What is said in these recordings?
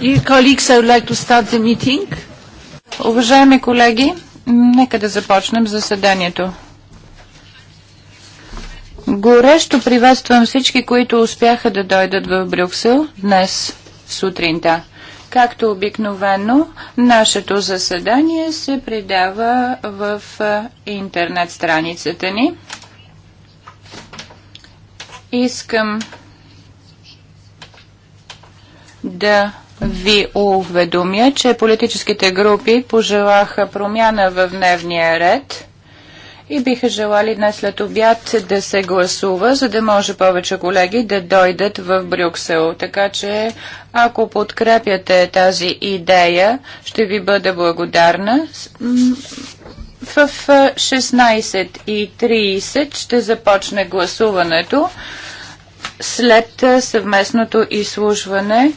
Like Уважаеми колеги, нека да започнем заседанието. Горещо приветствам всички, които успяха да дойдат в Брюксел днес сутринта. Както обикновено, нашето заседание се предава в интернет страницата ни. Искам да ви уведомя, че политическите групи пожелаха промяна в дневния ред и биха желали днес след обяд да се гласува, за да може повече колеги да дойдат в Брюксел. Така че, ако подкрепяте тази идея, ще ви бъда благодарна. В 16.30 ще започне гласуването след съвместното изслужване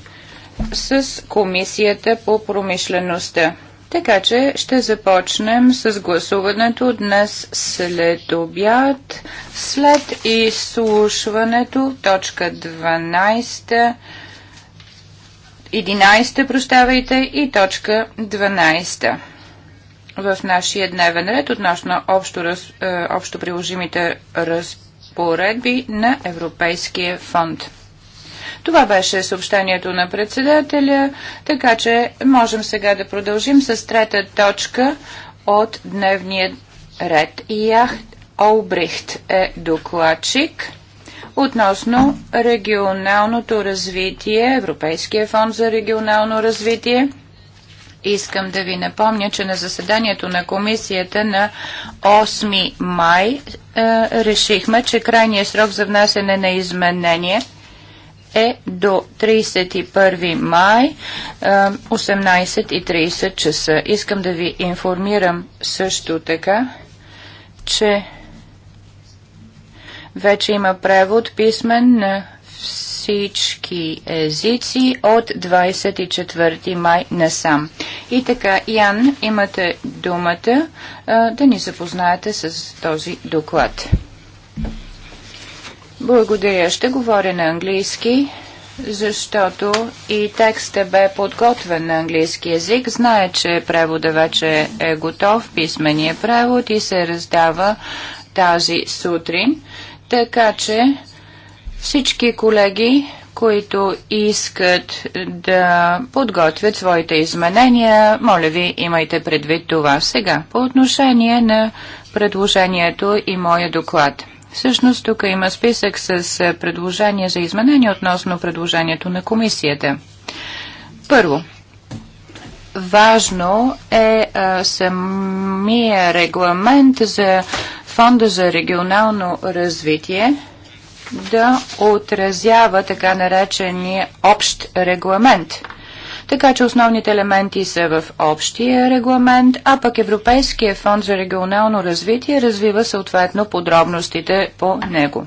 с Комисията по промишлеността. Така че ще започнем с гласуването днес след обяд, след изслушването, точка 12, 11, прощавайте, и точка 12 в нашия дневен ред относно общо, раз, е, общо приложимите разпоредби на Европейския фонд. Това беше съобщението на председателя, така че можем сега да продължим с трета точка от дневния ред. Яхт Олбрихт е докладчик относно регионалното развитие, Европейския фонд за регионално развитие. Искам да ви напомня, че на заседанието на комисията на 8 май е, решихме, че крайният срок за внасене на изменение – е до 31 май 18.30 часа. Искам да ви информирам също така, че вече има превод писмен на всички езици от 24 май насам. И така, Ян, имате думата да ни запознаете с този доклад. Благодаря. Ще говоря на английски, защото и текстът бе подготвен на английски язик. Знае, че превода вече е готов, писменият превод и се раздава тази сутрин. Така че всички колеги, които искат да подготвят своите изменения, моля ви, имайте предвид това сега. По отношение на предложението и моя доклад – Всъщност тук има списък с е, предложения за изменение относно предложението на комисията. Първо, важно е а, е, самия регламент за Фонда за регионално развитие да отразява така наречения общ регламент – така че основните елементи са в общия регламент, а пък Европейския фонд за регионално развитие развива съответно подробностите по него.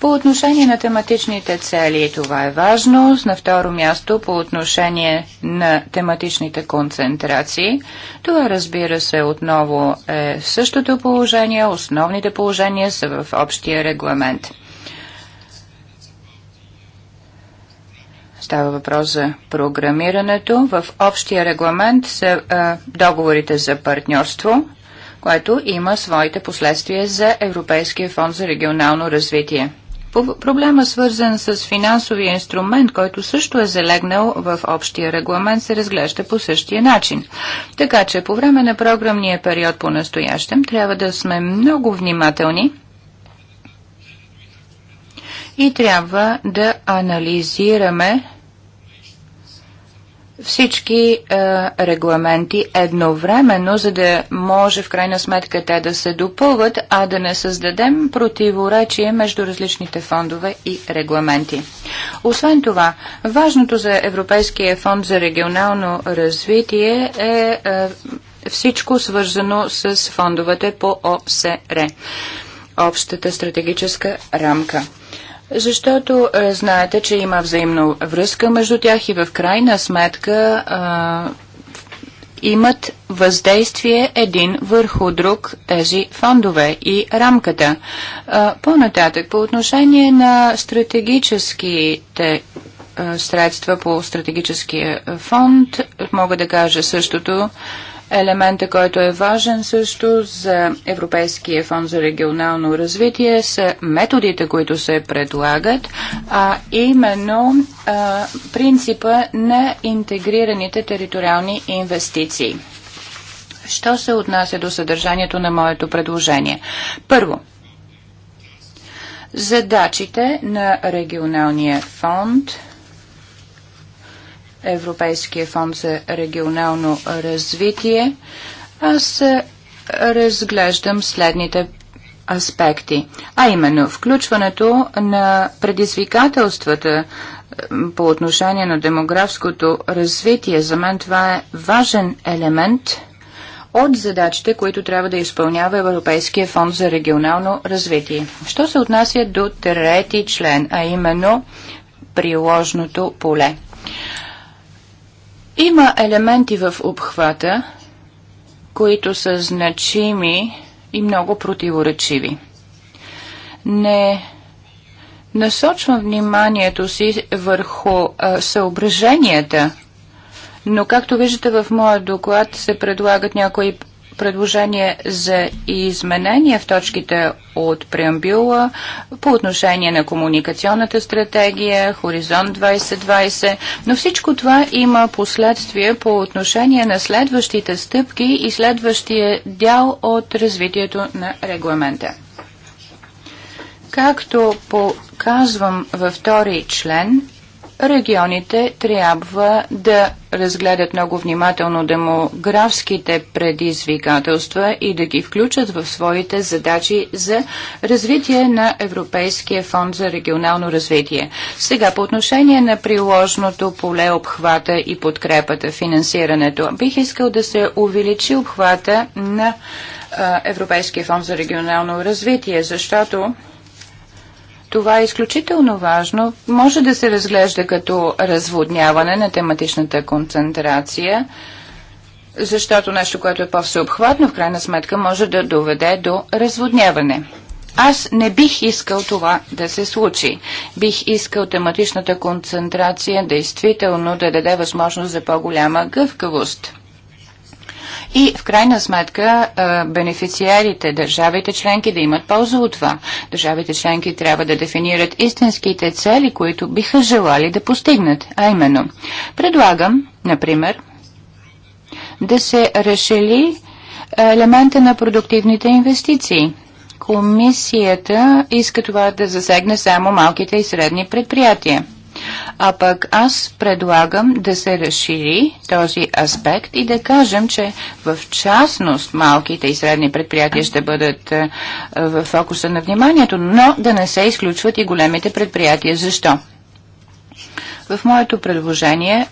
По отношение на тематичните цели, това е важно. На второ място, по отношение на тематичните концентрации, това разбира се отново е същото положение. Основните положения са в общия регламент. Става въпрос за програмирането. В общия регламент са а, договорите за партньорство, което има своите последствия за Европейския фонд за регионално развитие. Проблема свързан с финансовия инструмент, който също е залегнал в общия регламент, се разглежда по същия начин. Така че по време на програмния период по настоящем трябва да сме много внимателни и трябва да анализираме всички е, регламенти едновременно, за да може в крайна сметка те да се допълват, а да не създадем противоречие между различните фондове и регламенти. Освен това, важното за Европейския фонд за регионално развитие е, е всичко свързано с фондовете по ОСР, Общата стратегическа рамка. Защото е, знаете, че има взаимна връзка между тях и в крайна сметка е, имат въздействие един върху друг тези фондове и рамката. Е, по-нататък, по отношение на стратегическите средства по стратегическия фонд, мога да кажа същото. Е, Елемента, който е важен също за Европейския фонд за регионално развитие са методите, които се предлагат, а именно а, принципа на интегрираните териториални инвестиции. Що се отнася до съдържанието на моето предложение? Първо, задачите на регионалния фонд – Европейския фонд за регионално развитие, аз разглеждам следните аспекти, а именно включването на предизвикателствата по отношение на демографското развитие. За мен това е важен елемент от задачите, които трябва да изпълнява Европейския фонд за регионално развитие. Що се отнася до трети член, а именно приложното поле. Има елементи в обхвата, които са значими и много противоречиви. Не насочвам вниманието си върху а, съображенията, но както виждате в моя доклад се предлагат някои предложение за изменение в точките от преамбюла по отношение на комуникационната стратегия, Хоризонт 2020, но всичко това има последствия по отношение на следващите стъпки и следващия дял от развитието на регламента. Както показвам във втори член, регионите трябва да разгледат много внимателно демографските предизвикателства и да ги включат в своите задачи за развитие на Европейския фонд за регионално развитие. Сега по отношение на приложното поле обхвата и подкрепата, финансирането, бих искал да се увеличи обхвата на Европейския фонд за регионално развитие, защото това е изключително важно. Може да се разглежда като разводняване на тематичната концентрация, защото нещо, което е по-всеобхватно, в крайна сметка може да доведе до разводняване. Аз не бих искал това да се случи. Бих искал тематичната концентрация действително да даде възможност за по-голяма гъвкавост и в крайна сметка бенефициарите, държавите членки да имат полза от това. Държавите членки трябва да дефинират истинските цели, които биха желали да постигнат, а именно. Предлагам, например, да се решили елемента на продуктивните инвестиции. Комисията иска това да засегне само малките и средни предприятия. А пък аз предлагам да се разшири този аспект и да кажем, че в частност малките и средни предприятия ще бъдат е, в фокуса на вниманието, но да не се изключват и големите предприятия. Защо? В моето предложение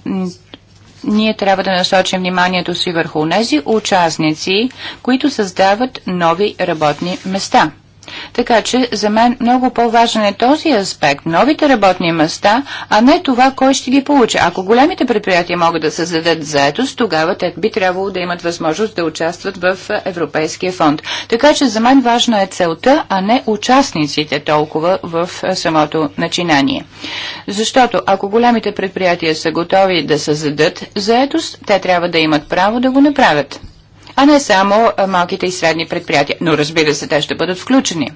ние трябва да насочим вниманието си върху тези участници, които създават нови работни места – така че за мен много по-важен е този аспект, новите работни места, а не това, кой ще ги получи. Ако големите предприятия могат да създадат заетост, тогава те би трябвало да имат възможност да участват в Европейския фонд. Така че за мен важна е целта, а не участниците толкова в самото начинание. Защото ако големите предприятия са готови да създадат заетост, те трябва да имат право да го направят а не само малките и средни предприятия. Но разбира се, те ще бъдат включени.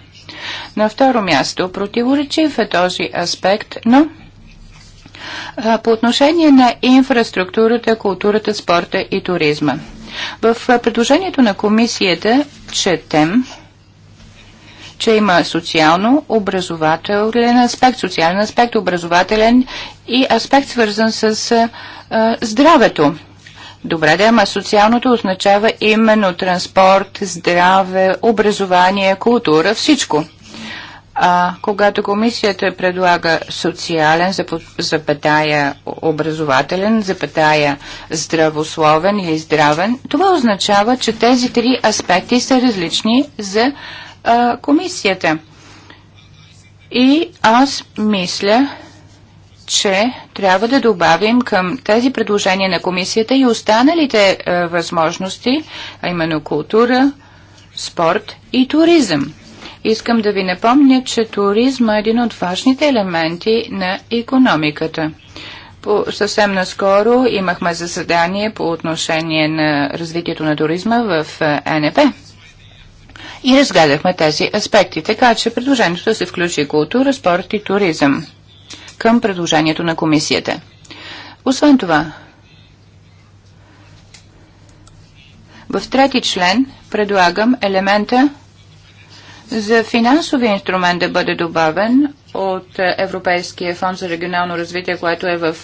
На второ място, противоречив е този аспект, но по отношение на инфраструктурата, културата, спорта и туризма. В предложението на комисията четем, че има социално-образователен аспект, социален аспект, образователен и аспект свързан с а, здравето. Добре да, ама социалното означава именно транспорт, здраве, образование, култура, всичко. А, когато комисията предлага социален, запетая образователен, запетая здравословен или здравен, това означава, че тези три аспекти са различни за а, комисията. И аз мисля, че трябва да добавим към тези предложения на комисията и останалите е, възможности, а именно култура, спорт и туризъм. Искам да ви напомня, че туризм е един от важните елементи на економиката. По, съвсем наскоро имахме заседание по отношение на развитието на туризма в е, НП и разгледахме тези аспекти, така че предложението да се включи култура, спорт и туризъм към предложението на комисията. Освен това, в трети член предлагам елемента за финансови инструмент да бъде добавен от Европейския фонд за регионално развитие, което е в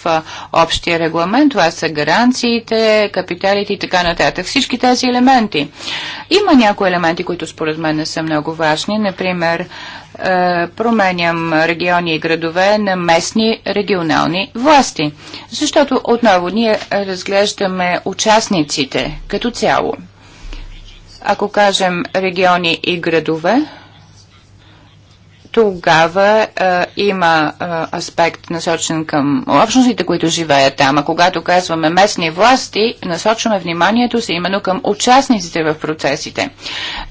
общия регламент. Това са гаранциите, капиталите и така нататък. Всички тези елементи. Има някои елементи, които според мен не са много важни. Например, променям региони и градове на местни регионални власти. Защото отново ние разглеждаме участниците като цяло. Ако кажем региони и градове, тогава а, има а, аспект насочен към общностите, които живеят там. А когато казваме местни власти, насочваме вниманието си именно към участниците в процесите.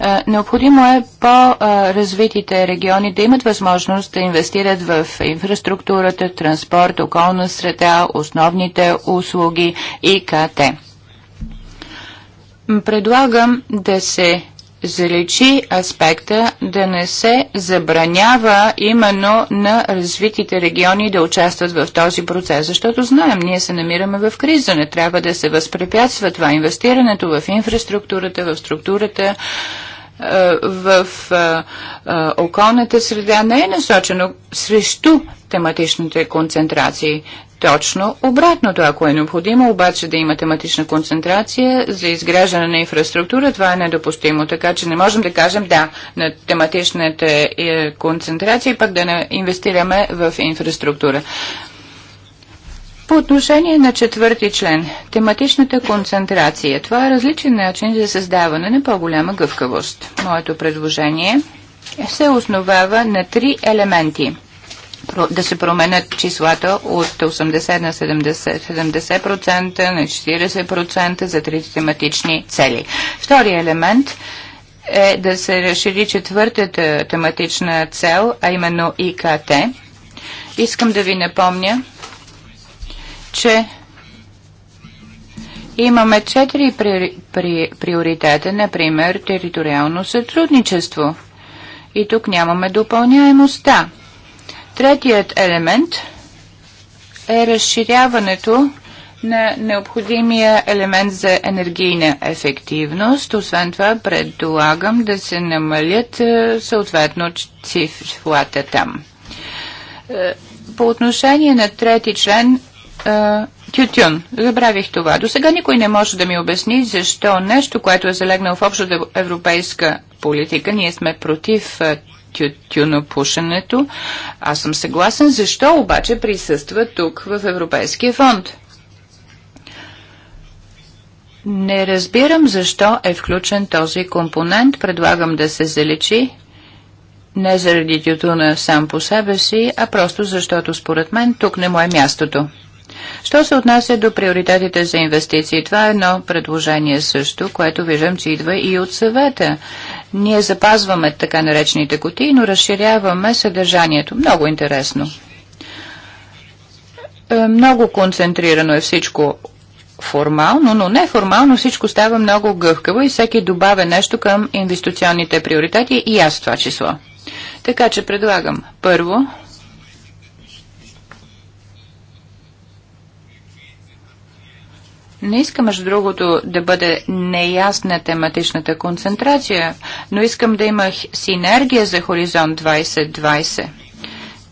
А, необходимо е по-развитите региони да имат възможност да инвестират в инфраструктурата, транспорт, околна среда, основните услуги и КТ. Предлагам да се заличи аспекта да не се забранява именно на развитите региони да участват в този процес, защото знаем, ние се намираме в криза, не трябва да се възпрепятства това инвестирането в инфраструктурата, в структурата, е, в е, е, околната среда не е насочено срещу тематичните концентрации. Точно обратното, ако е необходимо, обаче да има тематична концентрация за изграждане на инфраструктура, това е недопустимо. Така че не можем да кажем да на тематичната е, концентрация, пък да не инвестираме в инфраструктура. По отношение на четвърти член, тематичната концентрация, това е различен начин за създаване на по-голяма гъвкавост. Моето предложение е, се основава на три елементи – да се променят числата от 80 на 70%, 70% на 40% за трите тематични цели. Втория елемент е да се разшири четвъртата тематична цел, а именно ИКТ. Искам да ви напомня, че имаме четири при, при, приоритета, например териториално сътрудничество. И тук нямаме допълняемостта. Третият елемент е разширяването на необходимия елемент за енергийна ефективност. Освен това, предлагам да се намалят е, съответно цифрата там. Е, по отношение на трети член, е, тютюн. Забравих това. До сега никой не може да ми обясни защо нещо, което е залегнало в общата европейска политика, ние сме против тютюнопушенето. Аз съм съгласен, защо обаче присъства тук в Европейския фонд. Не разбирам защо е включен този компонент. Предлагам да се заличи не заради тютюна сам по себе си, а просто защото според мен тук не му е мястото. Що се отнася до приоритетите за инвестиции, това е едно предложение също, което виждам, че идва и от съвета. Ние запазваме така наречените кутии, но разширяваме съдържанието. Много интересно. Е, много концентрирано е всичко формално, но неформално всичко става много гъвкаво и всеки добавя нещо към инвестиционните приоритети и аз това число. Така че предлагам първо Не искам, между другото, да бъде неясна тематичната концентрация, но искам да има синергия за Хоризонт 2020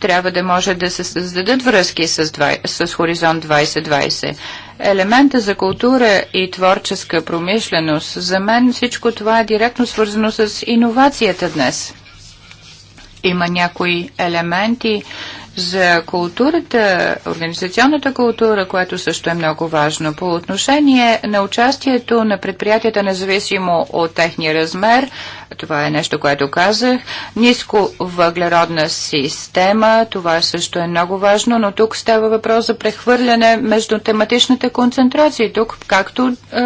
трябва да може да се създадат връзки с, 20, с Хоризонт 2020. Елемента за култура и творческа промишленост, за мен всичко това е директно свързано с иновацията днес. Има някои елементи, за културата, организационната култура, което също е много важно. По отношение на участието на предприятията, независимо от техния размер, това е нещо, което казах, ниско въглеродна система, това също е много важно, но тук става въпрос за прехвърляне между тематичната концентрация, тук както е,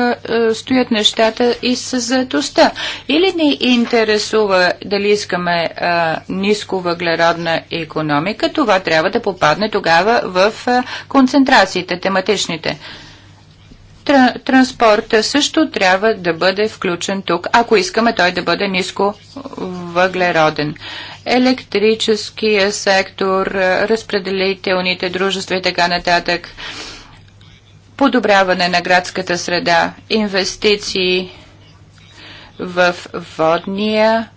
е, стоят нещата и с заедостта. Или ни интересува дали искаме е, ниско въглеродна економика, това трябва да попадне тогава в концентрациите, тематичните. Транспорта също трябва да бъде включен тук, ако искаме той да бъде ниско въглероден електрическия сектор, разпределителните дружества и така нататък, подобряване на градската среда, инвестиции в водния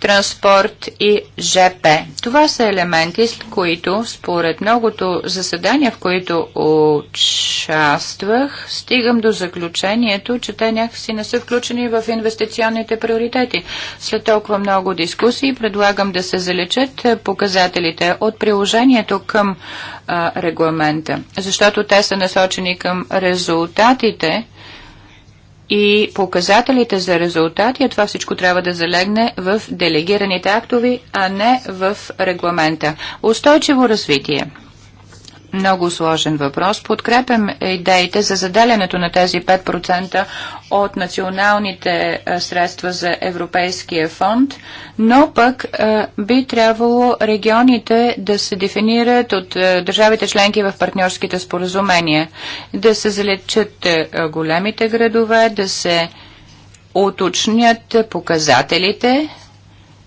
транспорт и ЖП. Това са елементи, с които според многото заседания, в които участвах, стигам до заключението, че те някакси не са включени в инвестиционните приоритети. След толкова много дискусии предлагам да се залечат показателите от приложението към а, регламента, защото те са насочени към резултатите, и показателите за резултати, а това всичко трябва да залегне в делегираните актови, а не в регламента. Устойчиво развитие – много сложен въпрос. Подкрепям идеите за заделянето на тези 5% от националните е, средства за Европейския фонд, но пък е, би трябвало регионите да се дефинират от е, държавите членки в партньорските споразумения, да се залечат големите градове, да се уточнят показателите,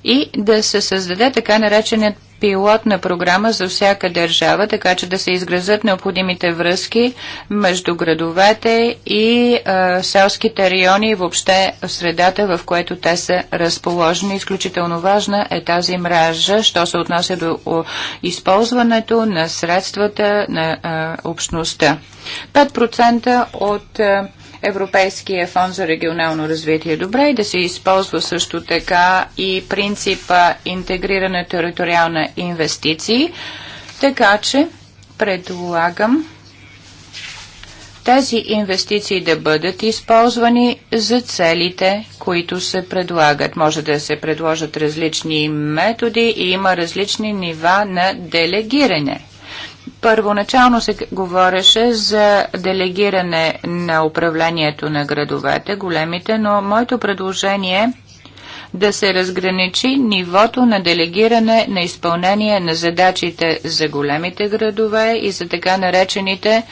и да се създаде така нареченият пилотна програма за всяка държава, така че да се изгразат необходимите връзки между градовете и а, селските райони и въобще средата, в което те са разположени. Изключително важна е тази мрежа, що се отнася до о, използването на средствата на а, общността. 5% от а, Европейския фонд за регионално развитие. Добре и е да се използва също така и принципа интегрирана териториална инвестиции. Така че предлагам тези инвестиции да бъдат използвани за целите, които се предлагат. Може да се предложат различни методи и има различни нива на делегиране – Първоначално се говореше за делегиране на управлението на градовете, големите, но моето предложение е да се разграничи нивото на делегиране на изпълнение на задачите за големите градове и за така наречените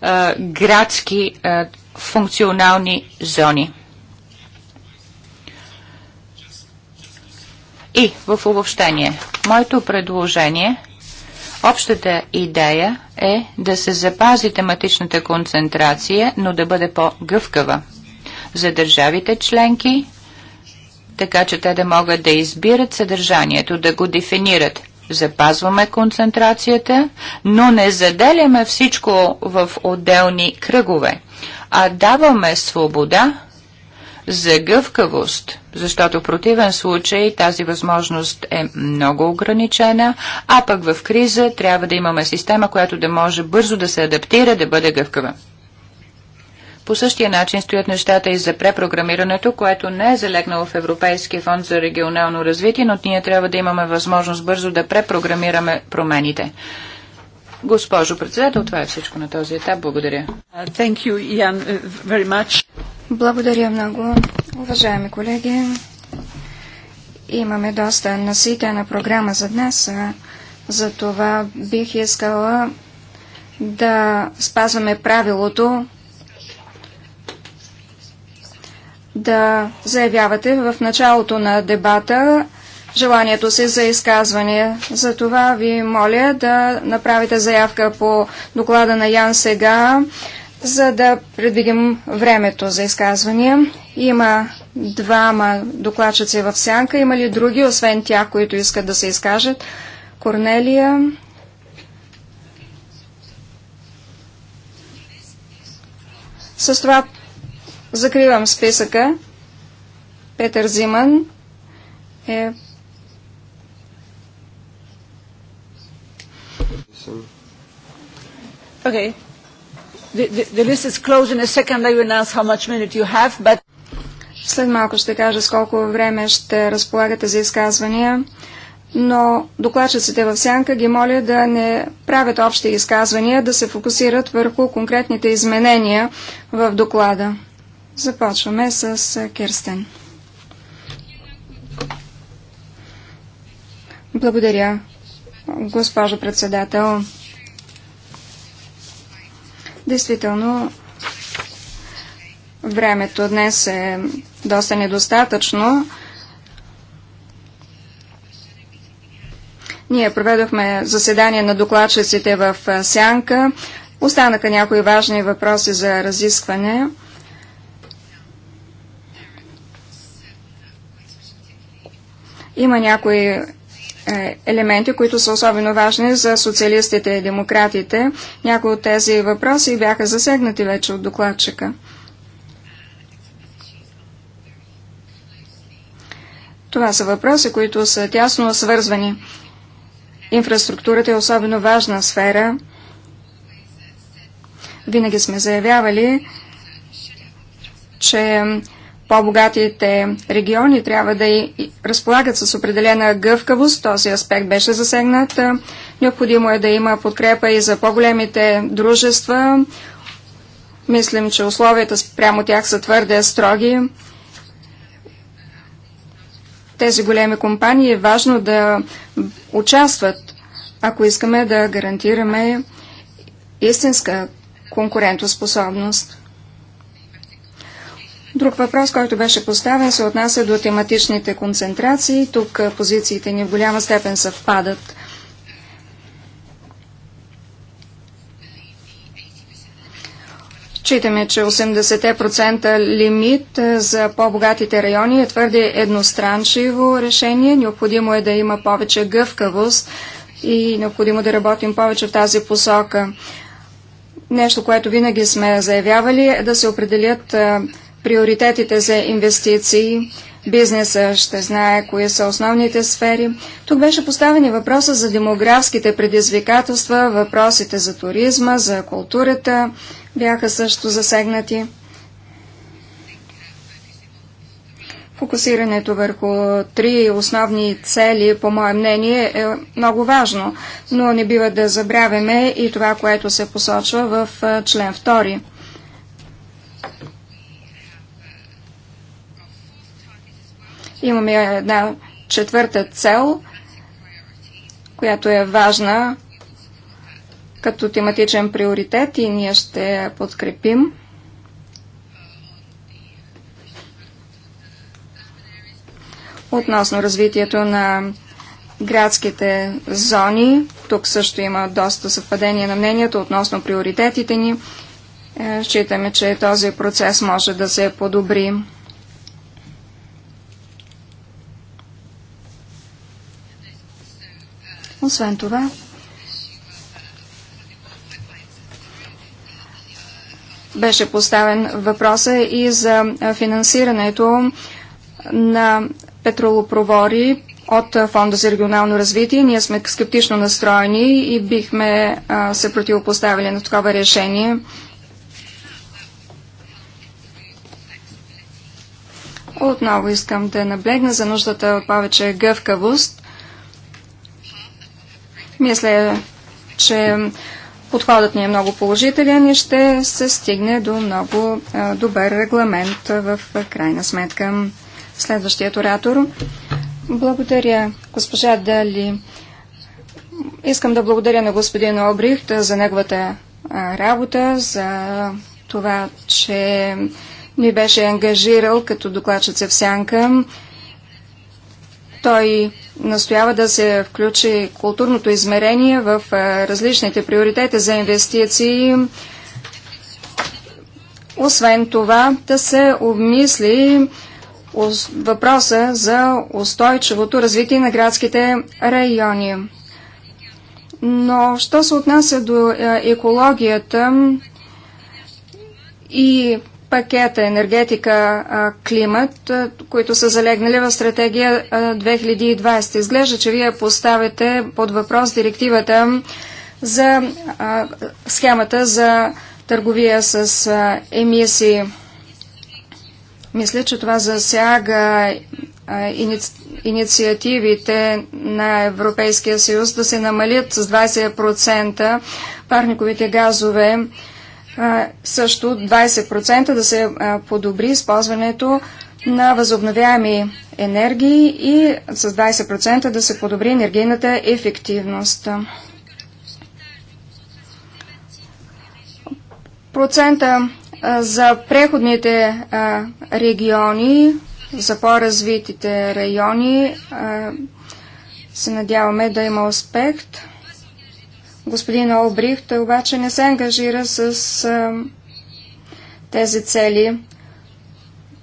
а, градски а, функционални зони. И в обобщение, моето предложение е Общата идея е да се запази тематичната концентрация, но да бъде по-гъвкава за държавите членки, така че те да могат да избират съдържанието, да го дефинират. Запазваме концентрацията, но не заделяме всичко в отделни кръгове, а даваме свобода за гъвкавост, защото в противен случай тази възможност е много ограничена, а пък в криза трябва да имаме система, която да може бързо да се адаптира, да бъде гъвкава. По същия начин стоят нещата и за препрограмирането, което не е залегнало в Европейския фонд за регионално развитие, но ние трябва да имаме възможност бързо да препрограмираме промените. Госпожо председател, това е всичко на този етап. Благодаря. Uh, thank you, Ian, uh, very much. Благодаря много. Уважаеми колеги, имаме доста наситена програма за днес. За това бих искала да спазваме правилото да заявявате в началото на дебата желанието си за изказване. За това ви моля да направите заявка по доклада на Ян сега, за да предвидим времето за изказвания. Има двама докладчици в сянка. Има ли други, освен тях, които искат да се изкажат? Корнелия. С това закривам списъка. Петър Зиман е So. Okay. the list is closed. In a second I will announce how much minute you have, but... След малко ще кажа с колко време ще разполагате за изказвания, но докладчиците в сянка ги моля да не правят общи изказвания, да се фокусират върху конкретните изменения в доклада. Започваме с Керстен. Благодаря, госпожо председател. Действително, времето днес е доста недостатъчно. Ние проведохме заседание на докладчиците в Сянка. Останаха някои важни въпроси за разискване. Има някои е, елементи, които са особено важни за социалистите и демократите. Някои от тези въпроси бяха засегнати вече от докладчика. Това са въпроси, които са тясно свързвани. Инфраструктурата е особено важна сфера. Винаги сме заявявали, че по-богатите региони трябва да и разполагат с определена гъвкавост. Този аспект беше засегнат. Необходимо е да има подкрепа и за по-големите дружества. Мислим, че условията прямо тях са твърде строги. Тези големи компании е важно да участват, ако искаме да гарантираме истинска конкурентоспособност. Друг въпрос, който беше поставен, се отнася до тематичните концентрации. Тук позициите ни в голяма степен съвпадат. Читаме, че 80% лимит за по-богатите райони е твърде едностранчиво решение. Необходимо е да има повече гъвкавост и необходимо да работим повече в тази посока. Нещо, което винаги сме заявявали е да се определят приоритетите за инвестиции, бизнеса ще знае кои са основните сфери. Тук беше поставени въпроса за демографските предизвикателства, въпросите за туризма, за културата бяха също засегнати. Фокусирането върху три основни цели, по мое мнение, е много важно, но не бива да забравяме и това, което се посочва в член 2. Имаме една четвърта цел, която е важна като тематичен приоритет и ние ще я подкрепим. Относно развитието на градските зони, тук също има доста съвпадение на мнението относно приоритетите ни. Е, считаме, че този процес може да се подобри. Освен това, беше поставен въпроса и за финансирането на петролопровори от Фонда за регионално развитие. Ние сме скептично настроени и бихме се противопоставили на такова решение. Отново искам да наблегна за нуждата от повече гъвкавост мисля, че подходът ни е много положителен и ще се стигне до много добър регламент в крайна сметка. Следващият оратор. Благодаря, госпожа Дали. Искам да благодаря на господин Обрихт за неговата работа, за това, че ми беше ангажирал като докладчица в сянка. Той настоява да се включи културното измерение в различните приоритети за инвестиции. Освен това, да се обмисли въпроса за устойчивото развитие на градските райони. Но що се отнася до екологията и пакета енергетика климат, които са залегнали в стратегия 2020. Изглежда, че вие поставяте под въпрос директивата за схемата за търговия с емисии. Мисля, че това засяга инициативите на Европейския съюз да се намалят с 20% парниковите газове също 20% да се подобри използването на възобновяеми енергии и с 20% да се подобри енергийната ефективност. Процента за преходните региони, за по-развитите райони се надяваме да има успех. Господин той обаче не се ангажира с а, тези цели,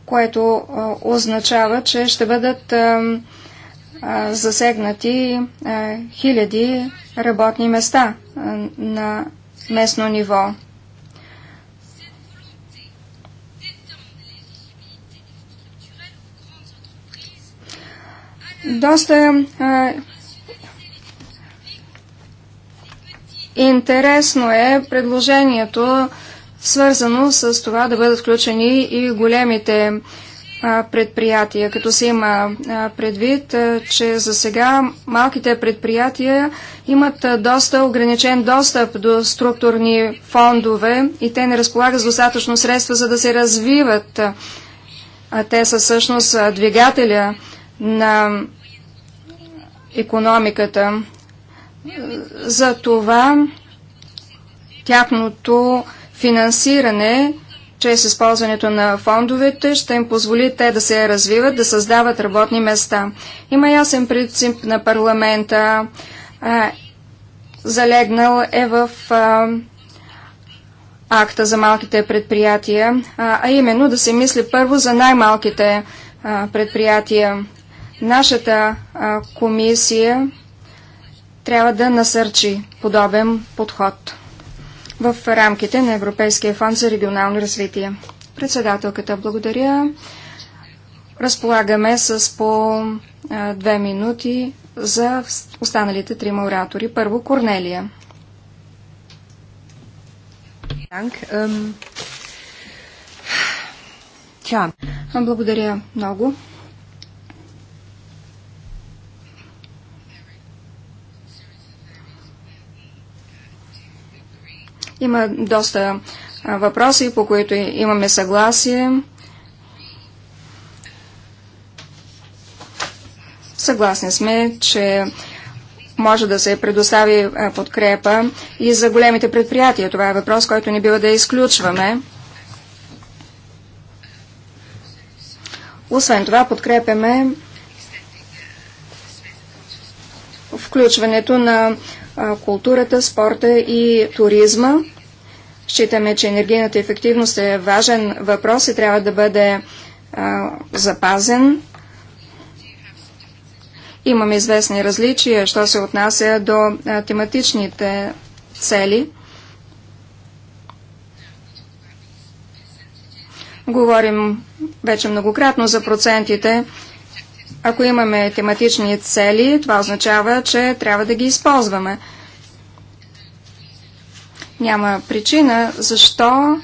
което а, означава, че ще бъдат а, а, засегнати а, хиляди работни места а, на местно ниво. Доста а, Интересно е предложението, свързано с това да бъдат включени и големите предприятия, като се има предвид, че за сега малките предприятия имат доста ограничен достъп до структурни фондове и те не разполагат с достатъчно средства, за да се развиват. Те са всъщност двигателя на економиката за това тяхното финансиране чрез използването на фондовете ще им позволи те да се развиват, да създават работни места. Има ясен принцип на парламента, а, залегнал е в а, акта за малките предприятия, а, а именно да се мисли първо за най-малките предприятия. Нашата а, комисия трябва да насърчи подобен подход в рамките на Европейския фонд за регионално развитие. Председателката, благодаря. Разполагаме с по две минути за останалите трима оратори. Първо Корнелия. Благодаря много. Има доста въпроси, по които имаме съгласие. Съгласни сме, че може да се предостави подкрепа и за големите предприятия. Това е въпрос, който не бива да изключваме. Освен това, подкрепяме включването на културата, спорта и туризма. Считаме, че енергийната ефективност е важен въпрос и трябва да бъде запазен. Имаме известни различия, що се отнася до тематичните цели. Говорим вече многократно за процентите. Ако имаме тематични цели, това означава, че трябва да ги използваме. Няма причина защо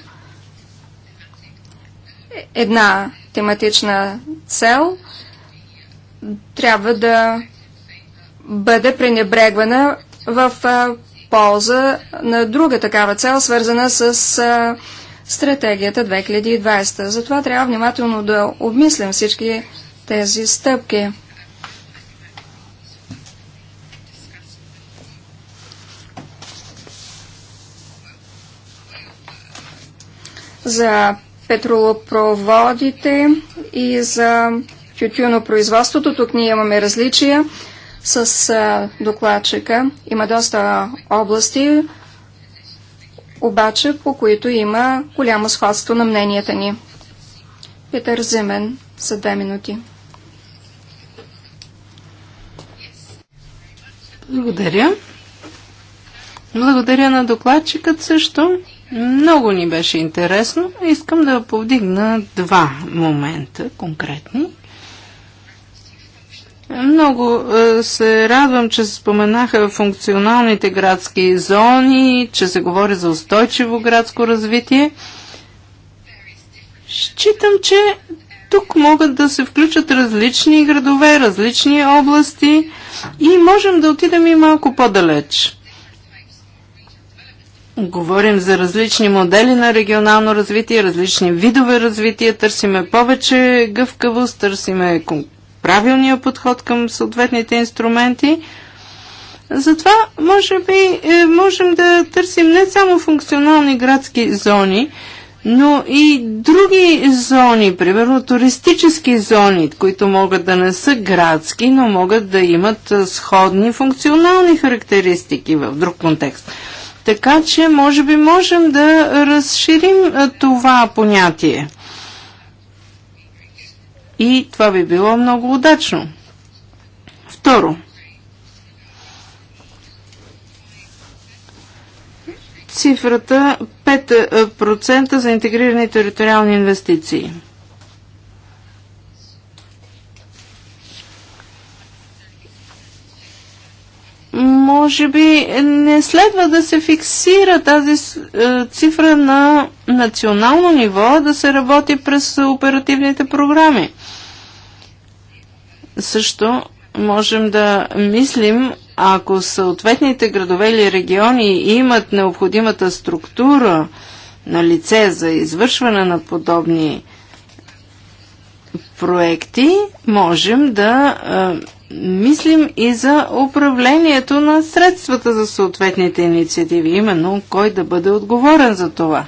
една тематична цел трябва да бъде пренебрегвана в полза на друга такава цел, свързана с стратегията 2020. Затова трябва внимателно да обмислям всички тези стъпки. За петролопроводите и за тютюнопроизводството. Тук ние имаме различия с а, докладчика. Има доста области, обаче по които има голямо сходство на мненията ни. Петър Зимен за две минути. Благодаря. Благодаря на докладчикът също. Много ни беше интересно. Искам да повдигна два момента конкретни. Много е, се радвам, че се споменаха функционалните градски зони, че се говори за устойчиво градско развитие. Считам, че тук могат да се включат различни градове, различни области и можем да отидем и малко по-далеч. Говорим за различни модели на регионално развитие, различни видове развитие, търсиме повече гъвкавост, търсиме правилния подход към съответните инструменти. Затова, може би, е, можем да търсим не само функционални градски зони, но и други зони, примерно туристически зони, които могат да не са градски, но могат да имат сходни функционални характеристики в друг контекст. Така че, може би, можем да разширим това понятие. И това би било много удачно. Второ, цифрата 5% за интегрирани териториални инвестиции. може би не следва да се фиксира тази е, цифра на национално ниво, да се работи през оперативните програми. Също можем да мислим ако съответните градове или региони имат необходимата структура на лице за извършване на подобни проекти, можем да а, мислим и за управлението на средствата за съответните инициативи, именно кой да бъде отговорен за това.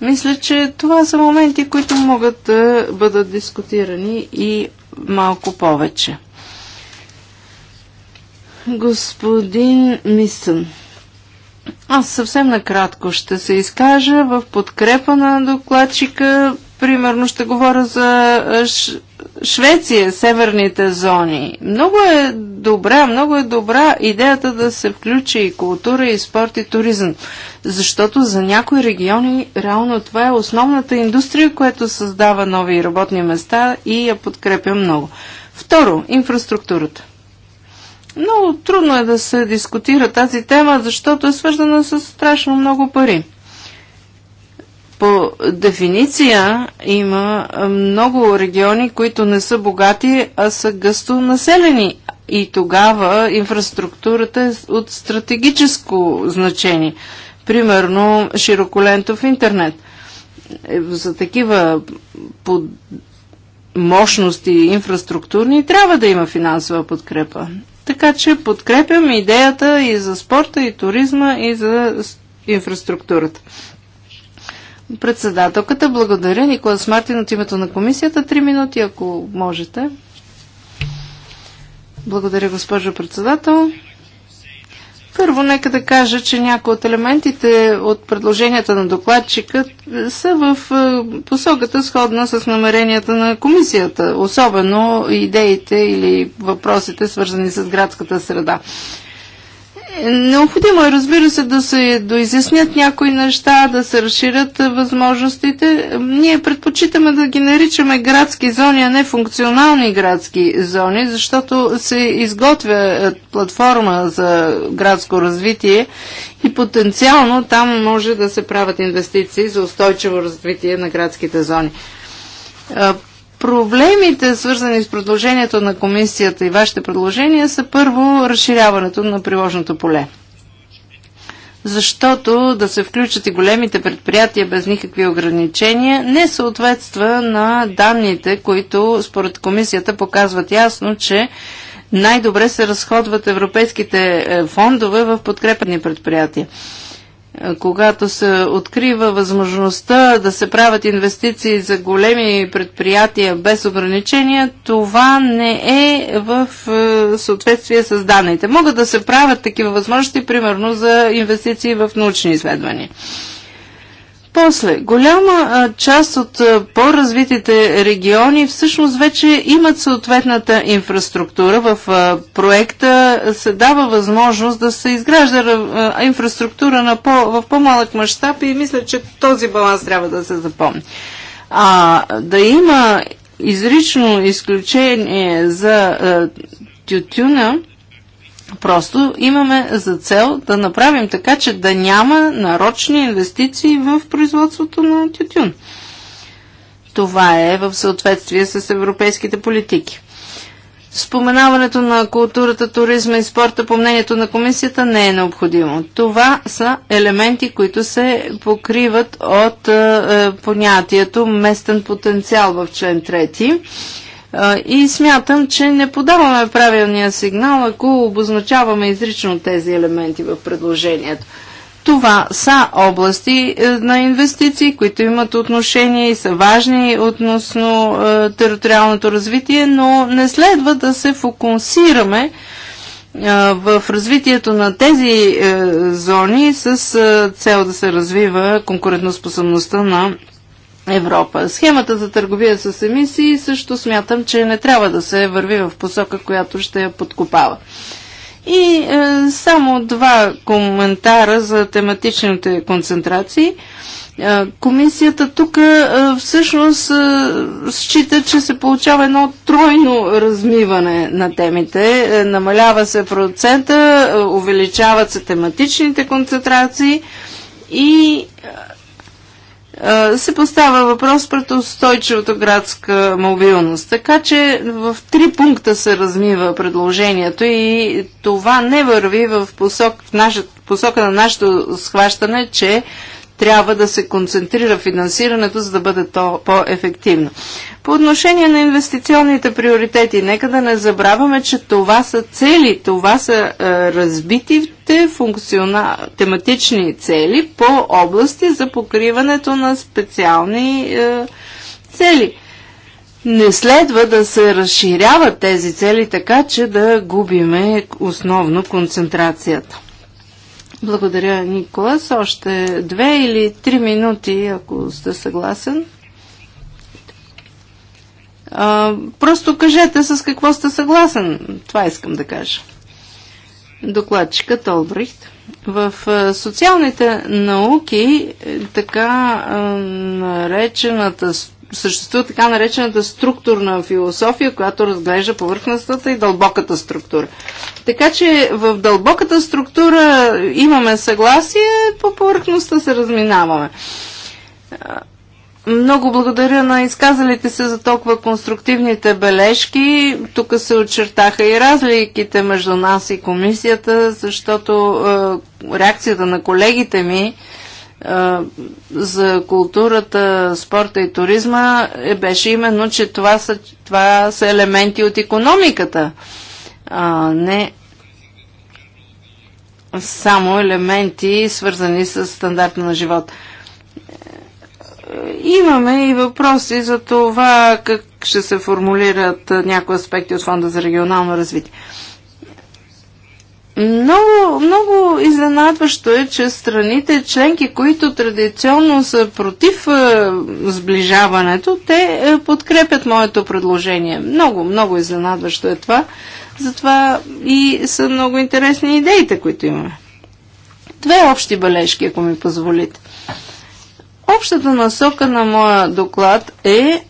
Мисля, че това са моменти, които могат да бъдат дискутирани и малко повече господин Мисън. Аз съвсем накратко ще се изкажа в подкрепа на докладчика. Примерно ще говоря за Швеция, северните зони. Много е добра, много е добра идеята да се включи и култура, и спорт, и туризъм. Защото за някои региони реално това е основната индустрия, която създава нови работни места и я подкрепя много. Второ, инфраструктурата. Много трудно е да се дискутира тази тема, защото е свързана с страшно много пари. По дефиниция има много региони, които не са богати, а са гъсто населени. И тогава инфраструктурата е от стратегическо значение. Примерно широколентов интернет. Е, за такива мощности инфраструктурни трябва да има финансова подкрепа. Така че подкрепям идеята и за спорта, и туризма, и за инфраструктурата. Председателката, благодаря. Николас Мартин от името на комисията. Три минути, ако можете. Благодаря, госпожо председател. Първо, нека да кажа, че някои от елементите от предложенията на докладчика са в е, посоката сходна с намеренията на комисията, особено идеите или въпросите свързани с градската среда. Необходимо е, разбира се, да се доизяснят някои неща, да се разширят възможностите. Ние предпочитаме да ги наричаме градски зони, а не функционални градски зони, защото се изготвя платформа за градско развитие и потенциално там може да се правят инвестиции за устойчиво развитие на градските зони проблемите, свързани с предложението на комисията и вашите предложения, са първо разширяването на приложното поле. Защото да се включат и големите предприятия без никакви ограничения не съответства на данните, които според комисията показват ясно, че най-добре се разходват европейските е, фондове в подкрепени предприятия когато се открива възможността да се правят инвестиции за големи предприятия без ограничения, това не е в е, съответствие с данните. Могат да се правят такива възможности, примерно за инвестиции в научни изследвания. После, голяма а, част от по-развитите региони всъщност вече имат съответната инфраструктура. В а, проекта се дава възможност да се изгражда а, инфраструктура на по, в по-малък мащаб и мисля, че този баланс трябва да се запомни. А да има изрично изключение за тютюна, Просто имаме за цел да направим така, че да няма нарочни инвестиции в производството на тютюн. Това е в съответствие с европейските политики. Споменаването на културата, туризма и спорта по мнението на комисията не е необходимо. Това са елементи, които се покриват от е, понятието местен потенциал в член 3 и смятам, че не подаваме правилния сигнал, ако обозначаваме изрично тези елементи в предложението. Това са области е, на инвестиции, които имат отношение и са важни относно е, териториалното развитие, но не следва да се фокусираме е, в развитието на тези зони с цел да се развива конкурентоспособността на Европа. Схемата за търговия с емисии също смятам, че не трябва да се върви в посока, която ще я подкопава. И е, само два коментара за тематичните концентрации. Е, комисията тук е, всъщност е, счита, че се получава едно тройно размиване на темите. Е, намалява се процента, е, увеличават се тематичните концентрации и е, се поставя въпрос пред устойчивото градска мобилност. Така че в три пункта се размива предложението и това не върви в, посок, в наша, посока на нашето схващане, че трябва да се концентрира финансирането, за да бъде то по-ефективно. По отношение на инвестиционните приоритети, нека да не забравяме, че това са цели, това са е, разбитите функциона... тематични цели по области за покриването на специални е, цели. Не следва да се разширяват тези цели така, че да губиме основно концентрацията. Благодаря, Николас. Още две или три минути, ако сте съгласен. А, просто кажете с какво сте съгласен. Това искам да кажа. Докладчикът Олбрихт. В социалните науки е, така наречената съществува така наречената структурна философия, която разглежда повърхностната и дълбоката структура. Така че в дълбоката структура имаме съгласие, по повърхността се разминаваме. Много благодаря на изказалите се за толкова конструктивните бележки. Тук се очертаха и разликите между нас и комисията, защото е, реакцията на колегите ми е, за културата, спорта и туризма е, беше именно, че това са, това са елементи от економиката, а не само елементи свързани с стандарта на живот. Имаме и въпроси за това как ще се формулират някои аспекти от Фонда за регионално развитие. Много, много изненадващо е, че страните членки, които традиционно са против е, сближаването, те е, подкрепят моето предложение. Много, много изненадващо е това. Затова и са много интересни идеите, които имаме. Две общи бележки, ако ми позволите. Общата насока на моя доклад е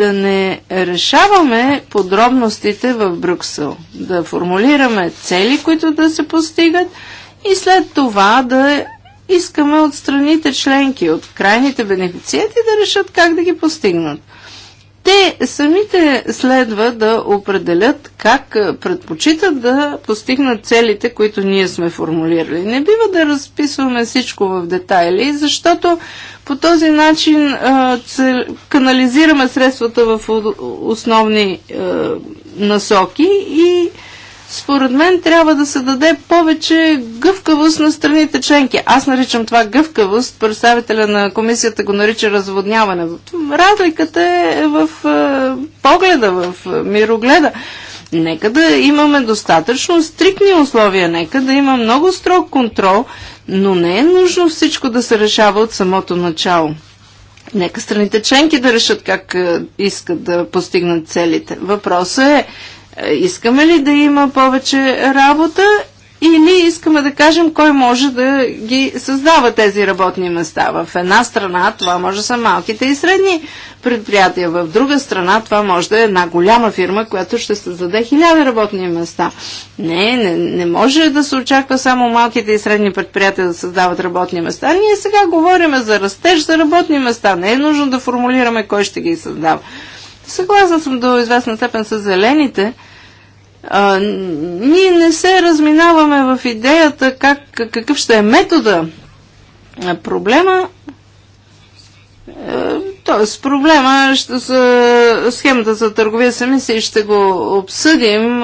да не решаваме подробностите в Брюксел, да формулираме цели, които да се постигат и след това да искаме от страните членки, от крайните бенефициенти да решат как да ги постигнат те самите следва да определят как е, предпочитат да постигнат целите, които ние сме формулирали. Не бива да разписваме всичко в детайли, защото по този начин а, е, цел... канализираме средствата в основни а, е, насоки и според мен трябва да се даде повече гъвкавост на страните членки. Аз наричам това гъвкавост, представителя на комисията го нарича разводняване. Разликата е в е, погледа, в е, мирогледа. Нека да имаме достатъчно стрикни условия, нека да има много строг контрол, но не е нужно всичко да се решава от самото начало. Нека страните членки да решат как е, искат да постигнат целите. Въпросът е е, искаме ли да има повече работа или искаме да кажем кой може да ги създава тези работни места. В една страна това може да са малките и средни предприятия, в друга страна това може да е една голяма фирма, която ще създаде хиляда работни места. Не, не, не може да се очаква само малките и средни предприятия да създават работни места. Ние сега говорим за растеж за работни места. Не е нужно да формулираме кой ще ги създава. Съгласна съм до известна степен с зелените. А, ние не се разминаваме в идеята как, какъв ще е метода. на проблема е, Тоест, проблема ще са, схемата за търговия с емисии ще го обсъдим.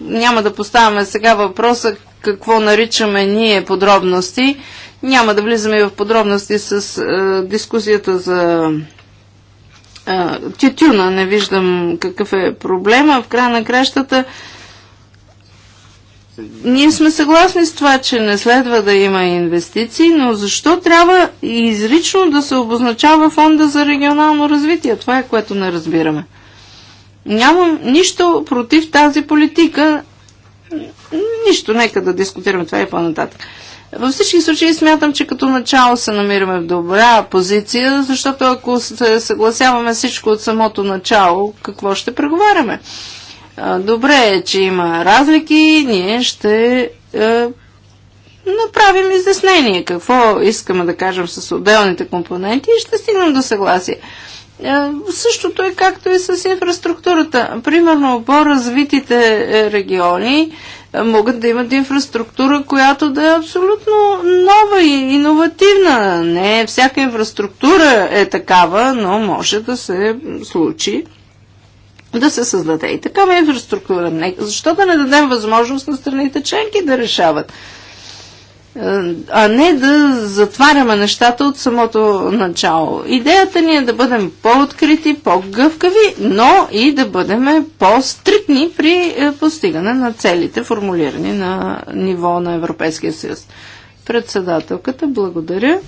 Няма да поставяме сега въпроса какво наричаме ние подробности. Няма да влизаме в подробности с е, дискусията за тютюна. Не виждам какъв е проблема. В края на кращата ние сме съгласни с това, че не следва да има инвестиции, но защо трябва изрично да се обозначава фонда за регионално развитие? Това е което не разбираме. Нямам нищо против тази политика. Нищо, нека да дискутираме това и е по-нататък. Във всички случаи смятам, че като начало се намираме в добра позиция, защото ако се съгласяваме всичко от самото начало, какво ще преговаряме? Добре е, че има разлики, ние ще е, направим изяснение какво искаме да кажем с отделните компоненти и ще стигнем до съгласие. Е, същото е както и с инфраструктурата. Примерно по-развитите региони могат да имат инфраструктура, която да е абсолютно нова и иновативна. Не всяка инфраструктура е такава, но може да се случи да се създаде и такава инфраструктура. Защо да не дадем възможност на страните членки да решават? Е, а не да затваряме нещата от самото начало. Идеята ни е да бъдем по-открити, по-гъвкави, но и да бъдем по стритни при е, постигане на целите, формулирани на ниво на Европейския съюз. Председателката, благодаря.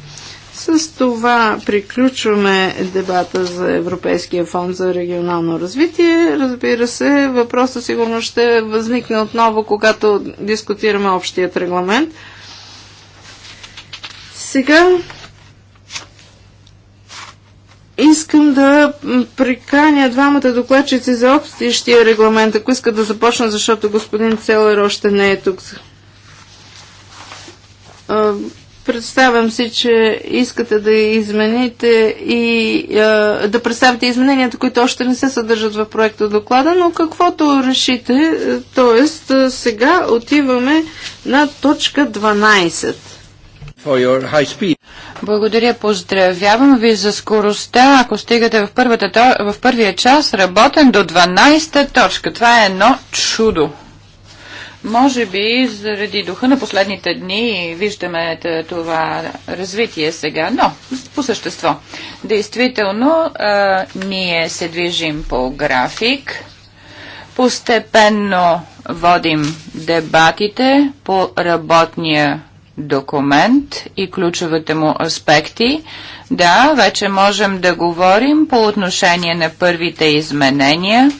С това приключваме дебата за Европейския фонд за регионално развитие. Разбира се, въпросът сигурно ще възникне отново, когато дискутираме общият регламент. Сега искам да приканя двамата докладчици за общия регламент, ако искат да започна, защото господин Целър още не е тук. Представям си, че искате да измените и а, да представите измененията, които още не се съдържат в проекта доклада, но каквото решите, т.е. сега отиваме на точка 12. Благодаря, поздравявам ви за скоростта. Ако стигате в, първата, в първия час, работен до 12-та точка. Това е едно чудо. Може би заради духа на последните дни виждаме това развитие сега, но по същество. Действително, а, ние се движим по график. Постепенно водим дебатите по работния документ и ключовите му аспекти. Да, вече можем да говорим по отношение на първите изменения.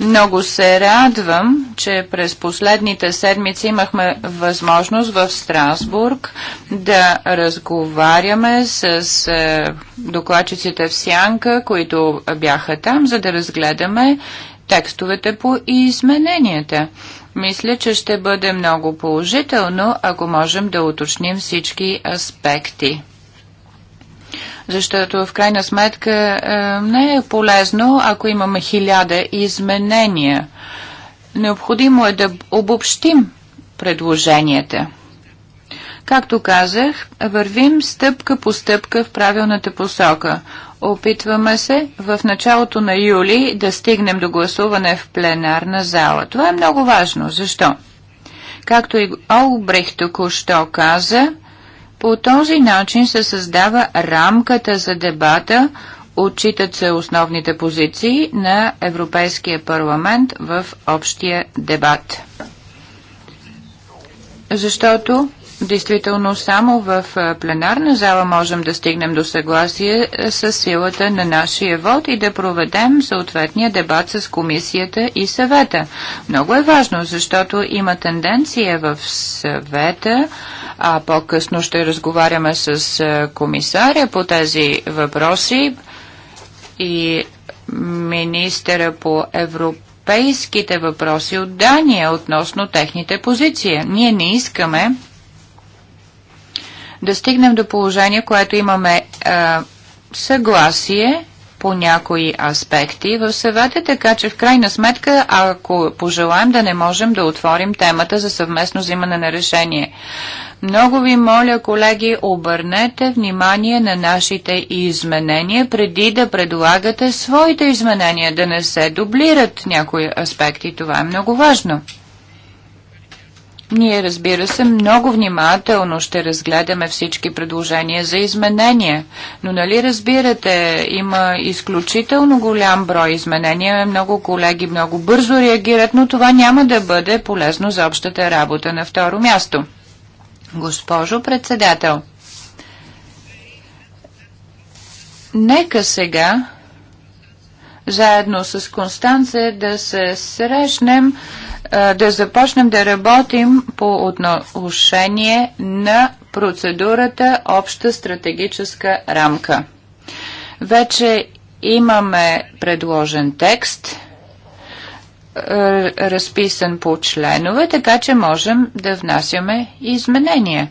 Много се радвам, че през последните седмици имахме възможност в Страсбург да разговаряме с е, докладчиците в Сянка, които бяха там, за да разгледаме текстовете по измененията. Мисля, че ще бъде много положително, ако можем да уточним всички аспекти защото в крайна сметка е, не е полезно, ако имаме хиляда изменения. Необходимо е да обобщим предложенията. Както казах, вървим стъпка по стъпка в правилната посока. Опитваме се в началото на юли да стигнем до гласуване в пленарна зала. Това е много важно. Защо? Както и Олбрих току-що каза, по този начин се създава рамката за дебата, отчитат се основните позиции на Европейския парламент в общия дебат. Защото Действително само в пленарна зала можем да стигнем до съгласие с силата на нашия вод и да проведем съответния дебат с комисията и съвета. Много е важно, защото има тенденция в съвета, а по-късно ще разговаряме с комисаря по тези въпроси и министъра по европейските въпроси от Дания относно техните позиции. Ние не искаме да стигнем до положение, което имаме а, съгласие по някои аспекти в съвета, така че в крайна сметка, ако пожелаем да не можем да отворим темата за съвместно взимане на решение. Много ви моля, колеги, обърнете внимание на нашите изменения преди да предлагате своите изменения, да не се дублират някои аспекти. Това е много важно. Ние, разбира се, много внимателно ще разгледаме всички предложения за изменения, но нали разбирате, има изключително голям брой изменения, много колеги много бързо реагират, но това няма да бъде полезно за общата работа на второ място. Госпожо председател, нека сега заедно с Констанце да се срещнем, да започнем да работим по отношение на процедурата обща стратегическа рамка. Вече имаме предложен текст, разписан по членове, така че можем да внасяме изменения.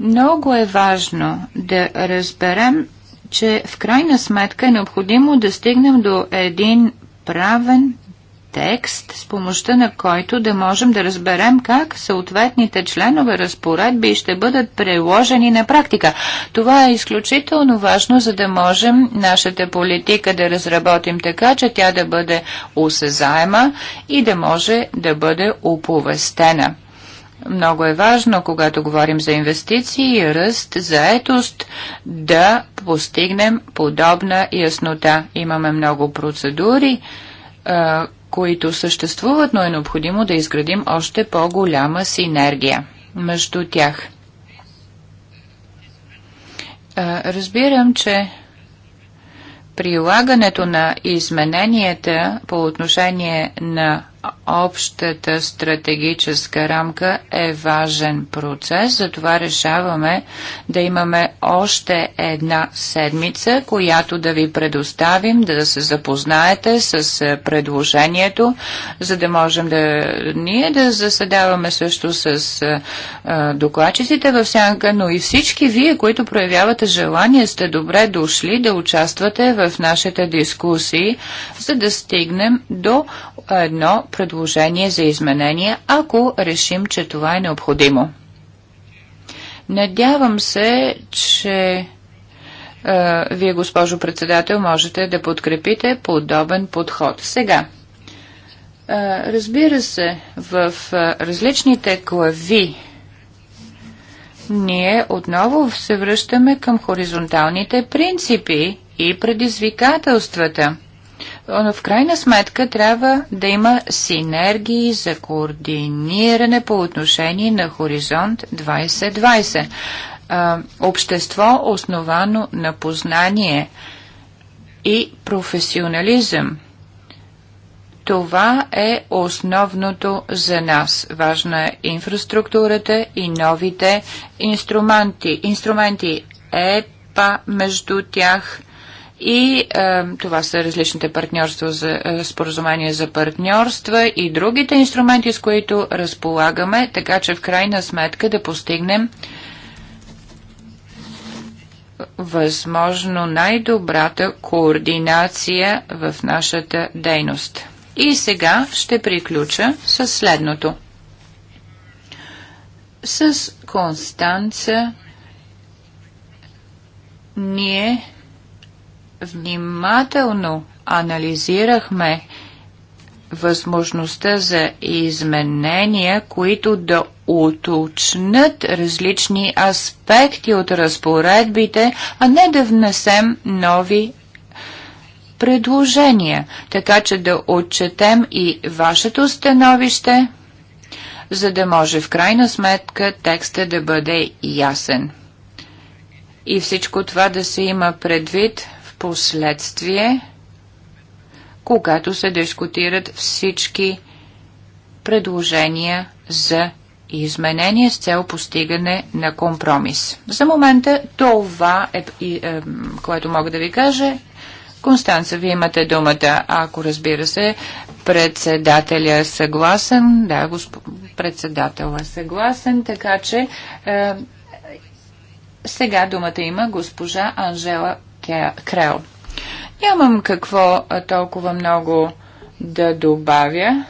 Много е важно да разберем че в крайна сметка е необходимо да стигнем до един правен текст, с помощта на който да можем да разберем как съответните членове разпоредби ще бъдат приложени на практика. Това е изключително важно, за да можем нашата политика да разработим така, че тя да бъде осезаема и да може да бъде оповестена. Много е важно, когато говорим за инвестиции ръст, заетост, да постигнем подобна яснота. Имаме много процедури, които съществуват, но е необходимо да изградим още по-голяма синергия между тях. Разбирам, че прилагането на измененията по отношение на общата стратегическа рамка е важен процес, затова решаваме да имаме още една седмица, която да ви предоставим, да се запознаете с е, предложението, за да можем да ние да заседаваме също с а, е, е, докладчиците в сянка, но и всички вие, които проявявате желание, сте добре дошли да участвате в нашите дискусии, за да стигнем до едно предложение за изменение, ако решим, че това е необходимо. Надявам се, че вие, госпожо председател, можете да подкрепите подобен подход. Сега, разбира се, в различните глави ние отново се връщаме към хоризонталните принципи и предизвикателствата – в крайна сметка трябва да има синергии за координиране по отношение на Хоризонт 2020. общество основано на познание и професионализъм. Това е основното за нас. Важна е инфраструктурата и новите инструменти. Инструменти ЕПА между тях – и е, това са различните партньорства за, е, споразумения за партньорства и другите инструменти, с които разполагаме, така че в крайна сметка да постигнем възможно най-добрата координация в нашата дейност. И сега ще приключа с следното. С Констанца ние внимателно анализирахме възможността за изменения, които да уточнят различни аспекти от разпоредбите, а не да внесем нови предложения, така че да отчетем и вашето становище, за да може в крайна сметка текста да бъде ясен. И всичко това да се има предвид – последствие, когато се дискутират всички предложения за изменение с цел постигане на компромис. За момента това е, е което мога да ви кажа. Констанца, вие имате думата. Ако разбира се, председателя е съгласен. Да, госп... председател е съгласен, така че е, сега думата има госпожа Анжела Крел. Нямам какво толкова много да добавя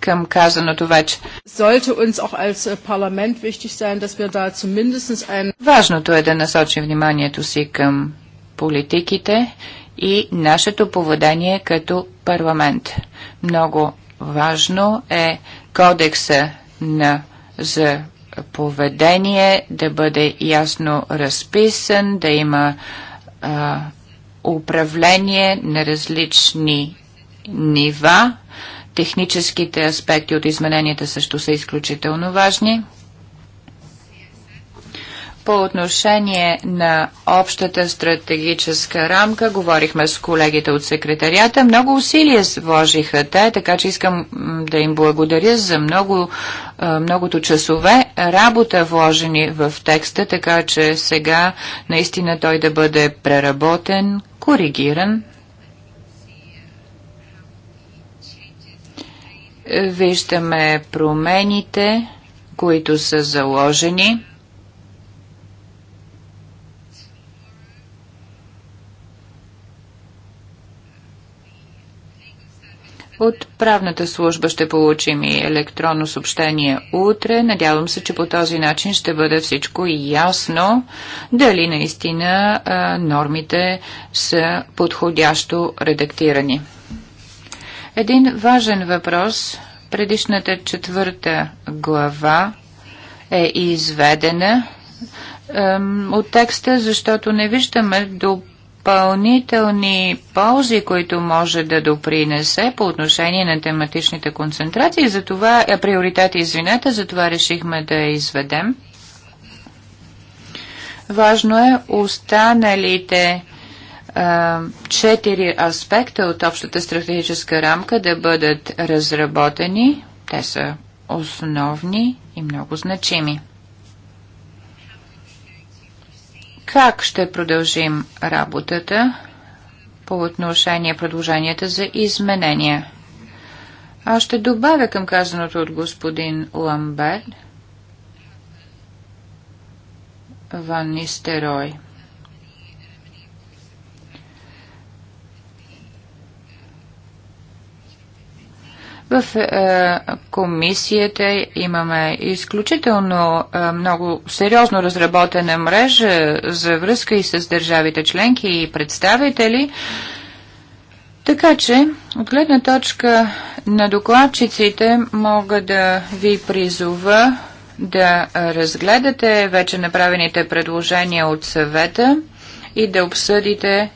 към казаното вече. Важното е да насочим вниманието си към политиките и нашето поведение като парламент. Много важно е кодекса на за поведение да бъде ясно разписан, да има а, управление на различни нива. Техническите аспекти от измененията също са изключително важни по отношение на общата стратегическа рамка, говорихме с колегите от секретарията, много усилия вложиха те, така че искам да им благодаря за много, многото часове работа вложени в текста, така че сега наистина той да бъде преработен, коригиран. Виждаме промените, които са заложени От правната служба ще получим и електронно съобщение утре. Надявам се, че по този начин ще бъде всичко ясно дали наистина а, нормите са подходящо редактирани. Един важен въпрос. Предишната четвърта глава е изведена от текста, защото не виждаме до допълнителни ползи, които може да допринесе по отношение на тематичните концентрации. За това, е, приоритети, извинете, за това решихме да я изведем. Важно е останалите четири аспекта от общата стратегическа рамка да бъдат разработени. Те са основни и много значими. Как ще продължим работата по отношение предложенията за изменения? Аз ще добавя към казаното от господин Ламбер Ван Нистерой. В е, комисията имаме изключително е, много сериозно разработена мрежа за връзка и с държавите членки и представители. Така че, от гледна точка на докладчиците, мога да ви призова да разгледате вече направените предложения от съвета и да обсъдите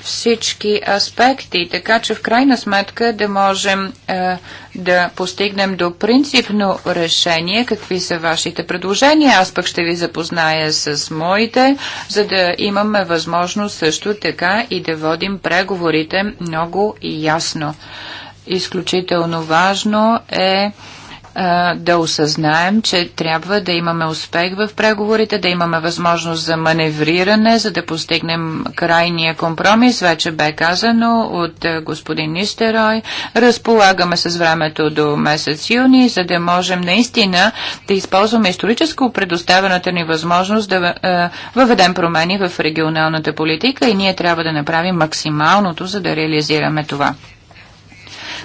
всички аспекти, така че в крайна сметка да можем е, да постигнем до принципно решение какви са вашите предложения. Аз пък ще ви запозная с моите, за да имаме възможност също така и да водим преговорите много ясно. Изключително важно е да осъзнаем, че трябва да имаме успех в преговорите, да имаме възможност за маневриране, за да постигнем крайния компромис. Вече бе казано от господин Нистерой. Разполагаме с времето до месец юни, за да можем наистина да използваме историческо предоставената ни възможност да въведем промени в регионалната политика и ние трябва да направим максималното, за да реализираме това.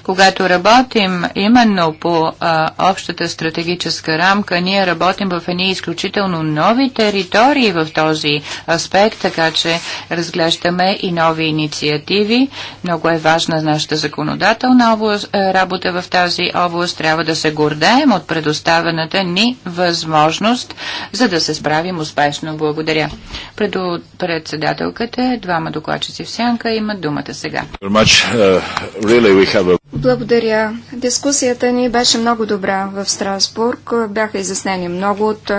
Когато работим именно по а, общата стратегическа рамка, ние работим в едни изключително нови територии в този аспект, така че разглеждаме и нови инициативи. Много е важна нашата законодателна област, е, работа в тази област. Трябва да се гордеем от предоставената ни възможност, за да се справим успешно. Благодаря. Пред, председателката, двама докладчици в сянка имат думата сега. Uh, благодаря. Дискусията ни беше много добра в Страсбург. Бяха изяснени много от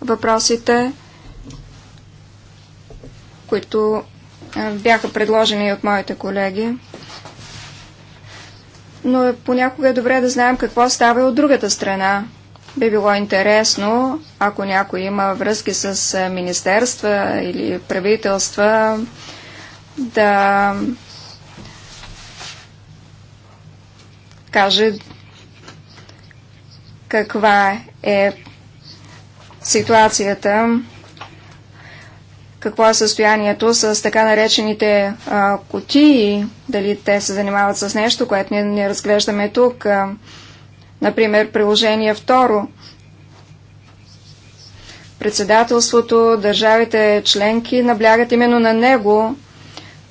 въпросите, които бяха предложени от моите колеги. Но понякога е добре да знаем какво става от другата страна. Би било интересно, ако някой има връзки с министерства или правителства, да каже каква е ситуацията, какво е състоянието с така наречените а, кутии, дали те се занимават с нещо, което ние не разглеждаме тук. А, например, приложение второ. Председателството, държавите членки наблягат именно на него,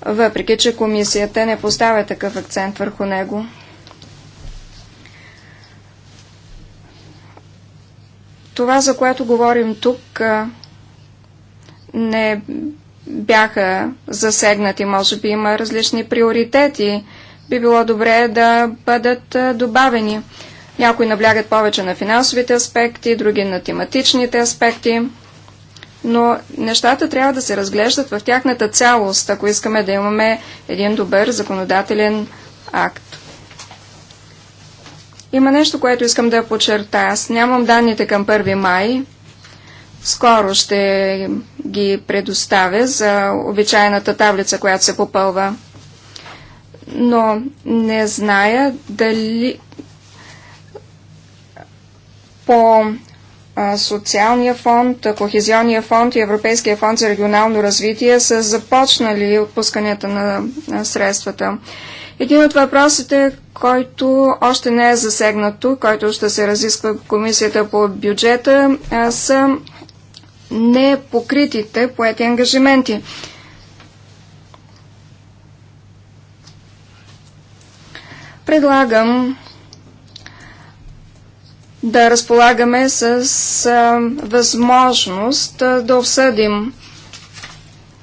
въпреки че комисията не поставя такъв акцент върху него. Това, за което говорим тук, не бяха засегнати. Може би има различни приоритети. Би било добре да бъдат добавени. Някои наблягат повече на финансовите аспекти, други на тематичните аспекти. Но нещата трябва да се разглеждат в тяхната цялост, ако искаме да имаме един добър законодателен акт. Има нещо, което искам да подчертая. Аз нямам данните към 1 май. Скоро ще ги предоставя за обичайната таблица, която се попълва. Но не зная дали по социалния фонд, кохезионния фонд и Европейския фонд за регионално развитие са започнали отпускането на средствата. Един от въпросите, който още не е засегнато, който ще се разисква в комисията по бюджета, са непокритите поети ангажименти. Предлагам да разполагаме с а, възможност а, да обсъдим,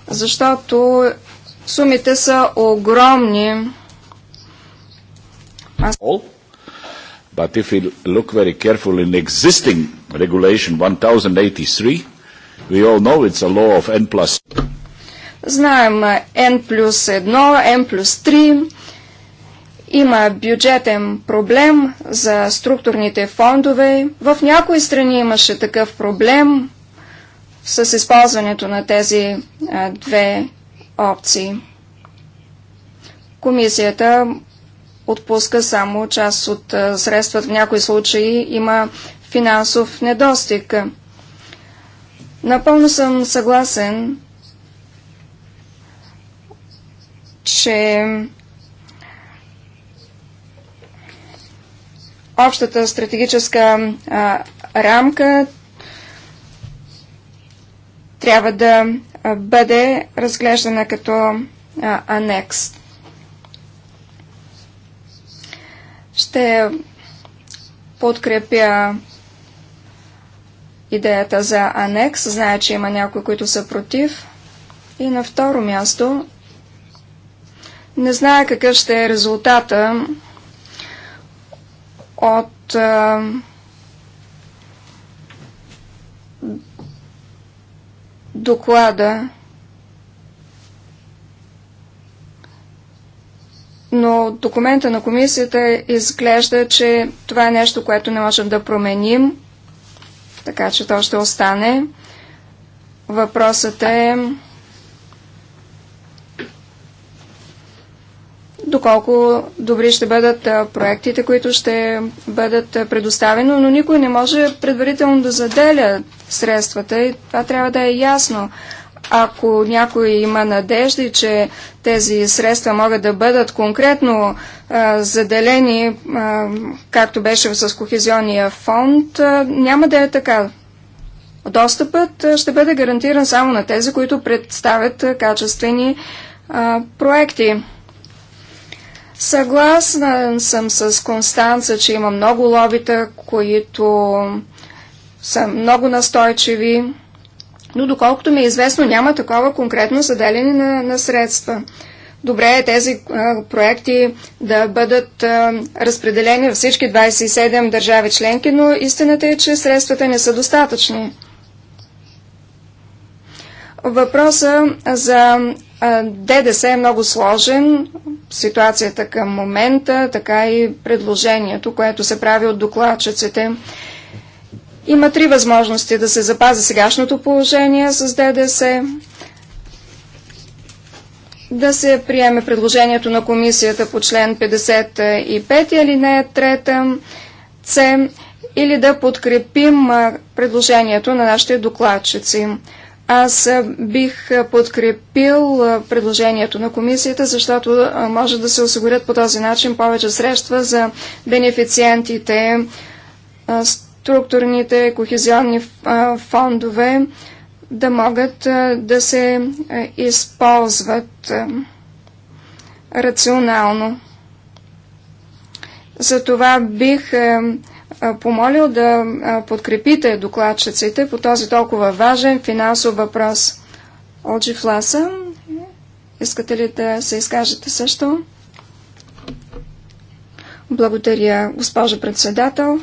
защото сумите са огромни. Аз... But if we look very carefully in existing regulation 1083, we all know it's a law of N plus. Знаем N плюс 1, N плюс 3. Има бюджетен проблем за структурните фондове. В някои страни имаше такъв проблем с използването на тези а, две опции. Комисията отпуска само част от средствата. В някои случаи има финансов недостиг. Напълно съм съгласен, че общата стратегическа а, рамка трябва да бъде разглеждана като а, анекс. Ще подкрепя идеята за анекс. Зная, че има някои, които са против. И на второ място, не зная какъв ще е резултата от доклада но документа на комисията изглежда, че това е нещо, което не можем да променим, така че то ще остане. Въпросът е доколко добри ще бъдат проектите, които ще бъдат предоставени, но никой не може предварително да заделя средствата и това трябва да е ясно. Ако някой има надежди, че тези средства могат да бъдат конкретно а, заделени, а, както беше с Кохезионния фонд, а, няма да е така. Достъпът ще бъде гарантиран само на тези, които представят качествени а, проекти. Съгласна съм с Констанца, че има много лобита, които са много настойчиви но доколкото ми е известно, няма такова конкретно заделяне на, на средства. Добре е тези а, проекти да бъдат а, разпределени във всички 27 държави членки, но истината е, че средствата не са достатъчни. Въпроса за ДДС е много сложен. Ситуацията към момента, така и предложението, което се прави от докладчиците. Има три възможности да се запази сегашното положение с ДДС, да се приеме предложението на комисията по член 55 алинея 3 С или да подкрепим предложението на нашите докладчици. Аз бих подкрепил предложението на комисията, защото може да се осигурят по този начин повече средства за бенефициентите структурните кохезионни фондове да могат да се използват рационално. Затова бих помолил да подкрепите докладчиците по този толкова важен финансов въпрос. Олджи Фласа, искате ли да се изкажете също? Благодаря, госпожа председател.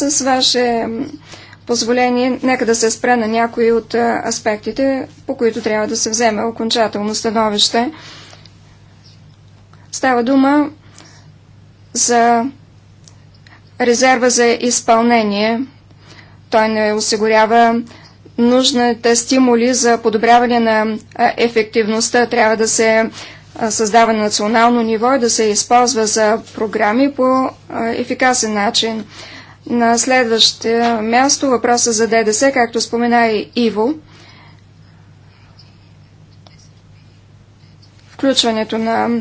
С ваше позволение, нека да се спре на някои от аспектите, по които трябва да се вземе окончателно становище. Става дума за резерва за изпълнение. Той не осигурява нужните стимули за подобряване на ефективността. Трябва да се създава на национално ниво и да се използва за програми по ефикасен начин. На следващото място въпроса за ДДС, както спомена и Иво. Включването на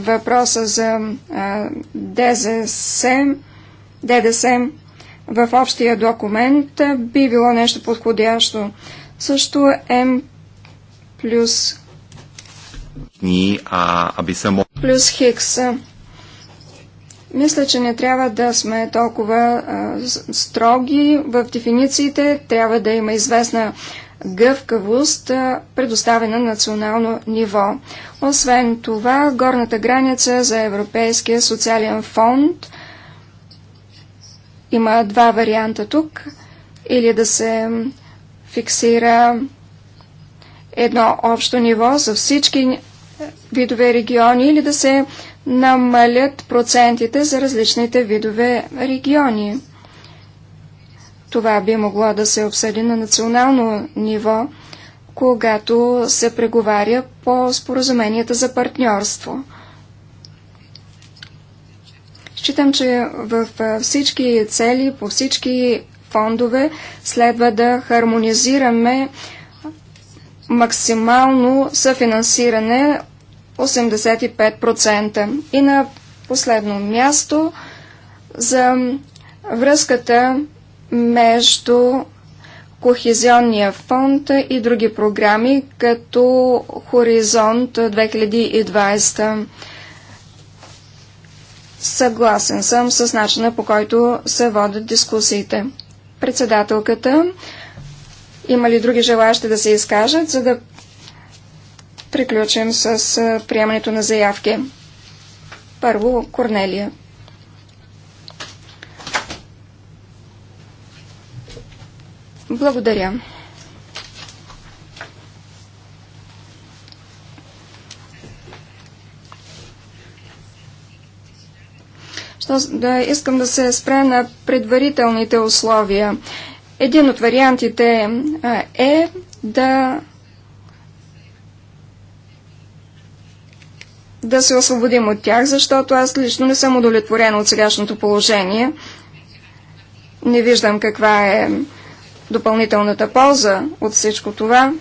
въпроса за ДДС, ДДС в общия документ би било нещо подходящо. Също М плюс плюс Хикса. Мисля, че не трябва да сме толкова а, строги в дефинициите. Трябва да има известна гъвкавост, а, предоставена на национално ниво. Освен това, горната граница за Европейския социален фонд има два варианта тук. Или да се фиксира едно общо ниво за всички видове региони, или да се намалят процентите за различните видове региони. Това би могло да се обсъди на национално ниво, когато се преговаря по споразуменията за партньорство. Считам, че в всички цели, по всички фондове следва да хармонизираме максимално съфинансиране 85%. И на последно място за връзката между Кохезионния фонд и други програми, като Хоризонт 2020. Съгласен съм с начина по който се водят дискусиите. Председателката, има ли други желащи да се изкажат, за да приключим с приемането на заявки. Първо Корнелия. Благодаря. Що, да, искам да се спре на предварителните условия. Един от вариантите е да да се освободим от тях, защото аз лично не съм удовлетворена от сегашното положение. Не виждам каква е допълнителната полза от всичко това.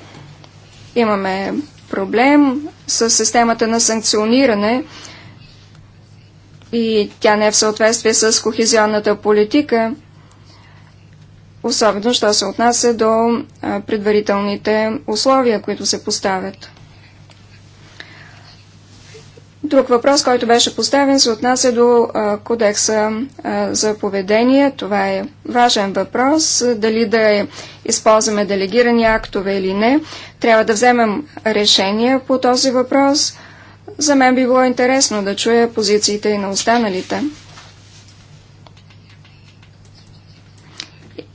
Имаме проблем с системата на санкциониране и тя не е в съответствие с кохезионната политика, особено що се отнася до предварителните условия, които се поставят. Друг въпрос, който беше поставен, се отнася до кодекса за поведение. Това е важен въпрос. Дали да използваме делегирани актове или не. Трябва да вземем решение по този въпрос. За мен би било интересно да чуя позициите и на останалите.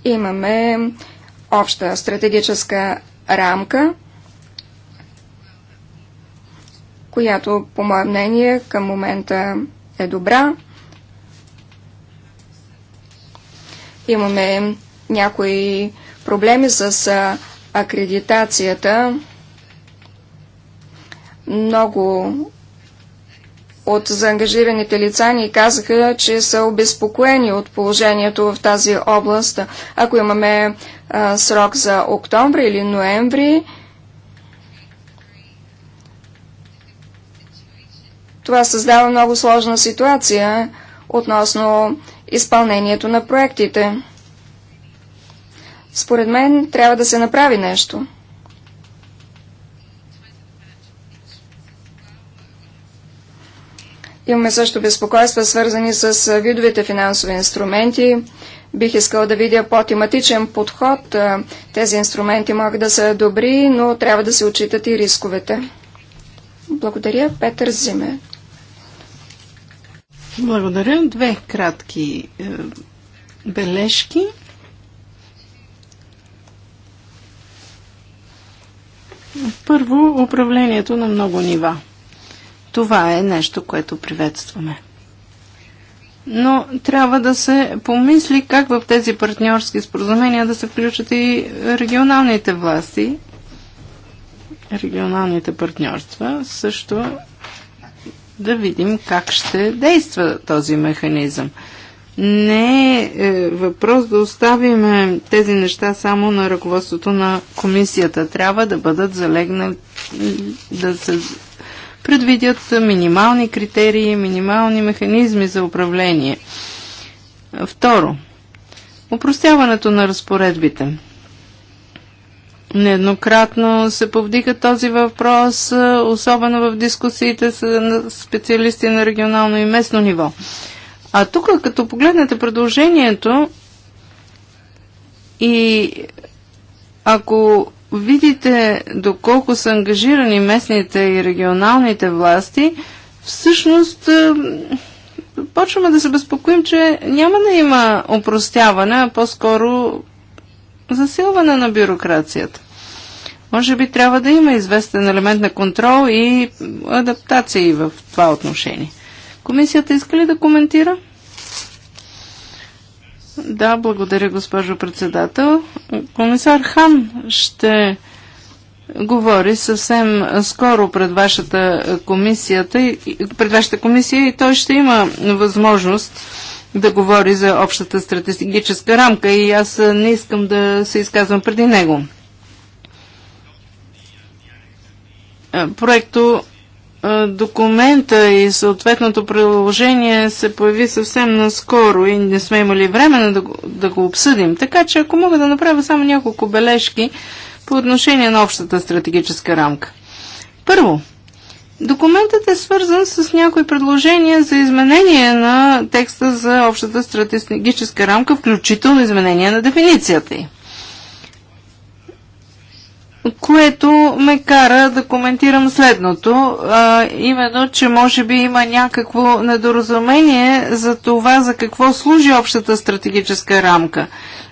Имаме обща стратегическа рамка – която, по мое мнение, към момента е добра. Имаме някои проблеми с акредитацията. Много от заангажираните лица ни казаха, че са обезпокоени от положението в тази област. Ако имаме а, срок за октомври или ноември, Това създава много сложна ситуация относно изпълнението на проектите. Според мен трябва да се направи нещо. Имаме също безпокойства, свързани с видовите финансови инструменти. Бих искал да видя по-тематичен подход. Тези инструменти могат да са добри, но трябва да се отчитат и рисковете. Благодаря, Петър Зиме. Благодаря. Две кратки е, бележки. Първо, управлението на много нива. Това е нещо, което приветстваме. Но трябва да се помисли как в тези партньорски споразумения да се включат и регионалните власти, регионалните партньорства. Също да видим как ще действа този механизъм. Не е, е въпрос да оставим тези неща само на ръководството на комисията. Трябва да бъдат залегнали, да се предвидят минимални критерии, минимални механизми за управление. Второ, упростяването на разпоредбите. Нееднократно се повдига този въпрос, е, особено в дискусиите с специалисти на регионално и местно ниво. А тук, като погледнете предложението и ако видите доколко са ангажирани местните и регионалните власти, всъщност е, почваме да се безпокоим, че няма да има опростяване, а по-скоро засилване на бюрокрацията. Може би трябва да има известен елемент на контрол и адаптации в това отношение. Комисията иска ли да коментира? Да, благодаря, госпожо председател. Комисар Хан ще говори съвсем скоро пред вашата комисията, пред вашата комисия и той ще има възможност да говори за общата стратегическа рамка и аз не искам да се изказвам преди него. Проекто документа и съответното приложение се появи съвсем наскоро и не сме имали време да го, да го обсъдим. Така че ако мога да направя само няколко бележки по отношение на общата стратегическа рамка. Първо, Документът е свързан с някои предложения за изменение на текста за общата стратегическа рамка, включително изменение на дефиницията й. Което ме кара да коментирам следното, а, именно, че може би има някакво недоразумение за това за какво служи общата стратегическа рамка.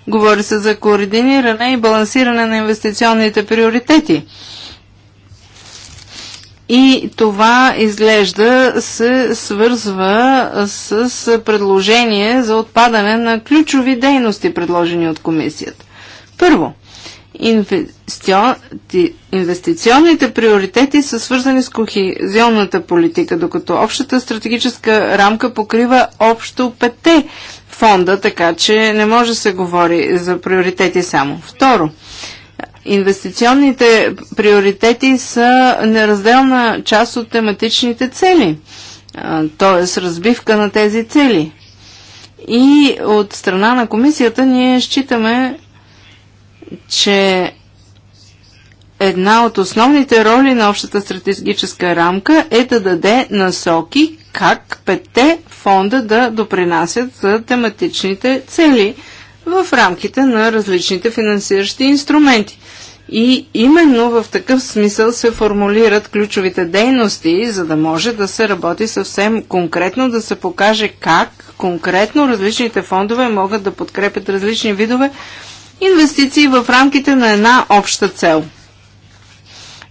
Говори се за координиране и балансиране на инвестиционните приоритети. И това изглежда се свързва с предложение за отпадане на ключови дейности, предложени от комисията. Първо, инвестиционните приоритети са свързани с кохезионната политика, докато общата стратегическа рамка покрива общо пете фонда, така че не може да се говори за приоритети само. Второ, Инвестиционните приоритети са неразделна част от тематичните цели, т.е. разбивка на тези цели. И от страна на комисията ние считаме, че една от основните роли на общата стратегическа рамка е да даде насоки как петте фонда да допринасят за тематичните цели в рамките на различните финансиращи инструменти. И именно в такъв смисъл се формулират ключовите дейности, за да може да се работи съвсем конкретно, да се покаже как конкретно различните фондове могат да подкрепят различни видове инвестиции в рамките на една обща цел.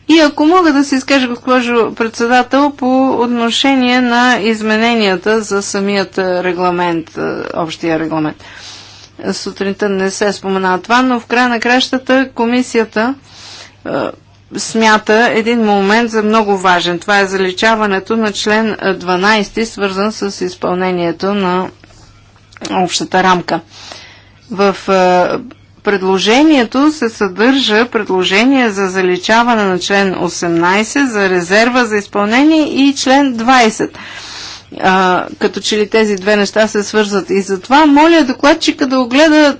И ако мога да се изкажа, госпожо председател, по отношение на измененията за самият регламент, е, общия регламент – сутринта не се спомена това, но в края на кращата комисията е, смята един момент за много важен. Това е заличаването на член 12, свързан с изпълнението на общата рамка. В е, предложението се съдържа предложение за заличаване на член 18 за резерва за изпълнение и член 20. А, като че ли тези две неща се свързват. И затова моля докладчика да огледа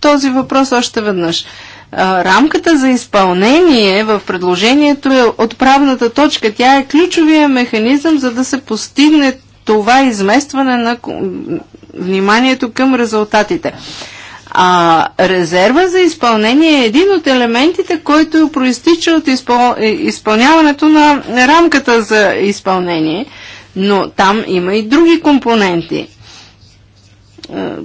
този въпрос още веднъж. А, рамката за изпълнение в предложението е отправната точка. Тя е ключовия механизъм, за да се постигне това изместване на вниманието към резултатите. А резерва за изпълнение е един от елементите, който проистича от изпъл... Е, изпълняването на рамката за изпълнение но там има и други компоненти. Е,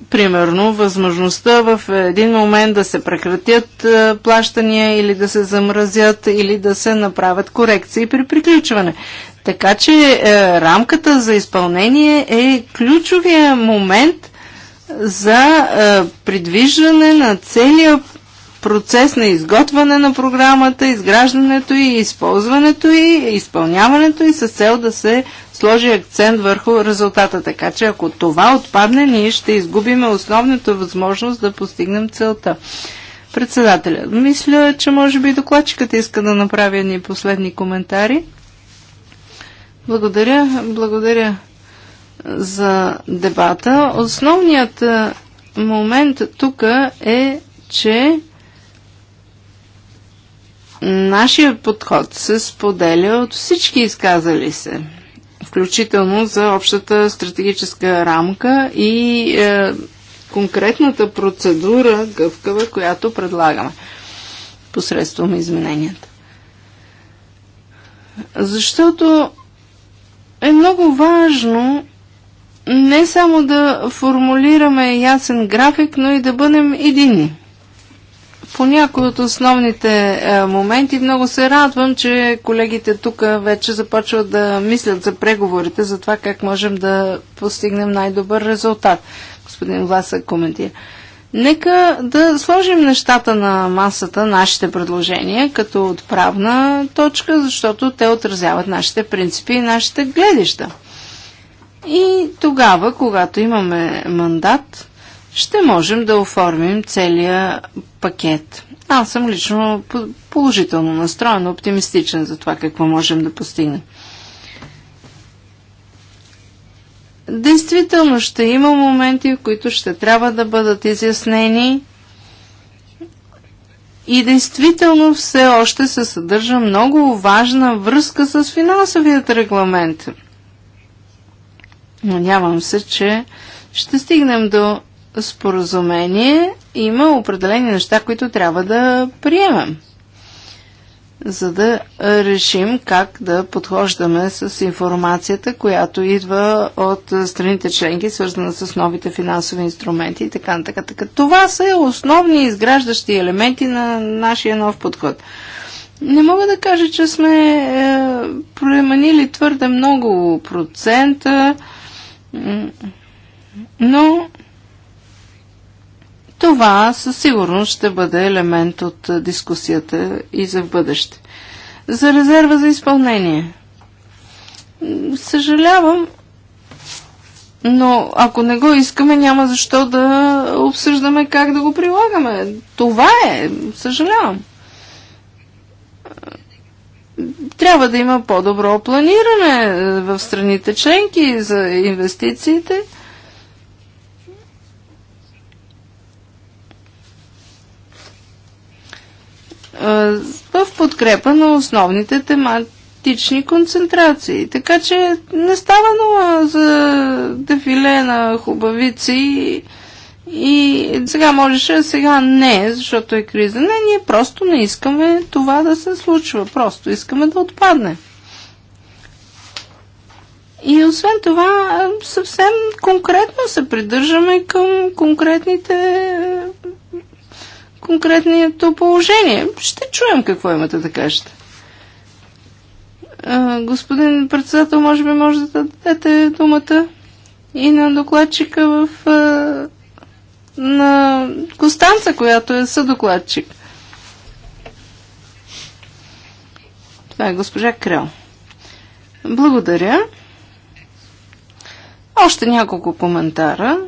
примерно, възможността в един момент да се прекратят е, плащания или да се замразят или да се направят корекции при приключване. Така че е, рамката за изпълнение е ключовия момент за предвиждане на целия процес на изготвяне на програмата, изграждането и използването и изпълняването и с цел да се сложи акцент върху резултата. Така че ако това отпадне, ние ще изгубим основната възможност да постигнем целта. Председателя, мисля, че може би докладчикът иска да направи едни последни коментари. Благодаря, благодаря за дебата. Основният момент тук е, че Нашия подход се споделя от всички изказали се, включително за общата стратегическа рамка и е, конкретната процедура гъвкава, която предлагаме посредством измененията. Защото е много важно не само да формулираме ясен график, но и да бъдем едини по някои от основните е, моменти. Много се радвам, че колегите тук вече започват да мислят за преговорите, за това как можем да постигнем най-добър резултат. Господин Власа коментира. Нека да сложим нещата на масата, нашите предложения, като отправна точка, защото те отразяват нашите принципи и нашите гледища. И тогава, когато имаме мандат, ще можем да оформим целия пакет. Аз съм лично положително настроен, оптимистичен за това какво можем да постигнем. Действително ще има моменти, в които ще трябва да бъдат изяснени и действително все още се съдържа много важна връзка с финансовият регламент. Надявам се, че ще стигнем до споразумение има определени неща, които трябва да приемем, за да решим как да подхождаме с информацията, която идва от страните членки, свързана с новите финансови инструменти и така нататък. Така. Това са основни изграждащи елементи на нашия нов подход. Не мога да кажа, че сме е, променили твърде много процента, но това със сигурност ще бъде елемент от дискусията и за в бъдеще. За резерва за изпълнение. Съжалявам, но ако не го искаме, няма защо да обсъждаме как да го прилагаме. Това е. Съжалявам. Трябва да има по-добро планиране в страните членки за инвестициите – в подкрепа на основните тематични концентрации. Така че не става нова за дефиле на хубавици и сега можеше, сега не, защото е криза. Не, ние просто не искаме това да се случва. Просто искаме да отпадне. И освен това, съвсем конкретно се придържаме към конкретните конкретното положение. Ще чуем какво имате да кажете. Господин председател, може би може да дадете думата и на докладчика в, на Костанца, която е съдокладчик. Това е госпожа Крел. Благодаря. Още няколко коментара.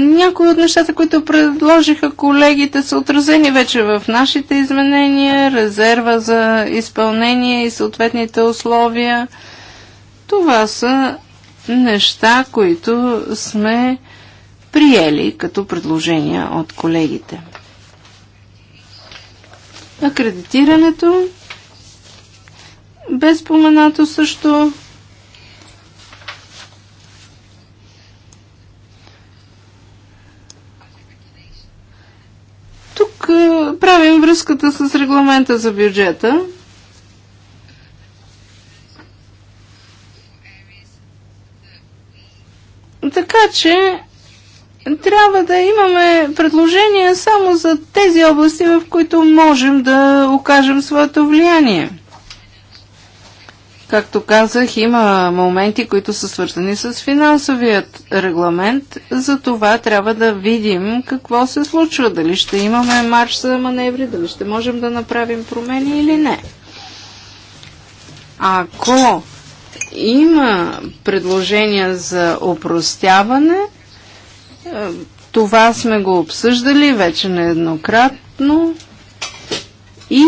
Някои от нещата, които предложиха колегите, са отразени вече в нашите изменения, резерва за изпълнение и съответните условия. Това са неща, които сме приели като предложения от колегите. Акредитирането бе споменато също Е, правим връзката с регламента за бюджета. Така че трябва да имаме предложения само за тези области, в които можем да окажем своето влияние. Както казах, има моменти, които са свързани с финансовият регламент. За това трябва да видим какво се случва. Дали ще имаме марш за маневри, дали ще можем да направим промени или не. Ако има предложения за опростяване, е, това сме го обсъждали вече нееднократно и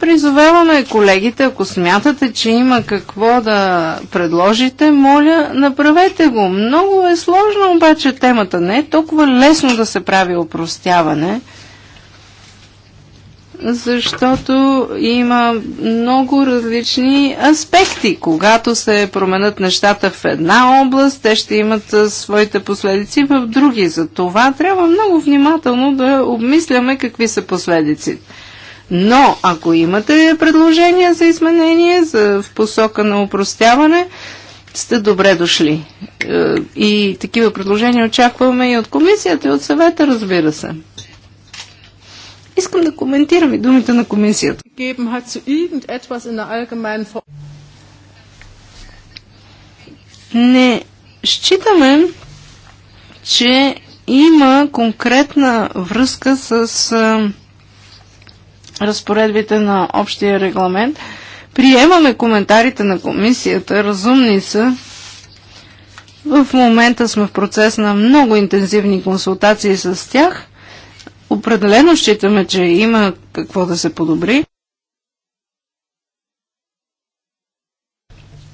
Призоваваме колегите, ако смятате, че има какво да предложите, моля, направете го. Много е сложно, обаче темата не е толкова лесно да се прави опростяване, защото има много различни аспекти. Когато се променят нещата в една област, те ще имат своите последици в други. За това трябва много внимателно да обмисляме какви са последиците. Но ако имате предложения за изменение за, в посока на упростяване, сте добре дошли. Е, и такива предложения очакваме и от комисията, и от съвета, разбира се. Искам да коментирам и думите на комисията. Не считаме, че има конкретна връзка с е, разпоредбите на общия регламент. Приемаме коментарите на комисията, разумни са. В момента сме в процес на много интензивни консултации с тях. Определено считаме, че има какво да се подобри.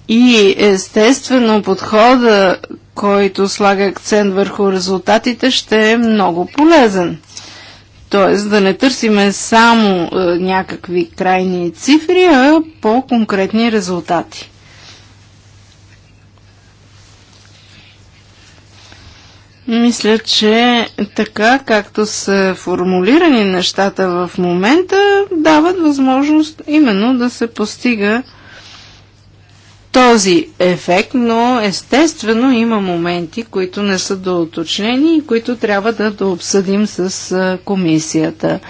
И естествено подхода, който слага акцент върху резултатите, ще е много полезен. Тоест да не търсиме само е, някакви крайни цифри, а по-конкретни резултати. Мисля, че така, както са формулирани нещата в момента, дават възможност именно да се постига този ефект, но естествено има моменти, които не са доуточнени и които трябва да обсъдим с комисията.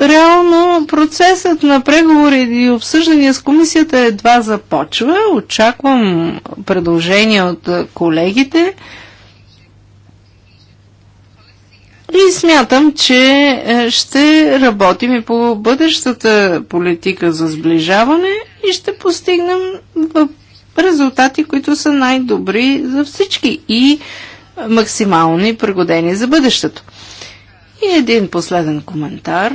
Реално процесът на преговори и обсъждания с комисията едва започва. Очаквам предложения от колегите. И смятам, че е, ще работим и по бъдещата политика за сближаване и ще постигнем резултати, които са най-добри за всички и максимални пригодени за бъдещето. И един последен коментар.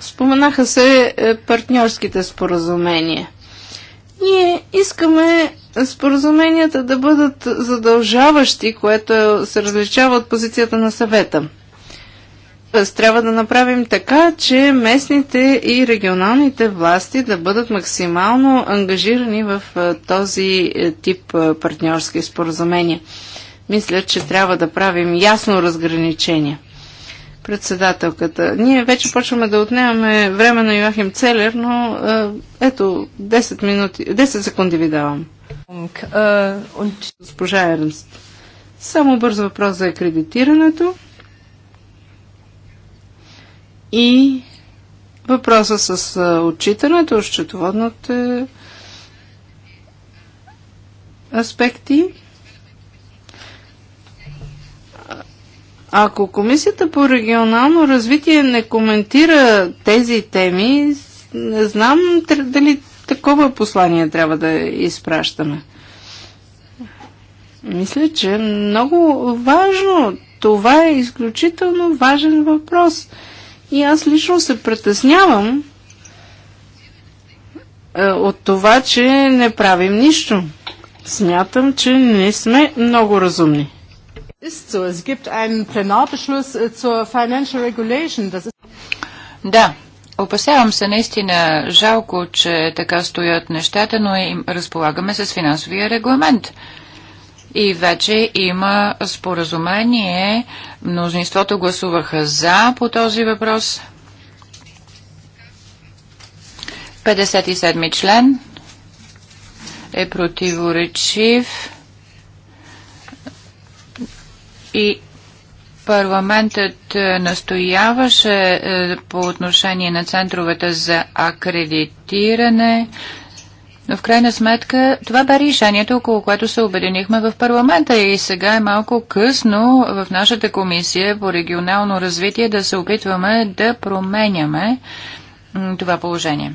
Споменаха се е, партньорските споразумения. Ние искаме споразуменията да бъдат задължаващи, което се различава от позицията на съвета трябва да направим така, че местните и регионалните власти да бъдат максимално ангажирани в този е, тип партньорски споразумения. Мисля, че трябва да правим ясно разграничение. Председателката. Ние вече почваме да отнемаме време на Йоахим Целер, но ето 10, минути, 10 секунди ви давам. Госпожа Ернст. Само бърз въпрос за акредитирането и въпроса с отчитането, счетоводните аспекти. Ако Комисията по регионално развитие не коментира тези теми, не знам дали такова послание трябва да изпращаме. Мисля, че е много важно. Това е изключително важен въпрос. И аз лично се притеснявам е, от това, че не правим нищо. Смятам, че не сме много разумни. Äh, да, Опасявам се наистина жалко, че така стоят нещата, но и разполагаме с финансовия регламент и вече има споразумение. Мнозинството гласуваха за по този въпрос. 57 член е противоречив и парламентът е, настояваше е, по отношение на центровете за акредитиране но в крайна сметка това бе решението, около което се обединихме в парламента и сега е малко късно в нашата комисия по регионално развитие да се опитваме да променяме това положение.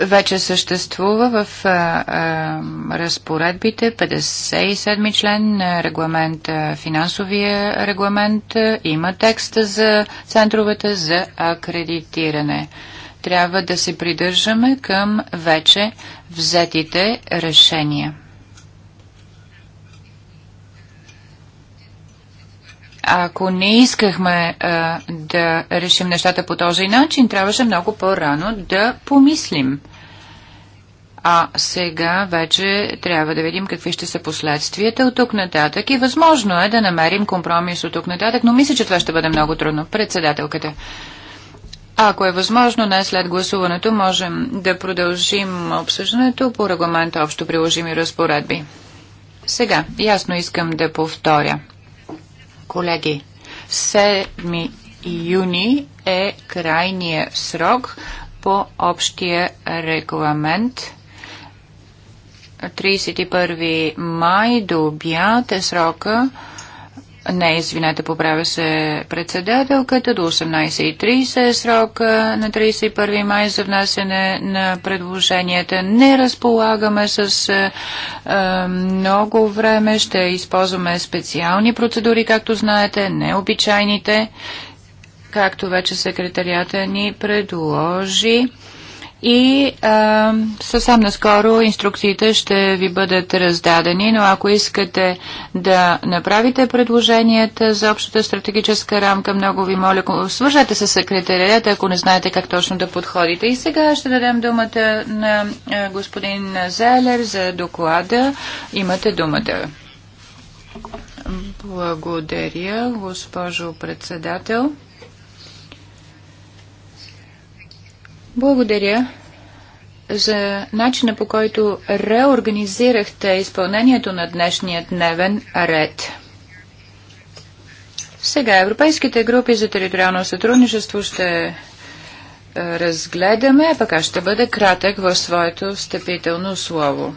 вече съществува в а, а, разпоредбите 57 член на регламент, финансовия регламент. Има текст за центровете за акредитиране. Трябва да се придържаме към вече взетите решения. Ако не искахме а, да решим нещата по този начин, трябваше много по-рано да помислим. А сега вече трябва да видим какви ще са последствията от тук нататък и възможно е да намерим компромис от тук нататък, но мисля, че това ще бъде много трудно. Председателката. Ако е възможно, не след гласуването можем да продължим обсъждането по регламента общо приложими разпоредби. Сега, ясно искам да повторя – Колеги, 7 юни е крайния срок по общия регламент. 31 май до обяд е срока не, извинете, поправя се председателката. До 18.30 е срока на 31 май за внасяне на предложенията. Не разполагаме с е, е, много време. Ще използваме специални процедури, както знаете, необичайните, както вече секретарията ни предложи и а, съвсем наскоро инструкциите ще ви бъдат раздадени, но ако искате да направите предложенията за общата стратегическа рамка, много ви моля, свържете се с секретарията, ако не знаете как точно да подходите. И сега ще дадем думата на господин Зелер за доклада. Имате думата. Благодаря, госпожо председател. Благодаря за начина по който реорганизирахте изпълнението на днешния дневен ред. Сега европейските групи за териториално сътрудничество ще е, разгледаме, а пък ще бъде кратък в своето встъпително слово.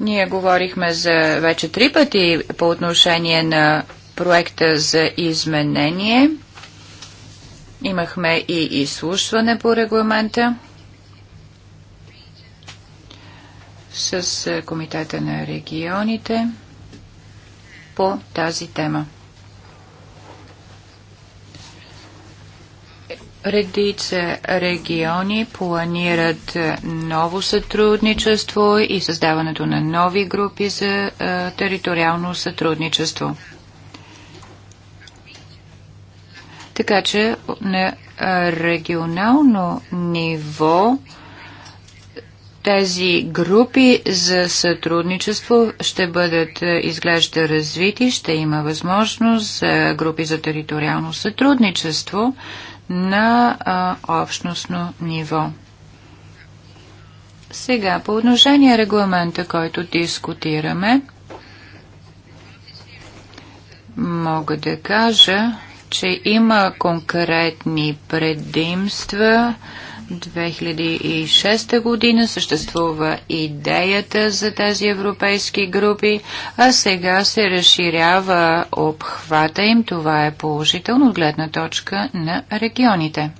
Ние говорихме за вече три пъти по отношение на проекта за изменение – Имахме и изслушване по регламента с е, Комитета на регионите по тази тема. Редица региони планират е, ново сътрудничество и създаването на нови групи за е, териториално сътрудничество. Така че на регионално ниво тези групи за сътрудничество ще бъдат е, изглежда развити, ще има възможност за групи за териториално сътрудничество на а, общностно ниво. Сега, по отношение регламента, който дискутираме, мога да кажа, че има конкретни предимства. 2006 година съществува идеята за тези европейски групи, а сега се разширява обхвата им. Това е положително от гледна точка на регионите.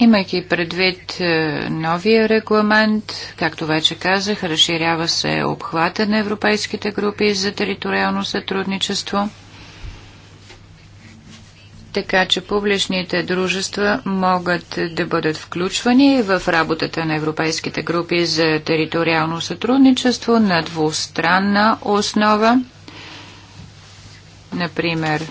Имайки предвид е, новия регламент, както вече казах, разширява се обхвата на европейските групи за териториално сътрудничество, така че публичните дружества могат да бъдат включвани в работата на европейските групи за териториално сътрудничество на двустранна основа, например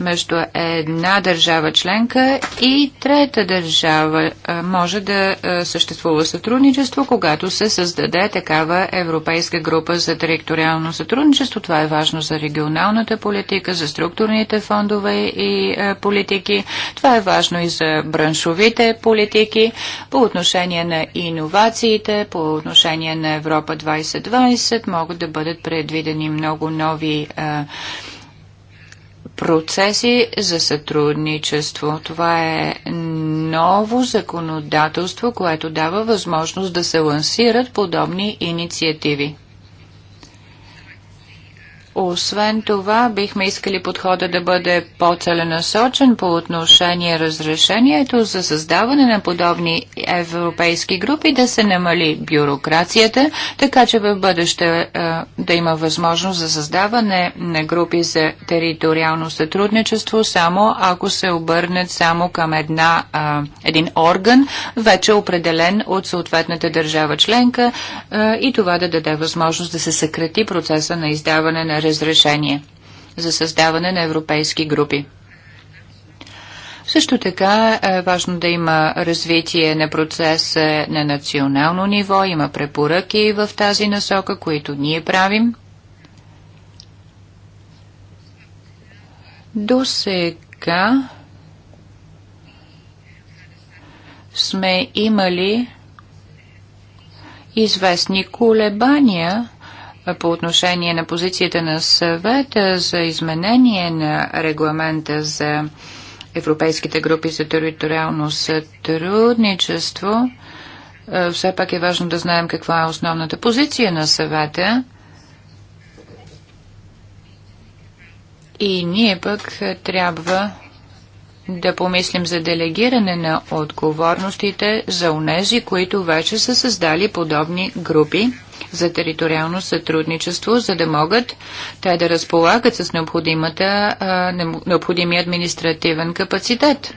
между една държава членка и трета държава. Може да съществува сътрудничество, когато се създаде такава Европейска група за териториално сътрудничество. Това е важно за регионалната политика, за структурните фондове и политики. Това е важно и за браншовите политики по отношение на иновациите, по отношение на Европа 2020 могат да бъдат предвидени много нови а, процеси за сътрудничество. Това е ново законодателство, което дава възможност да се лансират подобни инициативи. Освен това, бихме искали подхода да бъде по-целенасочен по отношение разрешението за създаване на подобни европейски групи, да се намали бюрокрацията, така че в бъдеще е, да има възможност за създаване на групи за териториално сътрудничество, само ако се обърнат само към една, е, един орган, вече определен от съответната държава членка е, и това да даде възможност да се съкрати процеса на издаване на разрешение за създаване на европейски групи. Също така е важно да има развитие на процеса на национално ниво, има препоръки в тази насока, които ние правим. До сега сме имали известни колебания по отношение на позицията на съвета за изменение на регламента за европейските групи за териториално сътрудничество. Е, все пак е важно да знаем каква е основната позиция на съвета. И ние пък трябва да помислим за делегиране на отговорностите за унези, които вече са създали подобни групи за териториално сътрудничество, за да могат те да разполагат с необходимия административен капацитет.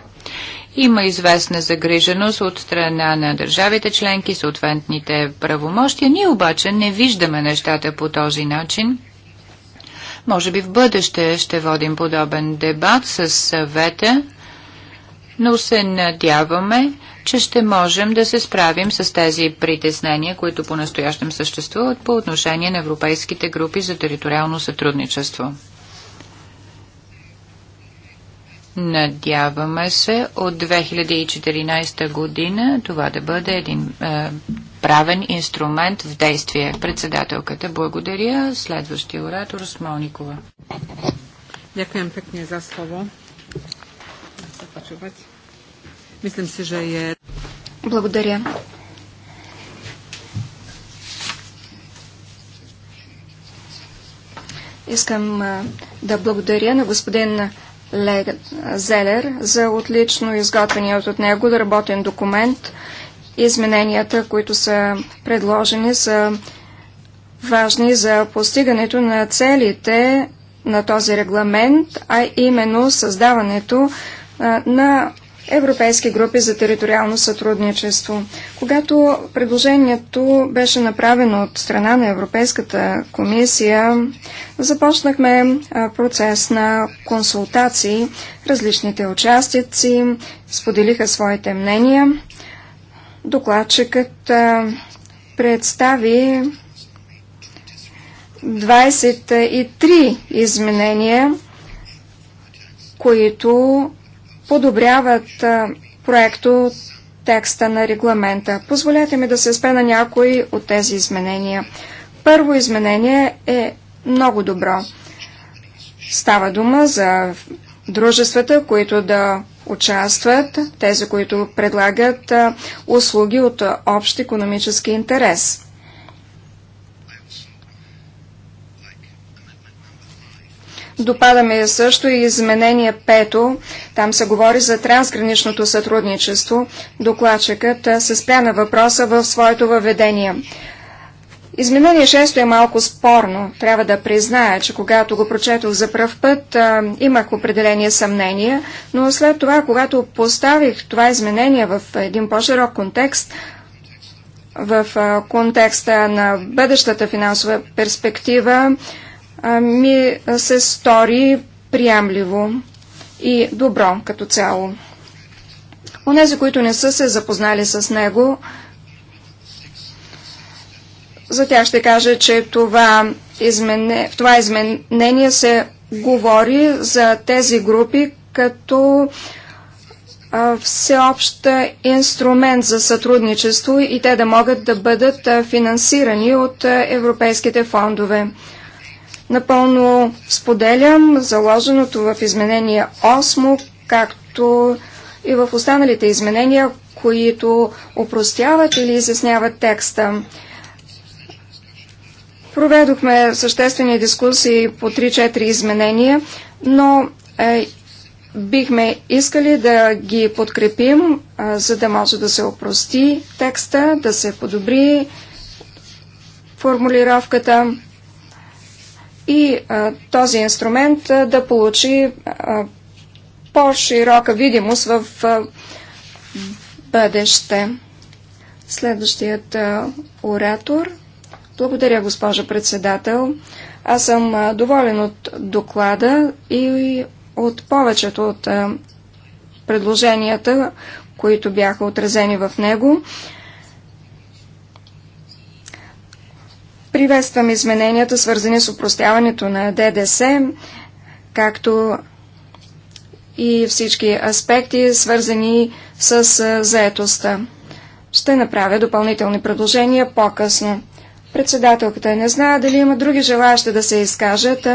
Има известна загриженост от страна на държавите членки, съответните правомощия. Ние обаче не виждаме нещата по този начин. Може би в бъдеще ще водим подобен дебат с съвета, но се надяваме, че ще можем да се справим с тези притеснения, които по-настоящем съществуват по отношение на европейските групи за териториално сътрудничество. Надяваме се от 2014 година това да бъде един е, правен инструмент в действие. Председателката благодаря. Следващия оратор Смолникова. Дякуем пекне за слово. Започваме. Мислим си, че е... Благодаря. Искам да благодаря на господин Зелер за отлично изготвения от него да работен документ. Измененията, които са предложени, са важни за постигането на целите на този регламент, а именно създаването на европейски групи за териториално сътрудничество. Когато предложението беше направено от страна на Европейската комисия, започнахме процес на консултации. Различните участници споделиха своите мнения. Докладчикът представи 23 изменения, които подобряват проекто текста на регламента. Позволете ми да се спе на някои от тези изменения. Първо изменение е много добро. Става дума за дружествата, които да участват, тези, които предлагат услуги от общ економически интерес. Допадаме също и изменение пето. Там се говори за трансграничното сътрудничество. Докладчикът се спря на въпроса в своето въведение. Изменение шесто е малко спорно. Трябва да призная, че когато го прочетох за пръв път, а, имах определени съмнения, но след това, когато поставих това изменение в един по-широк контекст, в а, контекста на бъдещата финансова перспектива, ми се стори приемливо и добро като цяло. Онези, които не са се запознали с него, за тях ще кажа, че това измене, в това изменение се говори за тези групи като всеобща всеобщ инструмент за сътрудничество и те да могат да бъдат финансирани от европейските фондове. Напълно споделям заложеното в изменение 8, както и в останалите изменения, които опростяват или изясняват текста. Проведохме съществени дискусии по 3-4 изменения, но е, бихме искали да ги подкрепим, е, за да може да се опрости текста, да се подобри формулировката и а, този инструмент а, да получи по-широка видимост в а, бъдеще. Следващият а, оратор. Благодаря, госпожа председател. Аз съм а, доволен от доклада и от повечето от а, предложенията, които бяха отразени в него. Приветствам измененията, свързани с упростяването на ДДС, както и всички аспекти, свързани с заетостта. Ще направя допълнителни предложения по-късно. Председателката не знае дали има други желаящи да се изкажат.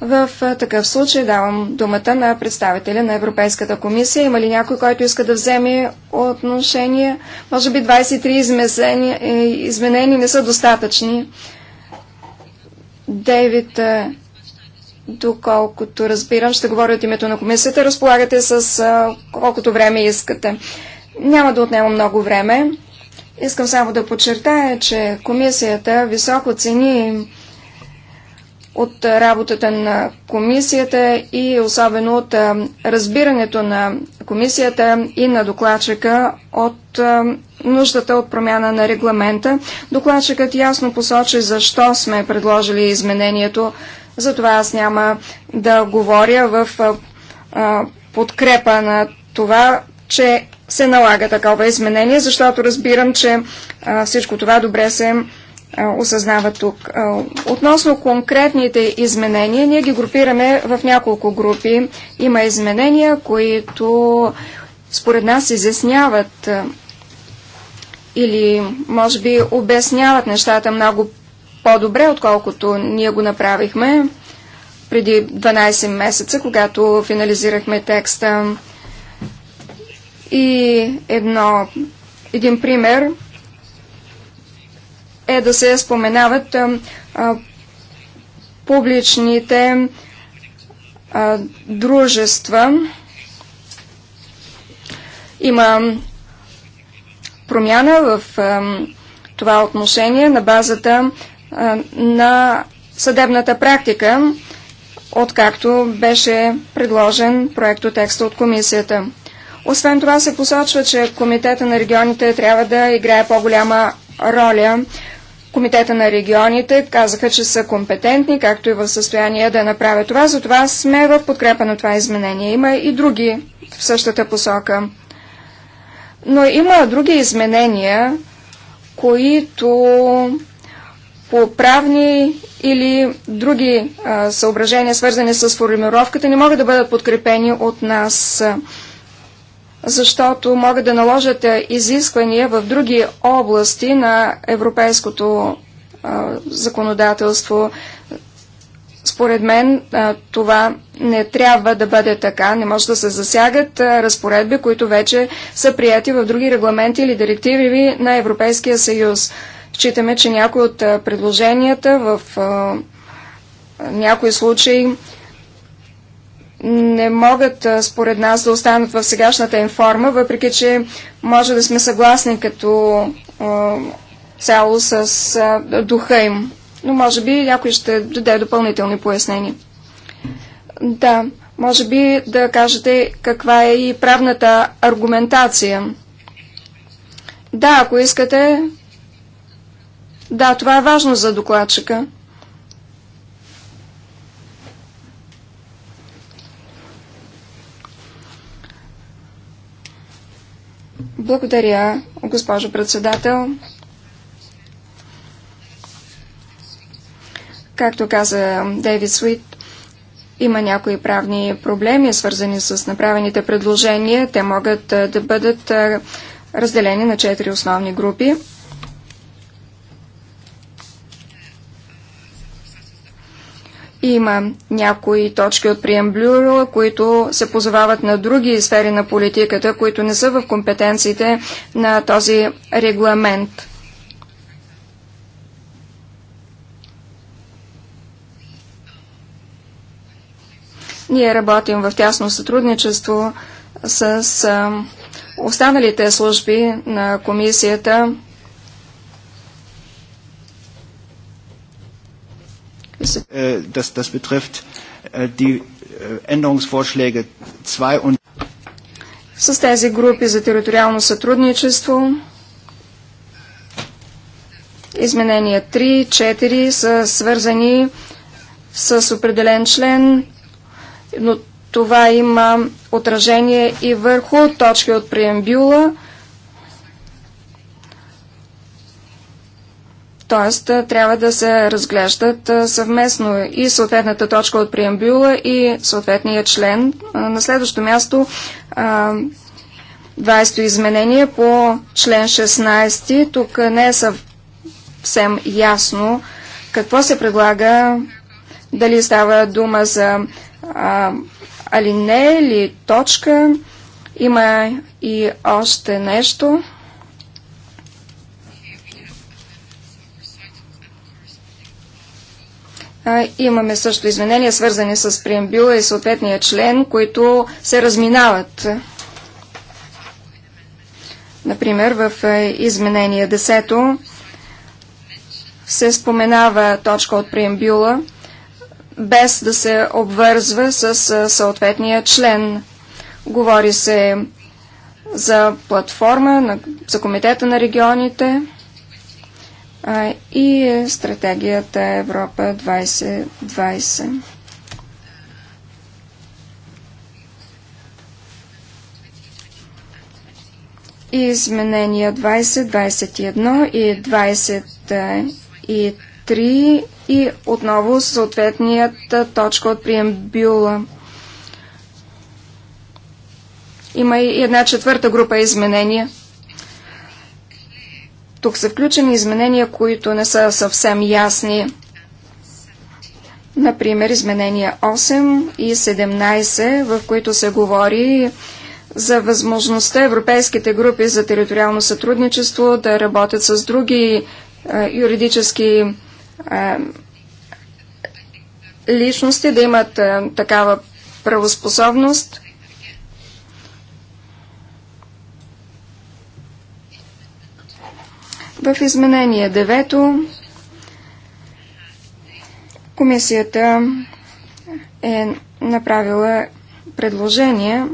В такъв случай давам думата на представителя на Европейската комисия. Има ли някой, който иска да вземе отношение? Може би 23 е, изменения не са достатъчни. Дейвид, доколкото разбирам, ще говоря от името на комисията. Разполагате с колкото време искате. Няма да отнема много време. Искам само да подчертая, че комисията високо цени от работата на комисията и особено от разбирането на комисията и на докладчика от нуждата от промяна на регламента. Докладчикът ясно посочи защо сме предложили изменението, затова аз няма да говоря в подкрепа на това, че се налага такова изменение, защото разбирам, че всичко това добре се осъзнава тук. Относно конкретните изменения, ние ги групираме в няколко групи. Има изменения, които според нас изясняват или може би обясняват нещата много по-добре, отколкото ние го направихме преди 12 месеца, когато финализирахме текста. И едно, един пример – е да се споменават публичните дружества. Има промяна в това отношение на базата на съдебната практика, откакто беше предложен проектотекста от комисията. Освен това се посочва, че Комитета на регионите трябва да играе по-голяма роля Комитета на регионите казаха, че са компетентни, както и в състояние да направят това, затова сме в подкрепа на това изменение. Има и други в същата посока. Но има други изменения, които по правни или други а, съображения, свързани с формировката, не могат да бъдат подкрепени от нас защото могат да наложат е, изисквания в други области на европейското а, законодателство. Според мен а, това не трябва да бъде така. Не може да се засягат а, разпоредби, които вече са прияти в други регламенти или директиви на Европейския съюз. Считаме, че някои от предложенията в някои случаи не могат според нас да останат в сегашната им форма, въпреки че може да сме съгласни като цяло с духа им. Но може би някой ще даде допълнителни пояснения. Да, може би да кажете каква е и правната аргументация. Да, ако искате. Да, това е важно за докладчика. Благодаря, госпожо председател. Както каза Дейвид Суит, има някои правни проблеми, свързани с направените предложения. Те могат да бъдат разделени на четири основни групи. Има някои точки от преамблюра, които се позовават на други сфери на политиката, които не са в компетенциите на този регламент. Ние работим в тясно сътрудничество с останалите служби на комисията, Äh, das, das betrifft äh, die äh, Änderungsvorschläge 2 und с тези групи за териториално сътрудничество. Изменения 3, 4 са свързани с определен член, но това има отражение и върху точки от преембюла – Тоест, трябва да се разглеждат съвместно и съответната точка от преамбюла и съответния член. На следващо място 20-то изменение по член 16. Тук не е съвсем ясно какво се предлага, дали става дума за алине или точка. Има и още нещо. Имаме също изменения, свързани с преамбюла и съответния член, които се разминават. Например, в е, изменение 10 се споменава точка от преамбюла, без да се обвързва с е, съответния член. Говори се за платформа за Комитета на регионите – и е стратегията Европа 2020. изменения 20, 21 и 23 и отново съответният точка от приембюла. Има и една четвърта група изменения – тук са включени изменения, които не са съвсем ясни. Например, изменения 8 и 17, в които се говори за възможността европейските групи за териториално сътрудничество да работят с други е, юридически е, личности, да имат е, такава правоспособност. В изменение 9 комисията е направила предложение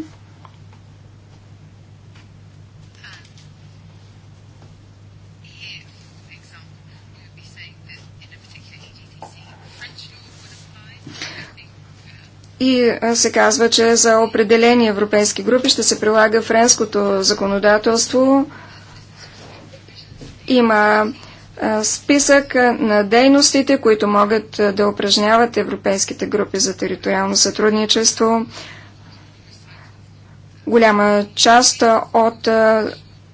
И се казва, че за определени европейски групи ще се прилага френското законодателство, има списък на дейностите, които могат да упражняват европейските групи за териториално сътрудничество. Голяма част от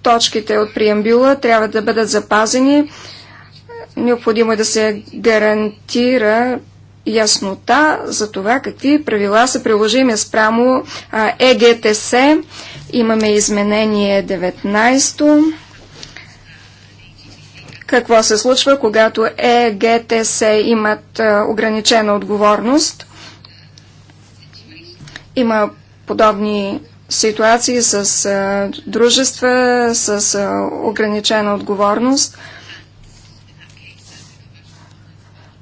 точките от приембюла трябва да бъдат запазени. Необходимо е да се гарантира яснота за това какви правила са приложими спрямо ЕГТС. Имаме изменение 19 какво се случва, когато ЕГТС имат е, ограничена отговорност. Има подобни ситуации с е, дружества, с е, ограничена отговорност.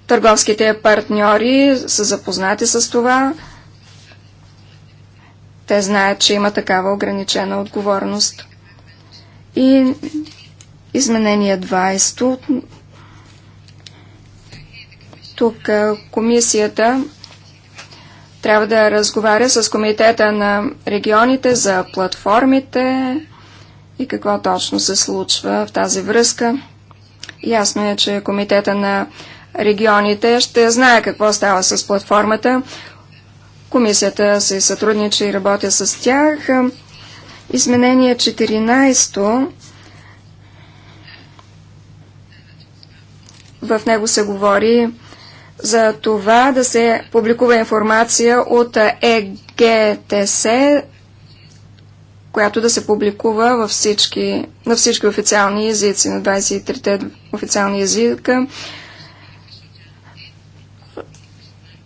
Търговските партньори са запознати с това. Те знаят, че има такава ограничена отговорност. И Изменение 20. Тук комисията трябва да разговаря с комитета на регионите за платформите и какво точно се случва в тази връзка. Ясно е, че комитета на регионите ще знае какво става с платформата. Комисията се сътрудничи и работя с тях. Изменение 14 В него се говори за това да се публикува информация от ЕГТС, която да се публикува във всички, на всички официални езици, на 23-те официални езика,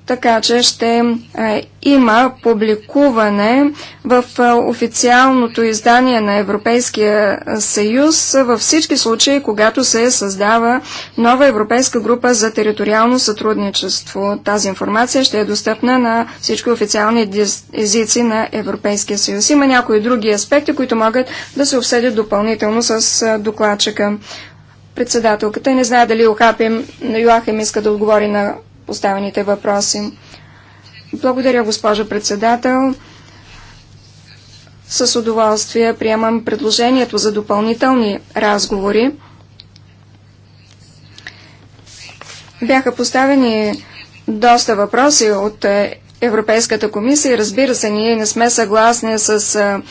така че ще е, има публикуване в е, официалното издание на Европейския е, съюз във всички случаи, когато се създава нова европейска група за териториално сътрудничество. Тази информация ще е достъпна на всички официални езици на Европейския съюз. Има някои други аспекти, които могат да се обсъдят допълнително с докладчика. Председателката не знае дали Йоахим иска да отговори на поставените въпроси. Благодаря, госпожо председател. С удоволствие приемам предложението за допълнителни разговори. Бяха поставени доста въпроси от е, Европейската комисия. Разбира се, ние не сме съгласни с е,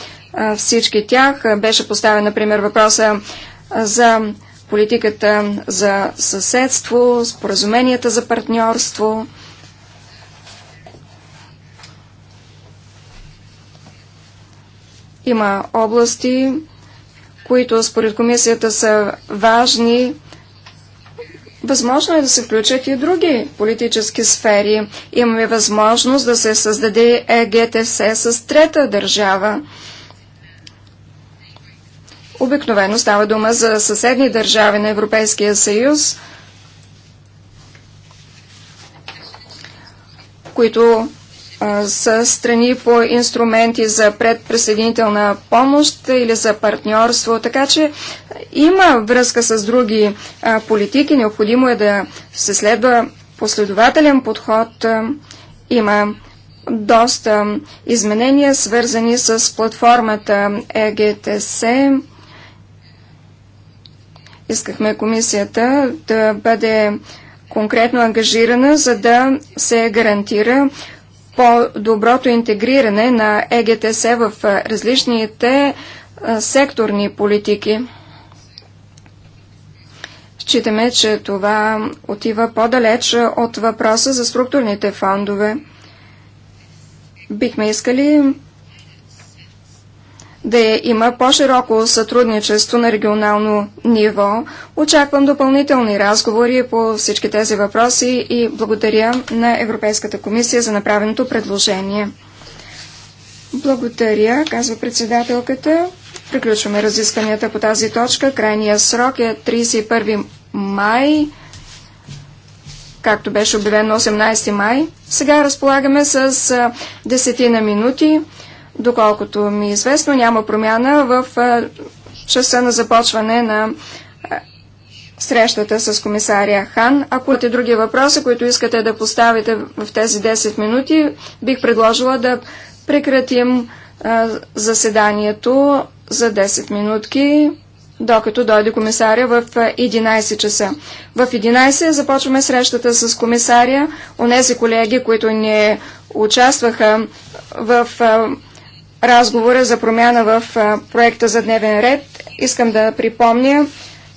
е, всички тях. Беше поставен, например, въпроса за политиката за съседство, споразуменията за партньорство. Има области, които според комисията са важни. Възможно е да се включат и други политически сфери. Имаме възможност да се създаде ЕГТС с трета държава. Обикновено става дума за съседни държави на Европейския съюз, които са страни по инструменти за предприсъединителна помощ или за партньорство. Така че има връзка с други политики. Необходимо е да се следва последователен подход. има доста изменения, свързани с платформата ЕГТС. Искахме комисията да бъде конкретно ангажирана, за да се гарантира по-доброто интегриране на ЕГТС в различните секторни политики. Считаме, че това отива по-далеч от въпроса за структурните фондове. Бихме искали да има по-широко сътрудничество на регионално ниво. Очаквам допълнителни разговори по всички тези въпроси и благодаря на Европейската комисия за направеното предложение. Благодаря, казва председателката. Приключваме разискванията по тази точка. Крайният срок е 31 май, както беше обявено 18 май. Сега разполагаме с десетина минути. Доколкото ми е известно, няма промяна в часа на започване на срещата с комисаря Хан. Ако имате други въпроси, които искате да поставите в тези 10 минути, бих предложила да прекратим заседанието за 10 минутки, докато дойде комисаря в 11 часа. В 11 започваме срещата с комисаря. Онези колеги, които не участваха в а, разговора за промяна в проекта за дневен ред. Искам да припомня,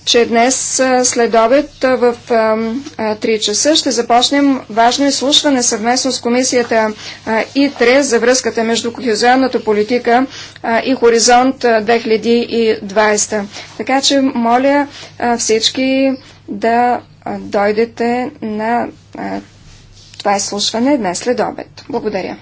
че днес след обед в 3 часа ще започнем важно изслушване съвместно с комисията ИТРЕ за връзката между кохезионната политика и Хоризонт 2020. Така че моля всички да дойдете на това изслушване днес след обед. Благодаря.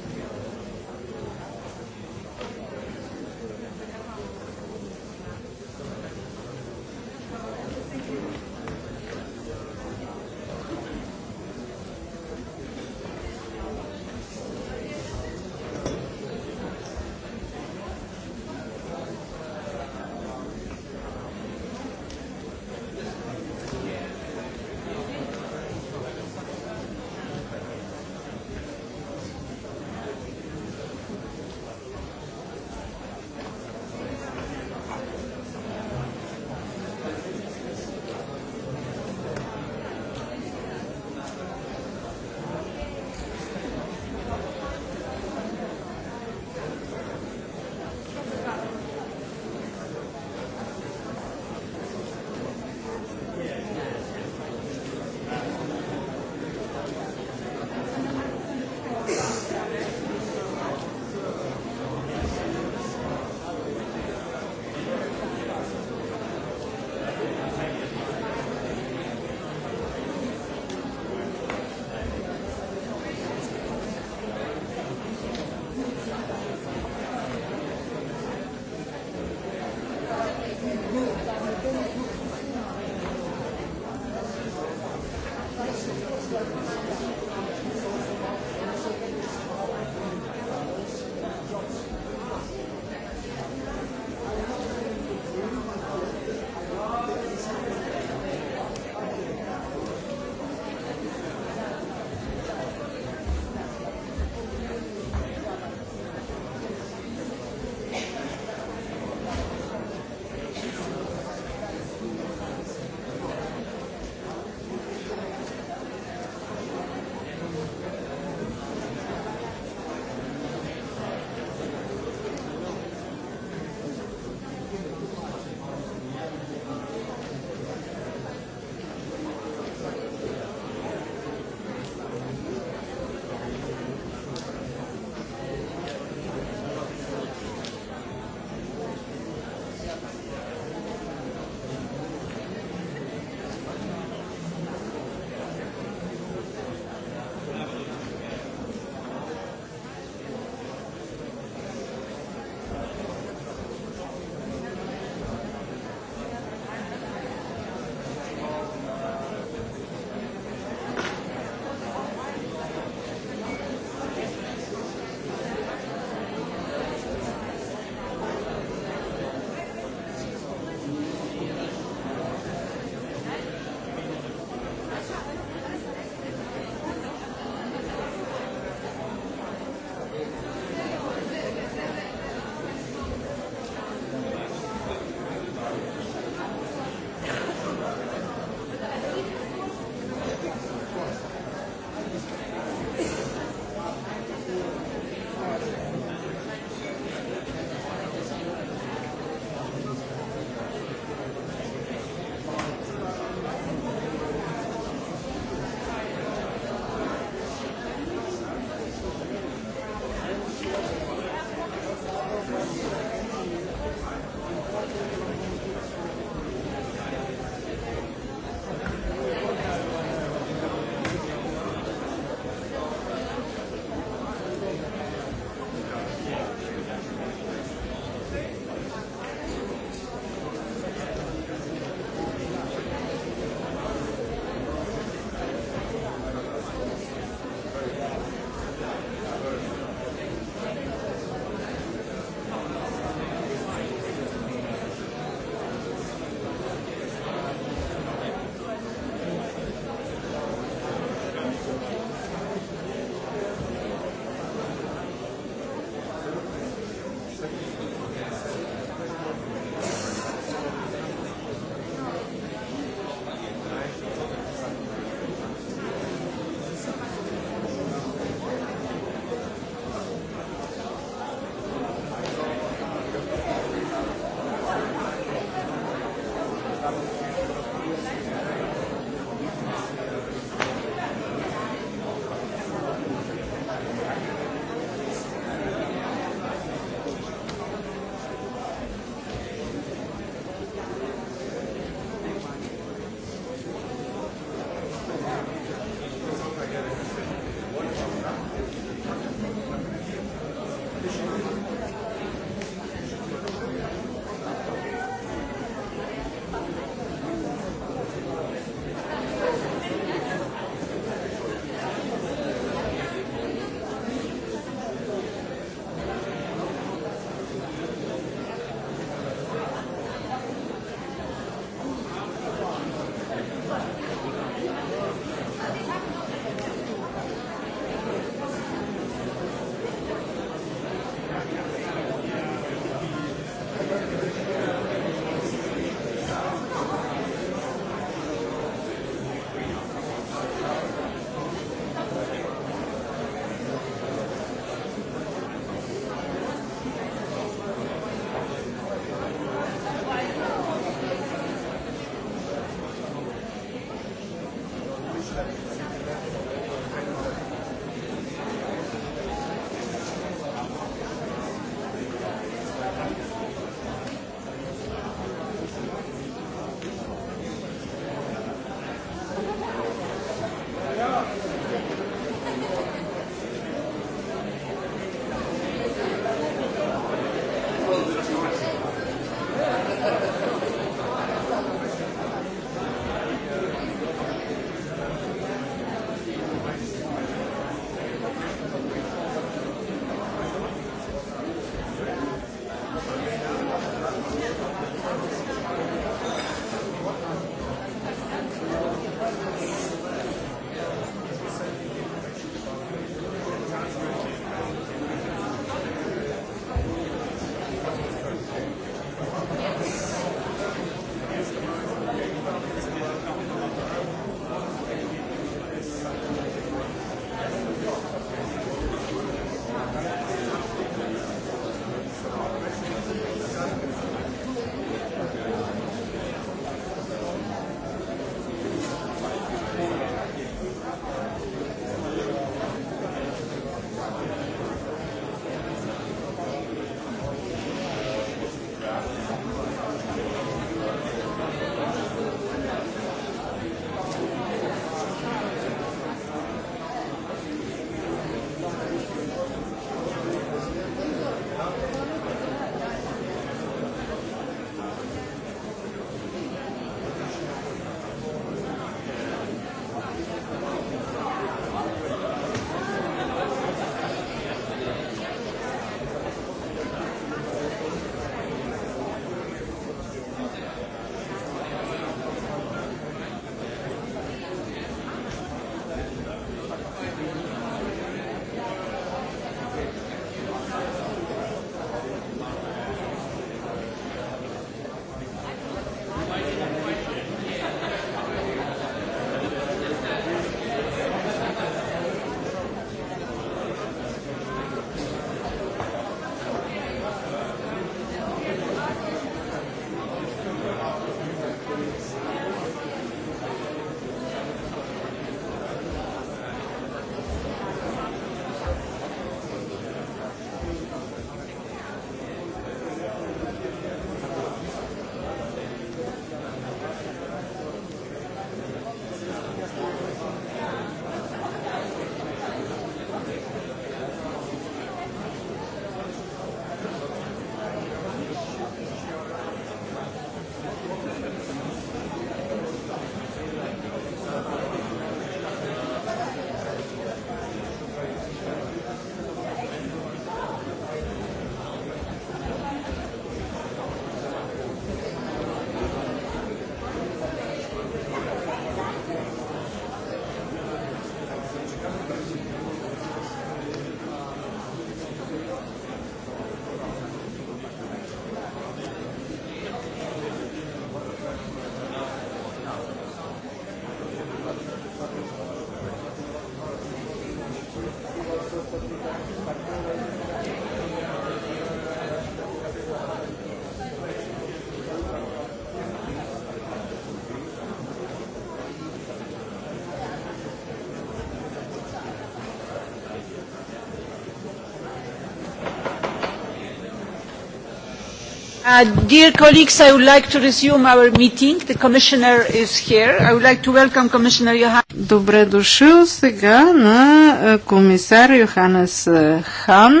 Uh, dear colleagues, I would like to resume our meeting. The commissioner is here. I would like to welcome Commissioner Johannes. Добре дошъл сега на е, комисар Йоханес е, Хан.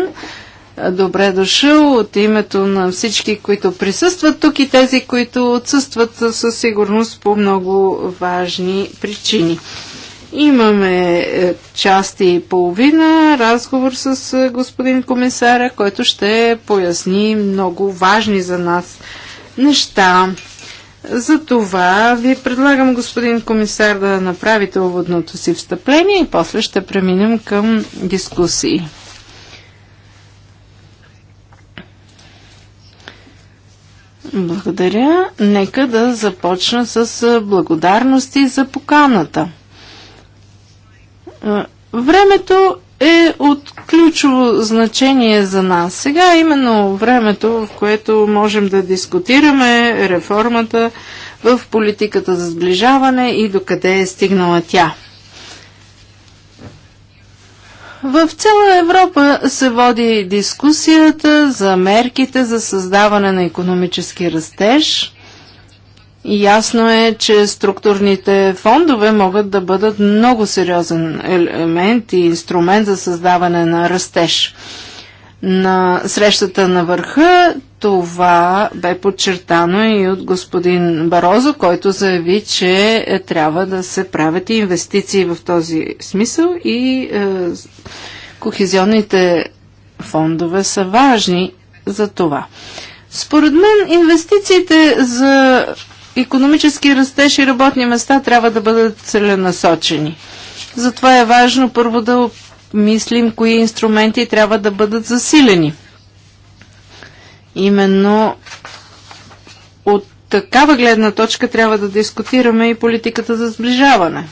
Е, добре дошъл от името на всички, които присъстват тук и тези, които отсъстват със сигурност по много важни причини. Имаме е, части и половина разговор с е, господин комисаря, който ще поясни много важни за нас неща. За това ви предлагам господин комисар да направите уводното си встъпление и после ще преминем към дискусии. Благодаря. Нека да започна с е, благодарности за поканата. Времето е от ключово значение за нас. Сега е именно времето, в което можем да дискутираме реформата в политиката за сближаване и докъде е стигнала тя. В цяла Европа се води дискусията за мерките за създаване на економически растеж – Ясно е, че структурните фондове могат да бъдат много сериозен елемент и инструмент за създаване на растеж. На срещата на върха това бе подчертано и от господин Барозо, който заяви, че е, трябва да се правят и инвестиции в този смисъл и е, кохезионните фондове са важни за това. Според мен инвестициите за економически растеж и работни места трябва да бъдат целенасочени. Затова е важно първо да мислим кои инструменти трябва да бъдат засилени. Именно от такава гледна точка трябва да дискутираме и политиката за сближаване.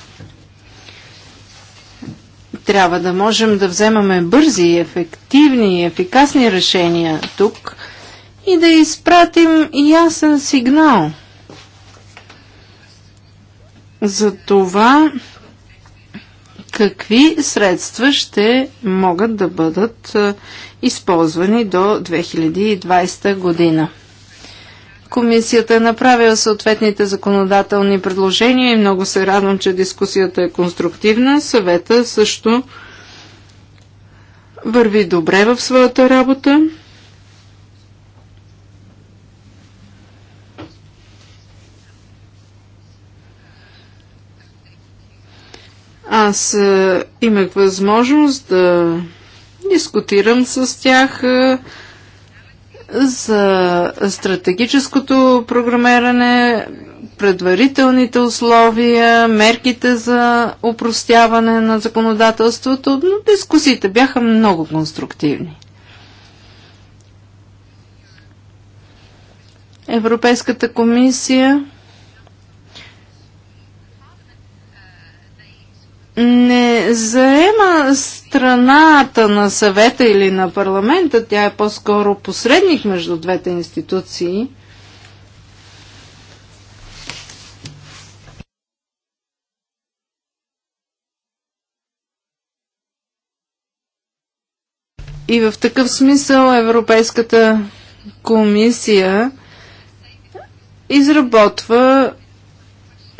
Трябва да можем да вземаме бързи, ефективни и ефикасни решения тук и да изпратим ясен сигнал – за това какви средства ще могат да бъдат използвани до 2020 година. Комисията е направила съответните законодателни предложения и много се радвам, че дискусията е конструктивна. Съвета също върви добре в своята работа. Аз е, имах възможност да дискутирам с тях е, за стратегическото програмиране, предварителните условия, мерките за упростяване на законодателството, но дискусиите бяха много конструктивни. Европейската комисия не заема страната на съвета или на парламента, тя е по-скоро посредник между двете институции. И в такъв смисъл Европейската комисия изработва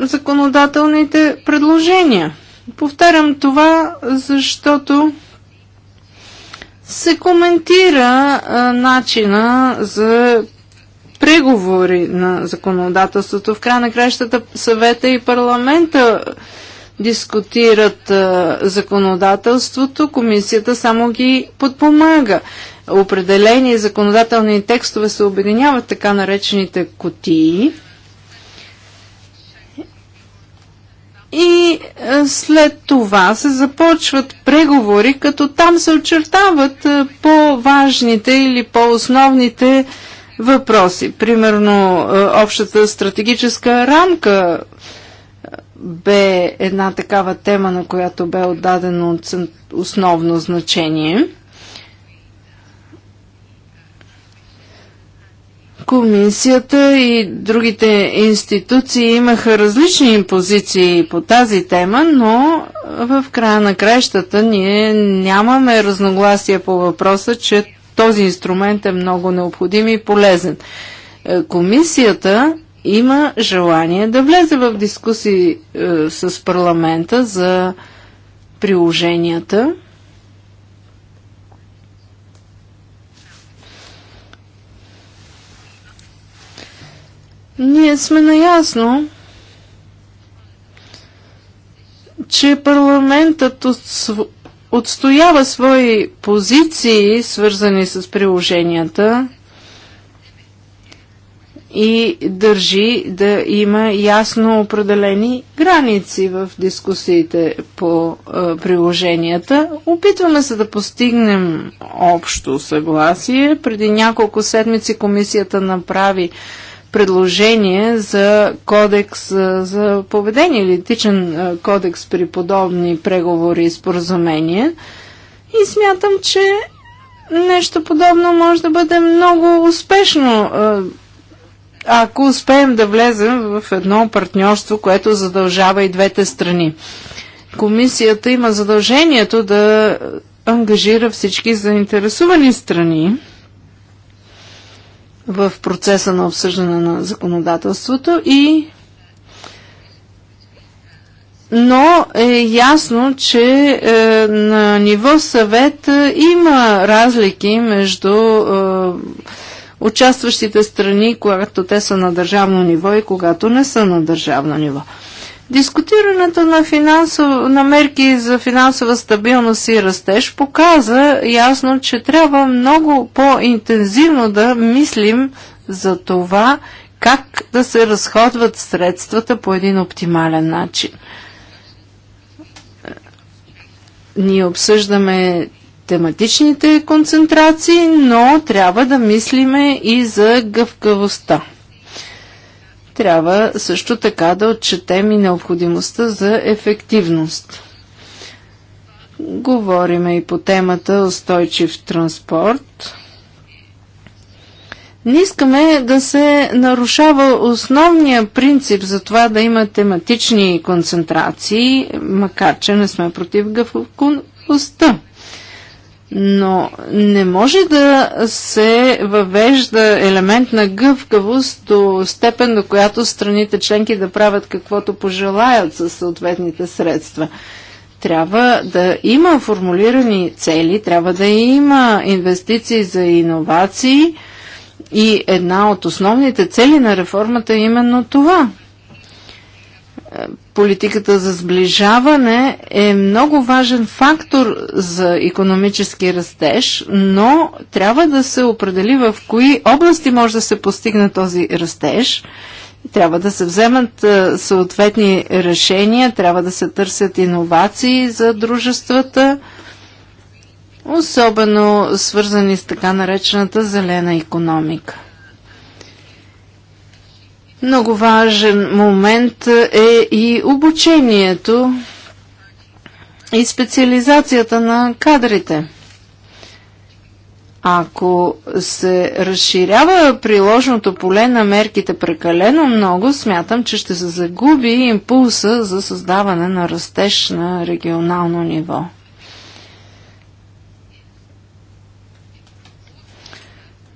законодателните предложения. Повтарям това, защото се коментира а, начина за преговори на законодателството. В края на кращата съвета и парламента дискутират а, законодателството, комисията само ги подпомага. Определени законодателни текстове се обединяват така наречените котии – и е, след това се започват преговори, като там се очертават е, по-важните или по-основните въпроси. Примерно, е, общата стратегическа рамка бе една такава тема, на която бе отдадено основно значение. Комисията и другите институции имаха различни позиции по тази тема, но в края на краищата ние нямаме разногласия по въпроса, че този инструмент е много необходим и полезен. Е, комисията има желание да влезе в дискусии е, с парламента за приложенията Ние сме наясно, че парламентът отстоява свои позиции, свързани с приложенията и държи да има ясно определени граници в дискусиите по е, приложенията. Опитваме се да постигнем общо съгласие. Преди няколко седмици комисията направи предложение за кодекс за поведение или етичен кодекс при подобни преговори и споразумения. И смятам, че нещо подобно може да бъде много успешно, ако успеем да влезем в едно партньорство, което задължава и двете страни. Комисията има задължението да ангажира всички заинтересувани страни в процеса на обсъждане на законодателството и но е ясно, че е, на ниво съвет е, има разлики между е, участващите страни, когато те са на държавно ниво и когато не са на държавно ниво. Дискутирането на, финансов, на мерки за финансова стабилност и растеж показа ясно, че трябва много по-интензивно да мислим за това как да се разходват средствата по един оптимален начин. Ние обсъждаме тематичните концентрации, но трябва да мислиме и за гъвкавостта трябва също така да отчетем и необходимостта за ефективност. Говориме и по темата устойчив транспорт. Не искаме да се нарушава основния принцип за това да има тематични концентрации, макар че не сме против гъвкавостта но не може да се въвежда елемент на гъвкавост до степен, до която страните членки да правят каквото пожелаят със съответните средства. Трябва да има формулирани цели, трябва да има инвестиции за иновации и една от основните цели на реформата е именно това – политиката за сближаване е много важен фактор за економически растеж, но трябва да се определи в кои области може да се постигне този растеж. Трябва да се вземат съответни решения, трябва да се търсят иновации за дружествата, особено свързани с така наречената зелена економика. Много важен момент е и обучението и специализацията на кадрите. Ако се разширява приложното поле на мерките прекалено много, смятам, че ще се загуби импулса за създаване на растеж на регионално ниво.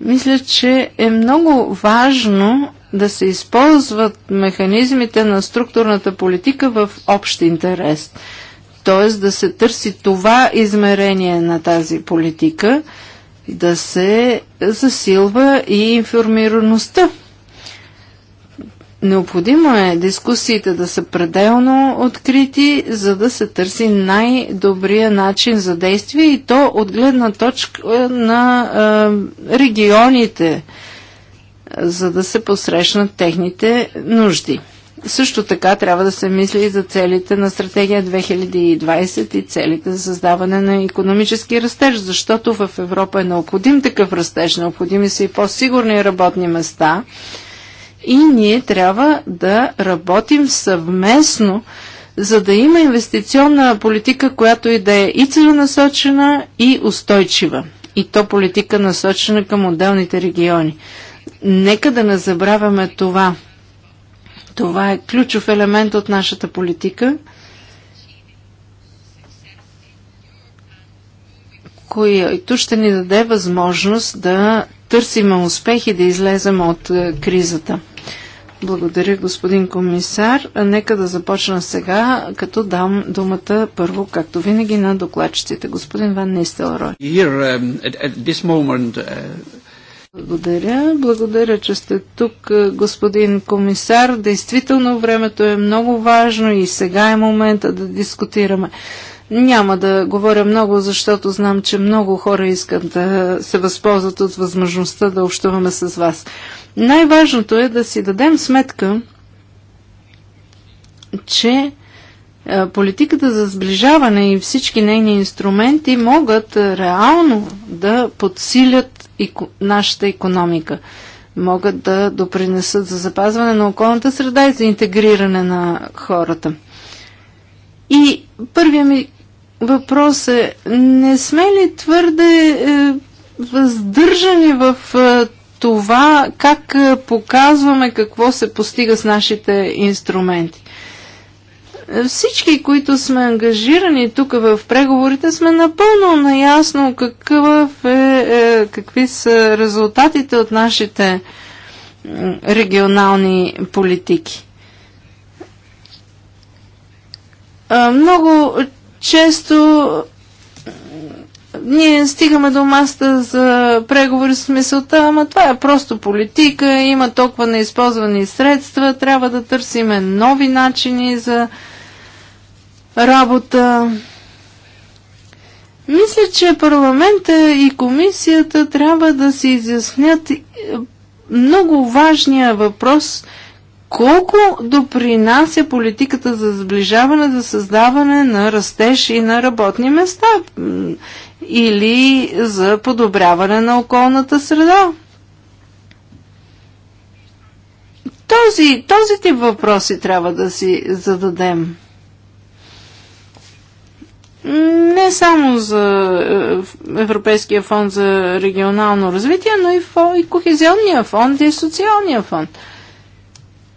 Мисля, че е много важно да се използват механизмите на структурната политика в общ интерес. Т.е. да се търси това измерение на тази политика, да се засилва и информираността Необходимо е дискусиите да са пределно открити, за да се търси най-добрия начин за действие и то от гледна точка на регионите, за да се посрещнат техните нужди. Също така трябва да се мисли и за целите на стратегия 2020 и целите за създаване на економически растеж, защото в Европа е необходим такъв растеж, необходими са и по-сигурни работни места – и ние трябва да работим съвместно, за да има инвестиционна политика, която и да е и целенасочена, и устойчива. И то политика насочена към отделните региони. Нека да не забравяме това. Това е ключов елемент от нашата политика, който ще ни даде възможност да търсим успех и да излезем от е, кризата. Благодаря, господин комисар. Нека да започна сега, като дам думата първо, както винаги, на докладчиците. Господин Ван Нестелрой. Um, uh, Благодаря. Благодаря, че сте тук, е, господин комисар. Действително времето е много важно и сега е момента да дискутираме. Няма да говоря много, защото знам, че много хора искат да се възползват от възможността да общуваме с вас. Най-важното е да си дадем сметка, че е, политиката за сближаване и всички нейни инструменти могат е, реално да подсилят нашата економика. Могат да допринесат за запазване на околната среда и за интегриране на хората. И първият ми въпрос е, не сме ли твърде е, въздържани в е, това как е, показваме какво се постига с нашите инструменти. Всички, които сме ангажирани тук в преговорите, сме напълно наясно какъв е, е, какви са резултатите от нашите регионални политики. Много често ние стигаме до масата за преговори с мисълта, ама това е просто политика, има толкова неизползвани средства, трябва да търсиме нови начини за работа. Мисля, че парламента и комисията трябва да се изяснят много важния въпрос колко допринася политиката за сближаване, за създаване на растеж и на работни места или за подобряване на околната среда. Този, този тип въпроси трябва да си зададем. Не само за е, Европейския фонд за регионално развитие, но и, фо, и Кохезионния фонд и Социалния фонд.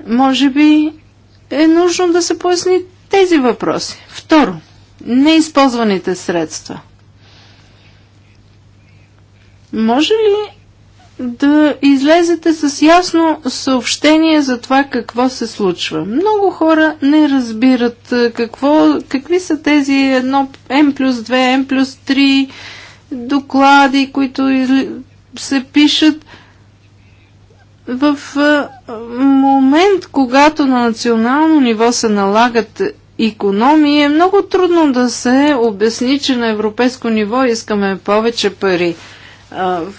Може би е нужно да се поясни тези въпроси. Второ, неизползваните средства – може ли да излезете с ясно съобщение за това какво се случва. Много хора не разбират е, какво, какви са тези едно М плюс 2, М плюс 3 доклади, които изли... се пишат в е, момент, когато на национално ниво се налагат економии, е много трудно да се обясни, че на европейско ниво искаме повече пари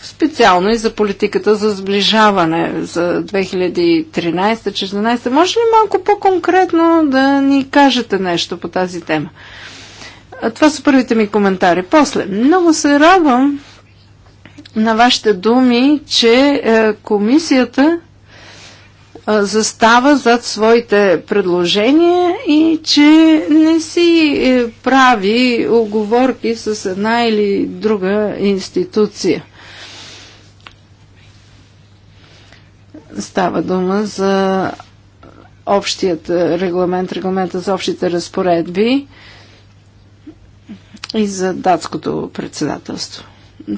специално и за политиката за сближаване за 2013-2014. Може ли малко по-конкретно да ни кажете нещо по тази тема? Това са първите ми коментари. После, много се радвам на вашите думи, че е, комисията застава зад своите предложения и че не си е, прави оговорки с една или друга институция. Става дума за общият регламент, регламента за общите разпоредби и за датското председателство.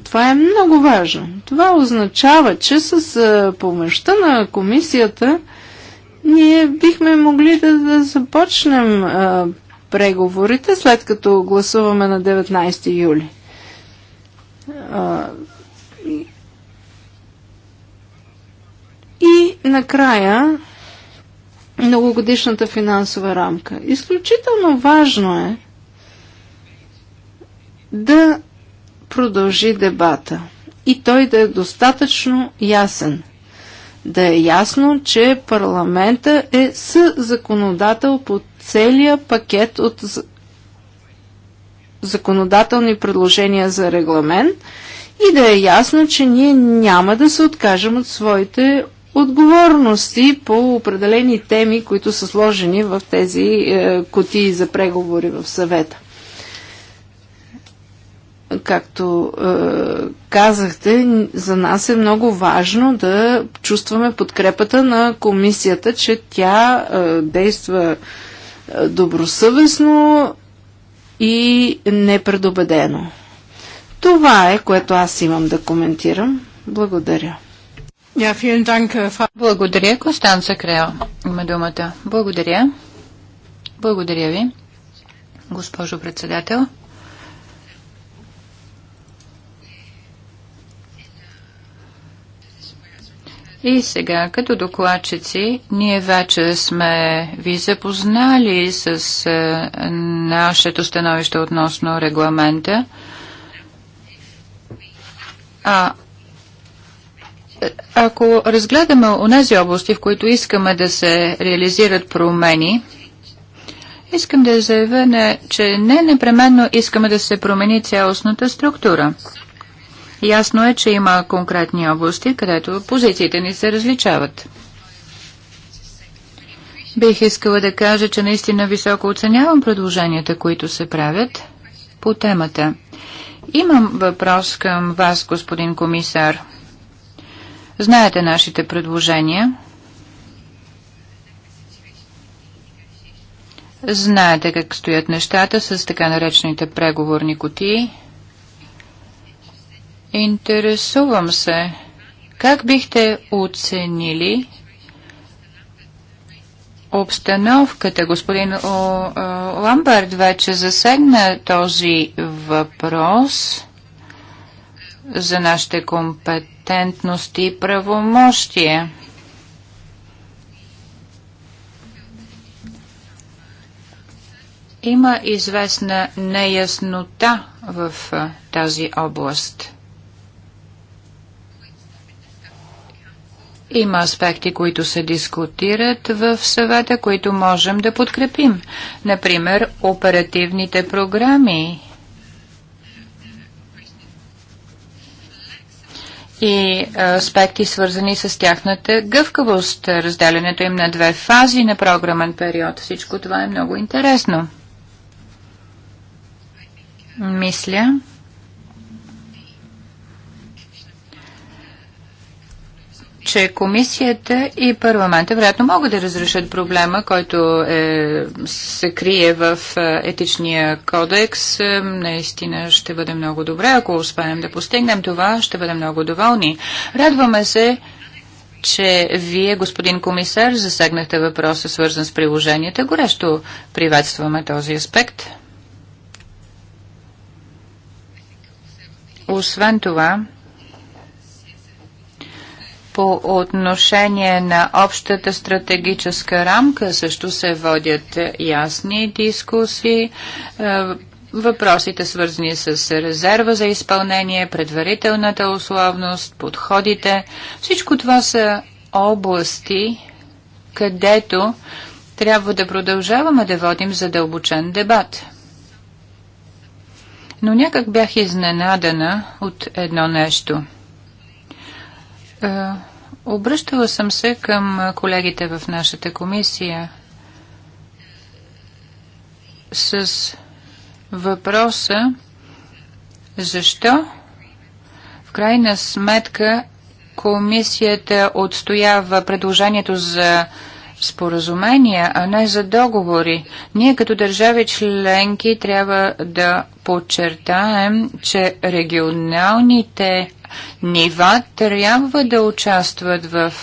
Това е много важно. Това означава, че с помощта на комисията ние бихме могли да, да започнем а, преговорите след като гласуваме на 19 юли. А, и, и накрая многогодишната финансова рамка. Изключително важно е да продължи дебата и той да е достатъчно ясен. Да е ясно, че парламента е съзаконодател по целия пакет от законодателни предложения за регламент и да е ясно, че ние няма да се откажем от своите отговорности по определени теми, които са сложени в тези е, кутии за преговори в съвета. Както е, казахте, за нас е много важно да чувстваме подкрепата на комисията, че тя е, действа е, добросъвестно и непредобедено. Това е, което аз имам да коментирам. Благодаря. Äh, Благодаря, Костанца Крео. Има думата. Благодаря. Благодаря ви, госпожо председател. И сега, като докладчици, ние вече сме ви запознали с е, нашето становище относно регламента. А ако разгледаме онези области, в които искаме да се реализират промени, искам да заявя, че не непременно искаме да се промени цялостната структура. Ясно е, че има конкретни области, където позициите ни се различават. Бих искала да кажа, че наистина високо оценявам предложенията, които се правят по темата. Имам въпрос към вас, господин комисар. Знаете нашите предложения. Знаете как стоят нещата с така наречените преговорни кутии. Интересувам се, как бихте оценили обстановката? Господин Ламбард вече засегна този въпрос за нашите компетентности и правомощия. Има известна неяснота в тази област. Има аспекти, които се дискутират в съвета, които можем да подкрепим. Например, оперативните програми и аспекти свързани с тяхната гъвкавост, разделянето им на две фази на програмен период. Всичко това е много интересно. Мисля, че комисията и парламента вероятно могат да разрешат проблема, който е, се крие в е, етичния кодекс. Е, наистина ще бъде много добре, ако успеем да постигнем това, ще бъдем много доволни. Радваме се, че вие, господин комисар, засегнахте въпроса, свързан с приложенията. Горещо приветстваме този аспект. Освен това, по отношение на общата стратегическа рамка също се водят е, ясни дискусии. Е, въпросите свързани с резерва за изпълнение, предварителната условност, подходите, всичко това са области, където трябва да продължаваме да водим задълбочен дебат. Но някак бях изненадана от едно нещо – е, обръщала съм се към колегите в нашата комисия с въпроса защо в крайна сметка комисията отстоява предложението за споразумения, а не за договори. Ние като държави членки трябва да подчертаем, че регионалните нива трябва да участват в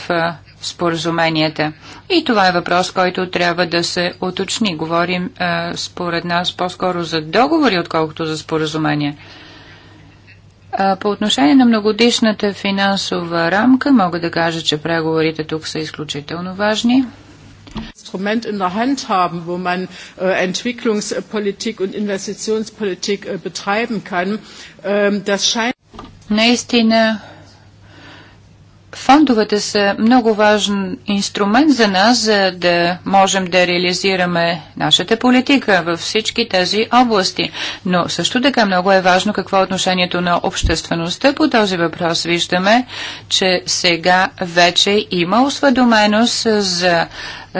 споразуменията. И това е въпрос, който трябва да се уточни. Говорим а, според нас по-скоро за договори, отколкото за споразумения. А, по отношение на многодишната финансова рамка, мога да кажа, че преговорите тук са изключително важни. Instrument in der Hand haben, wo man äh, Entwicklungspolitik und Investitionspolitik äh, betreiben kann. Ähm, das scheint Наистина, фондовете са много важен инструмент за нас, за да можем да реализираме нашата политика във всички тези области. Но също така много е важно какво е отношението на обществеността по този въпрос. Виждаме, че сега вече има осведоменост за е,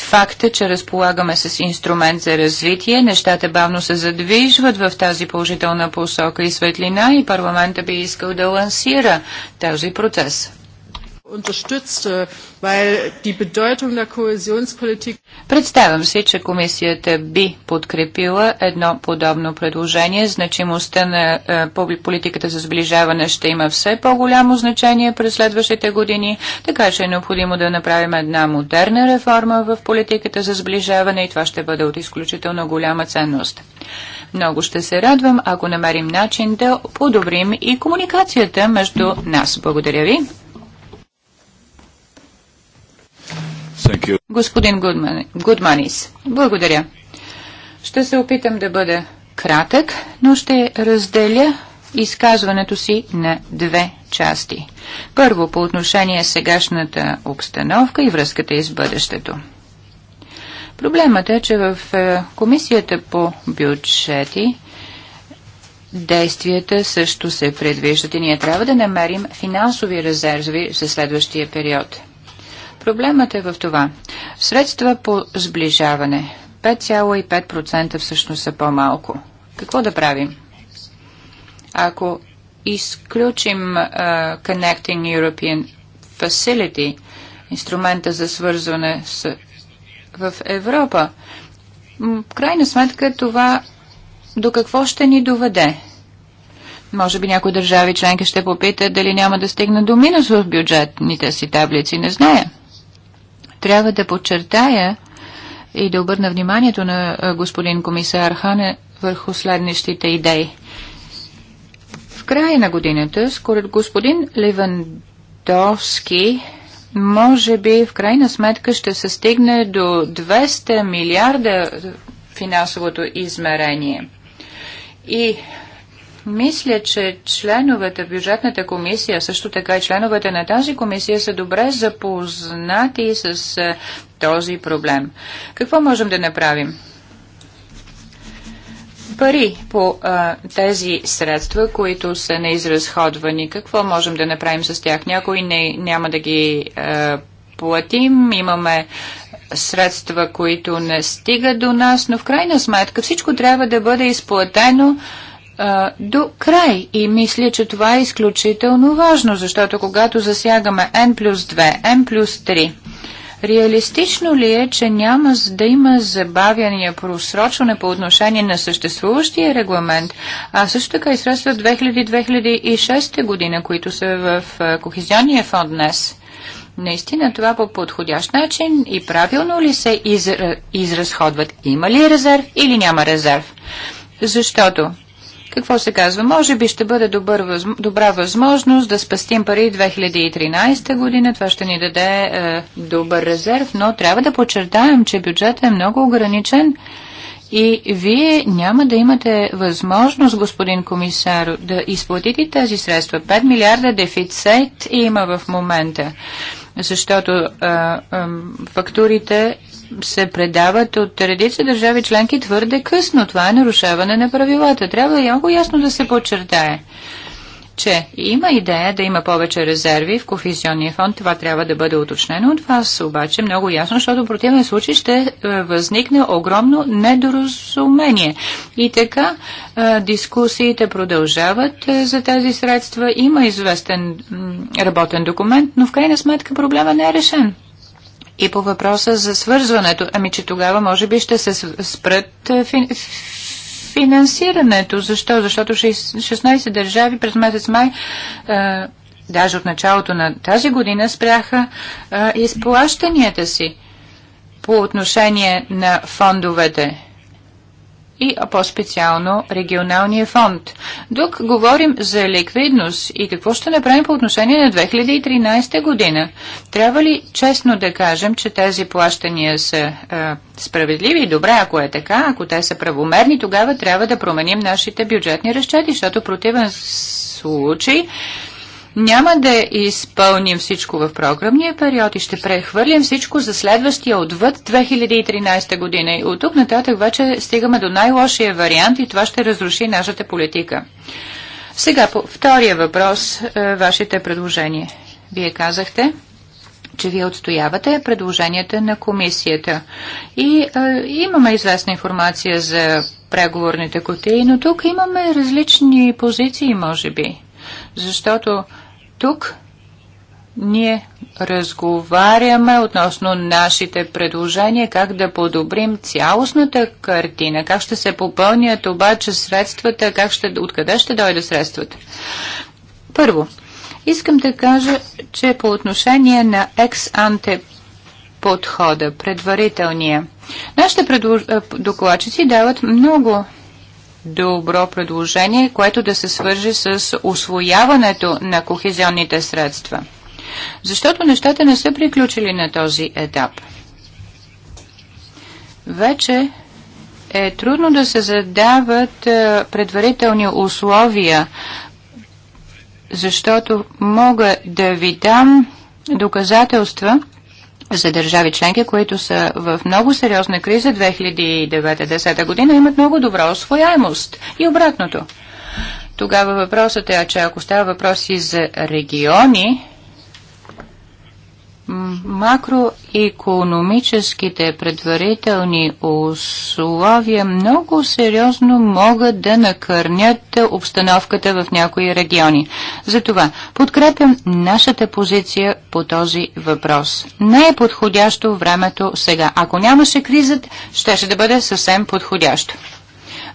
Факта, е, че разполагаме с инструмент за развитие, нещата бавно се задвижват в тази положителна посока и светлина и парламента би искал да лансира този процес unterstützte, weil die Bedeutung der Kohäsionspolitik. Представям си, че комисията би подкрепила едно подобно предложение. Значимостта на е, политиката за сближаване ще има все по-голямо значение през следващите години, така че е необходимо да направим една модерна реформа в политиката за сближаване и това ще бъде от изключително голяма ценност. Много ще се радвам, ако намерим начин да подобрим и комуникацията между нас. Благодаря ви. Господин Гудманис, благодаря. Ще се опитам да бъда кратък, но ще разделя изказването си на две части. Първо, по отношение сегашната обстановка и връзката и с бъдещето. Проблемът е, че в е, Комисията по бюджети действията също се предвиждат и ние трябва да намерим финансови резерви за следващия период – Проблемът е в това. Средства по сближаване. 5,5% всъщност са по-малко. Какво да правим? Ако изключим uh, Connecting European Facility, инструмента за свързване с, в Европа, в крайна сметка това до какво ще ни доведе? Може би някои държави членки ще попитат дали няма да стигна до минус в бюджетните си таблици, не зная. Трябва да подчертая и да обърна вниманието на господин комисар Хане върху следващите идеи. В края на годината, според господин Левандовски, може би в крайна сметка ще се стигне до 200 милиарда финансовото измерение. И мисля, че членовете в бюджетната комисия, също така и членовете на тази комисия са добре запознати с този проблем. Какво можем да направим? пари по а, тези средства, които са неизразходвани. Какво можем да направим с тях? Някой не, няма да ги а, платим, имаме средства, които не стигат до нас, но в крайна сметка всичко трябва да бъде изплатено а, до край. И мисля, че това е изключително важно, защото когато засягаме N плюс 2, N плюс 3, Реалистично ли е, че няма да има забавяния, просрочване по отношение на съществуващия регламент, а също така и средства 2000-2006 година, които са в Кохезионния фонд днес? Наистина това по подходящ начин и правилно ли се изразходват? Има ли резерв или няма резерв? Защото какво се казва? Може би ще бъде добър, добра възможност да спастим пари 2013 година. Това ще ни даде е, добър резерв, но трябва да подчертаем, че бюджетът е много ограничен. И вие няма да имате възможност, господин комисар, да изплатите тези средства. 5 милиарда дефицит има в момента защото а, а, фактурите се предават от редица държави членки твърде късно. Това е нарушаване на правилата. Трябва много ясно да се подчертае че има идея да има повече резерви в кофизионния фонд. Това трябва да бъде уточнено от вас, обаче много ясно, защото в противен случай ще е, възникне огромно недоразумение. И така е, дискусиите продължават е, за тези средства. Има известен работен документ, но в крайна сметка проблема не е решен. И по въпроса за свързването, ами че тогава може би ще се спрат финансирането. Защо? Защото 16 държави през месец май даже от началото на тази година спряха изплащанията си по отношение на фондовете и по-специално регионалния фонд. Док говорим за ликвидност и какво ще направим по отношение на 2013 година. Трябва ли честно да кажем, че тези плащания са е, справедливи и добре, ако е така, ако те са правомерни, тогава трябва да променим нашите бюджетни разчети, защото противен случай няма да изпълним всичко в програмния период и ще прехвърлим всичко за следващия отвъд 2013 година. И от тук нататък вече стигаме до най-лошия вариант и това ще разруши нашата политика. Сега по втория въпрос, е, вашите предложения. Вие казахте, че вие отстоявате предложенията на комисията. И е, имаме известна информация за преговорните кутии, но тук имаме различни позиции, може би. Защото тук ние разговаряме относно нашите предложения, как да подобрим цялостната картина, как ще се попълнят обаче средствата, как ще, откъде ще дойде средствата. Първо, искам да кажа, че по отношение на екс-анте подхода, предварителния, нашите е, докладчици дават много добро предложение, което да се свържи с освояването на кохезионните средства. Защото нещата не са приключили на този етап. Вече е трудно да се задават е, предварителни условия, защото мога да ви дам доказателства, за държави членки, които са в много сериозна криза 2009-2010 година, имат много добра освояемост. И обратното. Тогава въпросът е, че ако става въпроси за региони, макроекономическите предварителни условия много сериозно могат да накърнят обстановката в някои региони. Затова подкрепям нашата позиция по този въпрос. Не е подходящо времето сега. Ако нямаше кризът, ще да бъде съвсем подходящо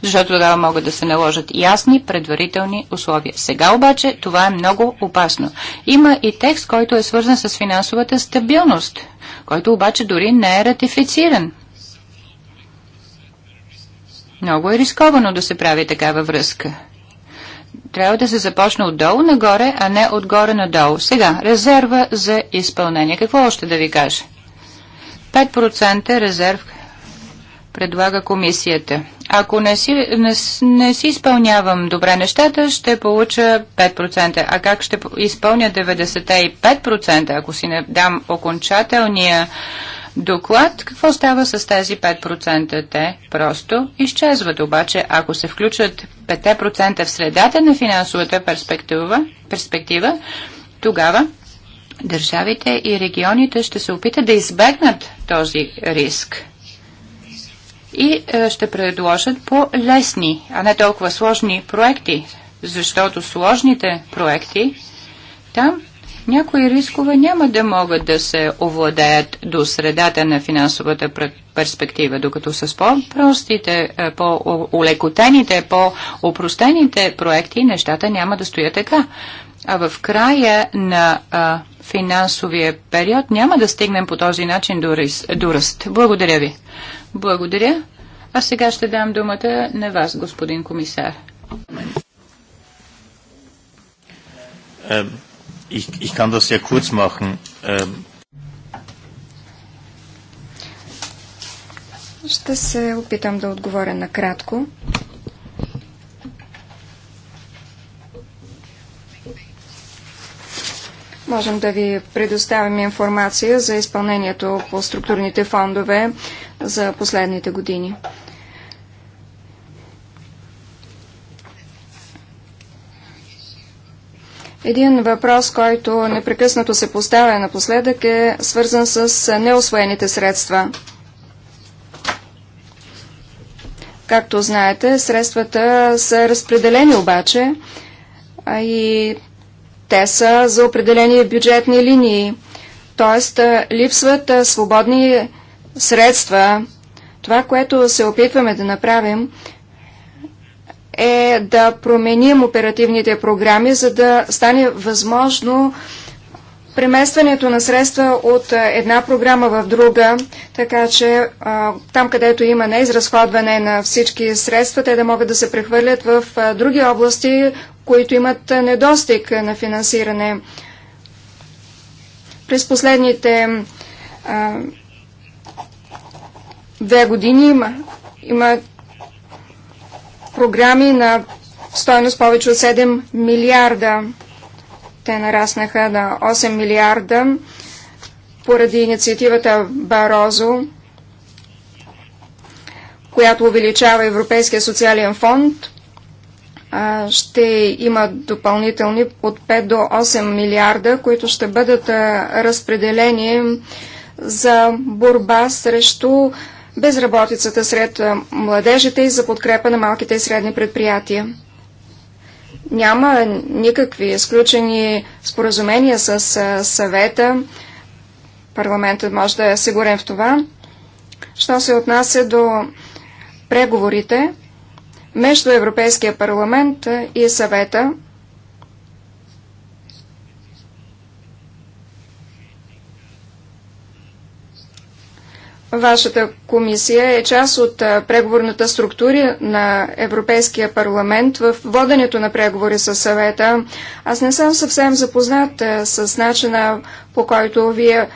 защото тогава могат да се наложат ясни предварителни условия. Сега обаче това е много опасно. Има и текст, който е свързан с финансовата стабилност, който обаче дори не е ратифициран. Много е рисковано да се прави такава връзка. Трябва да се започне отдолу нагоре, а не отгоре надолу. Сега, резерва за изпълнение. Какво още да ви кажа? 5% резерв предлага комисията. Ако не си, не, не си изпълнявам добре нещата, ще получа 5%. А как ще изпълня 95%, ако си не дам окончателния доклад, какво става с тези 5%? Те просто изчезват. Обаче, ако се включат 5% в средата на финансовата перспектива, перспектива тогава държавите и регионите ще се опитат да избегнат този риск и е, ще предложат по-лесни, а не толкова сложни проекти, защото сложните проекти, там някои рискове няма да могат да се овладеят до средата на финансовата перспектива, докато с по-простите, е, по-улекотените, по-опростените проекти нещата няма да стоят така. А в края на а, е, финансовия период няма да стигнем по този начин до, рис, до ръст. Благодаря ви. Благодаря. А сега ще дам думата на вас, господин комисар. Ще се опитам да отговоря накратко. кратко. Можем да ви предоставим информация за изпълнението по структурните фондове за последните години. Един въпрос, който непрекъснато се поставя напоследък е свързан с неосвоените средства. Както знаете, средствата са разпределени обаче и те са за определени бюджетни линии, т.е. липсват свободни средства. Това, което се опитваме да направим, е да променим оперативните програми, за да стане възможно преместването на средства от една програма в друга, така че там, където има неизразходване на всички средства, те да могат да се прехвърлят в други области, които имат недостиг на финансиране. През последните две години има, има програми на стойност повече от 7 милиарда. Те нараснаха на 8 милиарда поради инициативата Барозо, която увеличава Европейския социален фонд. Ще има допълнителни от 5 до 8 милиарда, които ще бъдат разпределени за борба срещу безработицата сред младежите и за подкрепа на малките и средни предприятия. Няма никакви изключени споразумения с съвета. Парламентът може да е сигурен в това. Що се отнася до преговорите между Европейския парламент и съвета, Вашата комисия е част от преговорната структура на Европейския парламент в воденето на преговори с съвета. Аз не съм съвсем запознат с начина по който вие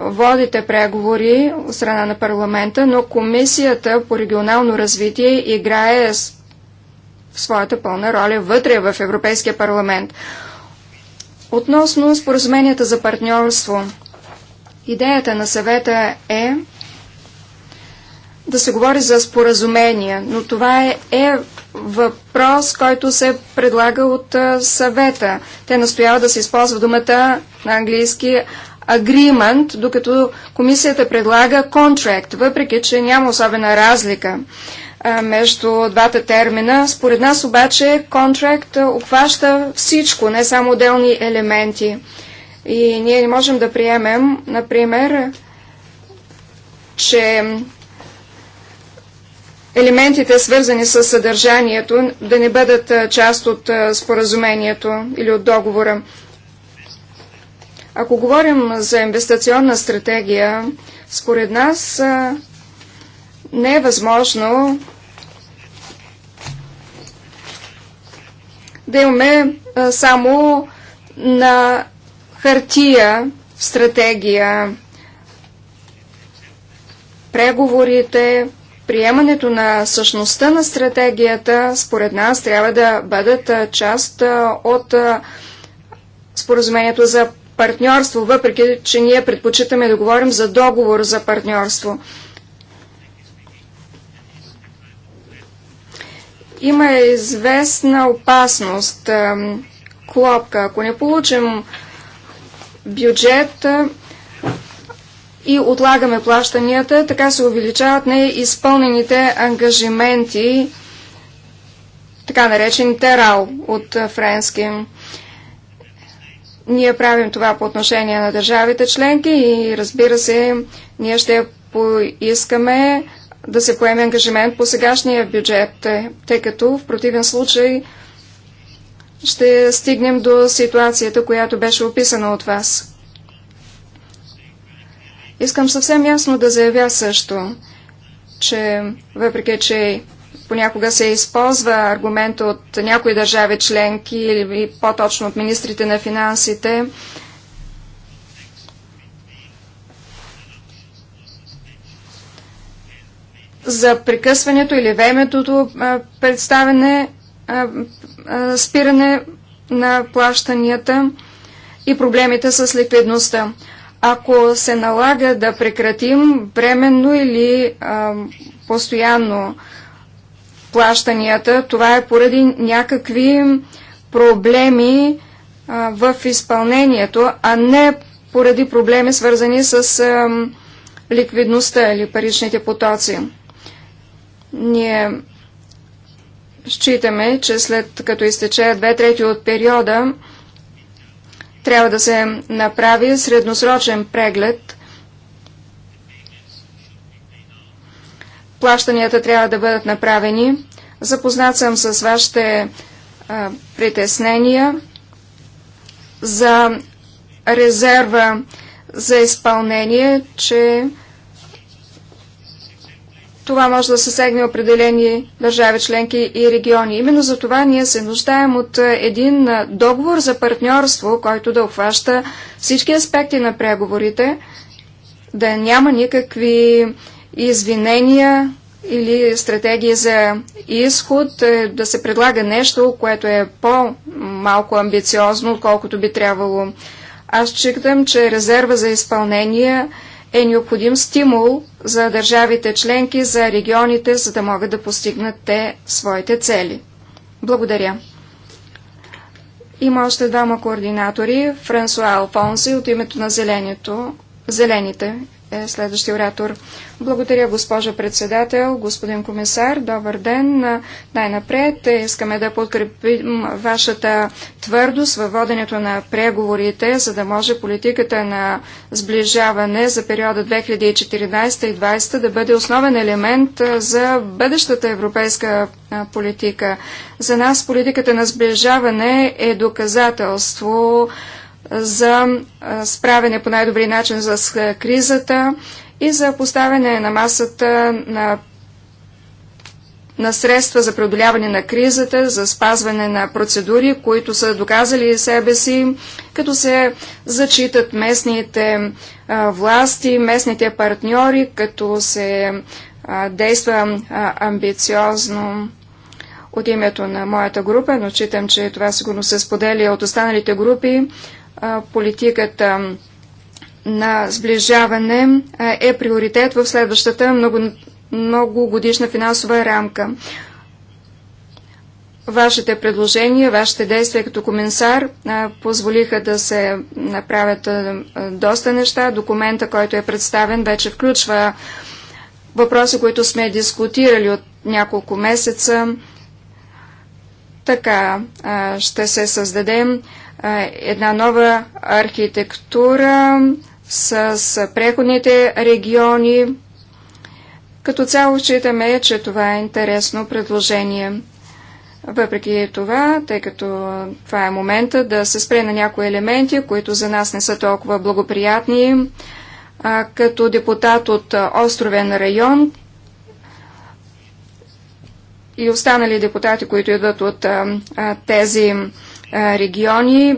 водите преговори от страна на парламента, но комисията по регионално развитие играе своята пълна роля вътре в Европейския парламент. Относно споразуменията за партньорство, идеята на съвета е да се говори за споразумения, но това е, е въпрос, който се предлага от а, съвета. Те настояват да се използва думата на английски agreement, докато комисията предлага contract, въпреки че няма особена разлика а, между двата термина. Според нас обаче contract обхваща всичко, не само отделни елементи. И ние не можем да приемем, например, че елементите, свързани с съдържанието, да не бъдат част от споразумението или от договора. Ако говорим за инвестиционна стратегия, според нас не е възможно да имаме само на хартия стратегия. Преговорите, приемането на същността на стратегията, според нас, трябва да бъдат част от споразумението за партньорство, въпреки че ние предпочитаме да говорим за договор за партньорство. Има известна опасност, клопка. Ако не получим бюджет, и отлагаме плащанията, така се увеличават неизпълнените ангажименти, така наречените РАО от френски. Ние правим това по отношение на държавите членки и разбира се, ние ще поискаме да се поеме ангажимент по сегашния бюджет, е, тъй като в противен случай ще стигнем до ситуацията, която беше описана от вас. Искам съвсем ясно да заявя също, че въпреки, че понякога се използва аргумент от някои държави членки или по-точно от министрите на финансите, за прекъсването или времето представяне, спиране на плащанията и проблемите с ликвидността ако се налага да прекратим временно или а, постоянно плащанията, това е поради някакви проблеми а, в изпълнението, а не поради проблеми свързани с а, ликвидността или паричните потоци. Ние считаме, че след като изтече две трети от периода, трябва да се направи средносрочен преглед. Плащанията трябва да бъдат направени. Запознат съм с вашите а, притеснения за резерва за изпълнение, че това може да съсегне определени държави членки и региони. Именно за това ние се нуждаем от един договор за партньорство, който да обхваща всички аспекти на преговорите, да няма никакви извинения или стратегии за изход, е, да се предлага нещо, което е по-малко амбициозно, отколкото би трябвало. Аз считам, че резерва за изпълнение е необходим стимул за държавите членки, за регионите, за да могат да постигнат те своите цели. Благодаря. Има още двама координатори. Франсуа Алфонси от името на зелените е следващия оратор. Благодаря, госпожа председател, господин комисар, добър ден. Най-напред искаме да подкрепим вашата твърдост във воденето на преговорите, за да може политиката на сближаване за периода 2014 и 2020 да бъде основен елемент за бъдещата европейска политика. За нас политиката на сближаване е доказателство за справяне по най-добри начин с кризата и за поставяне на масата на, на средства за преодоляване на кризата, за спазване на процедури, които са доказали себе си, като се зачитат местните власти, местните партньори, като се действа амбициозно от името на моята група, но читам, че това сигурно се споделя от останалите групи политиката на сближаване е приоритет в следващата много, много годишна финансова рамка. Вашите предложения, вашите действия като комисар позволиха да се направят доста неща. Документа, който е представен, вече включва въпроси, които сме дискутирали от няколко месеца. Така ще се създадем една нова архитектура с преходните региони. Като цяло считаме, че това е интересно предложение. Въпреки това, тъй като това е момента да се спре на някои елементи, които за нас не са толкова благоприятни, а, като депутат от островен район и останали депутати, които идват от а, тези региони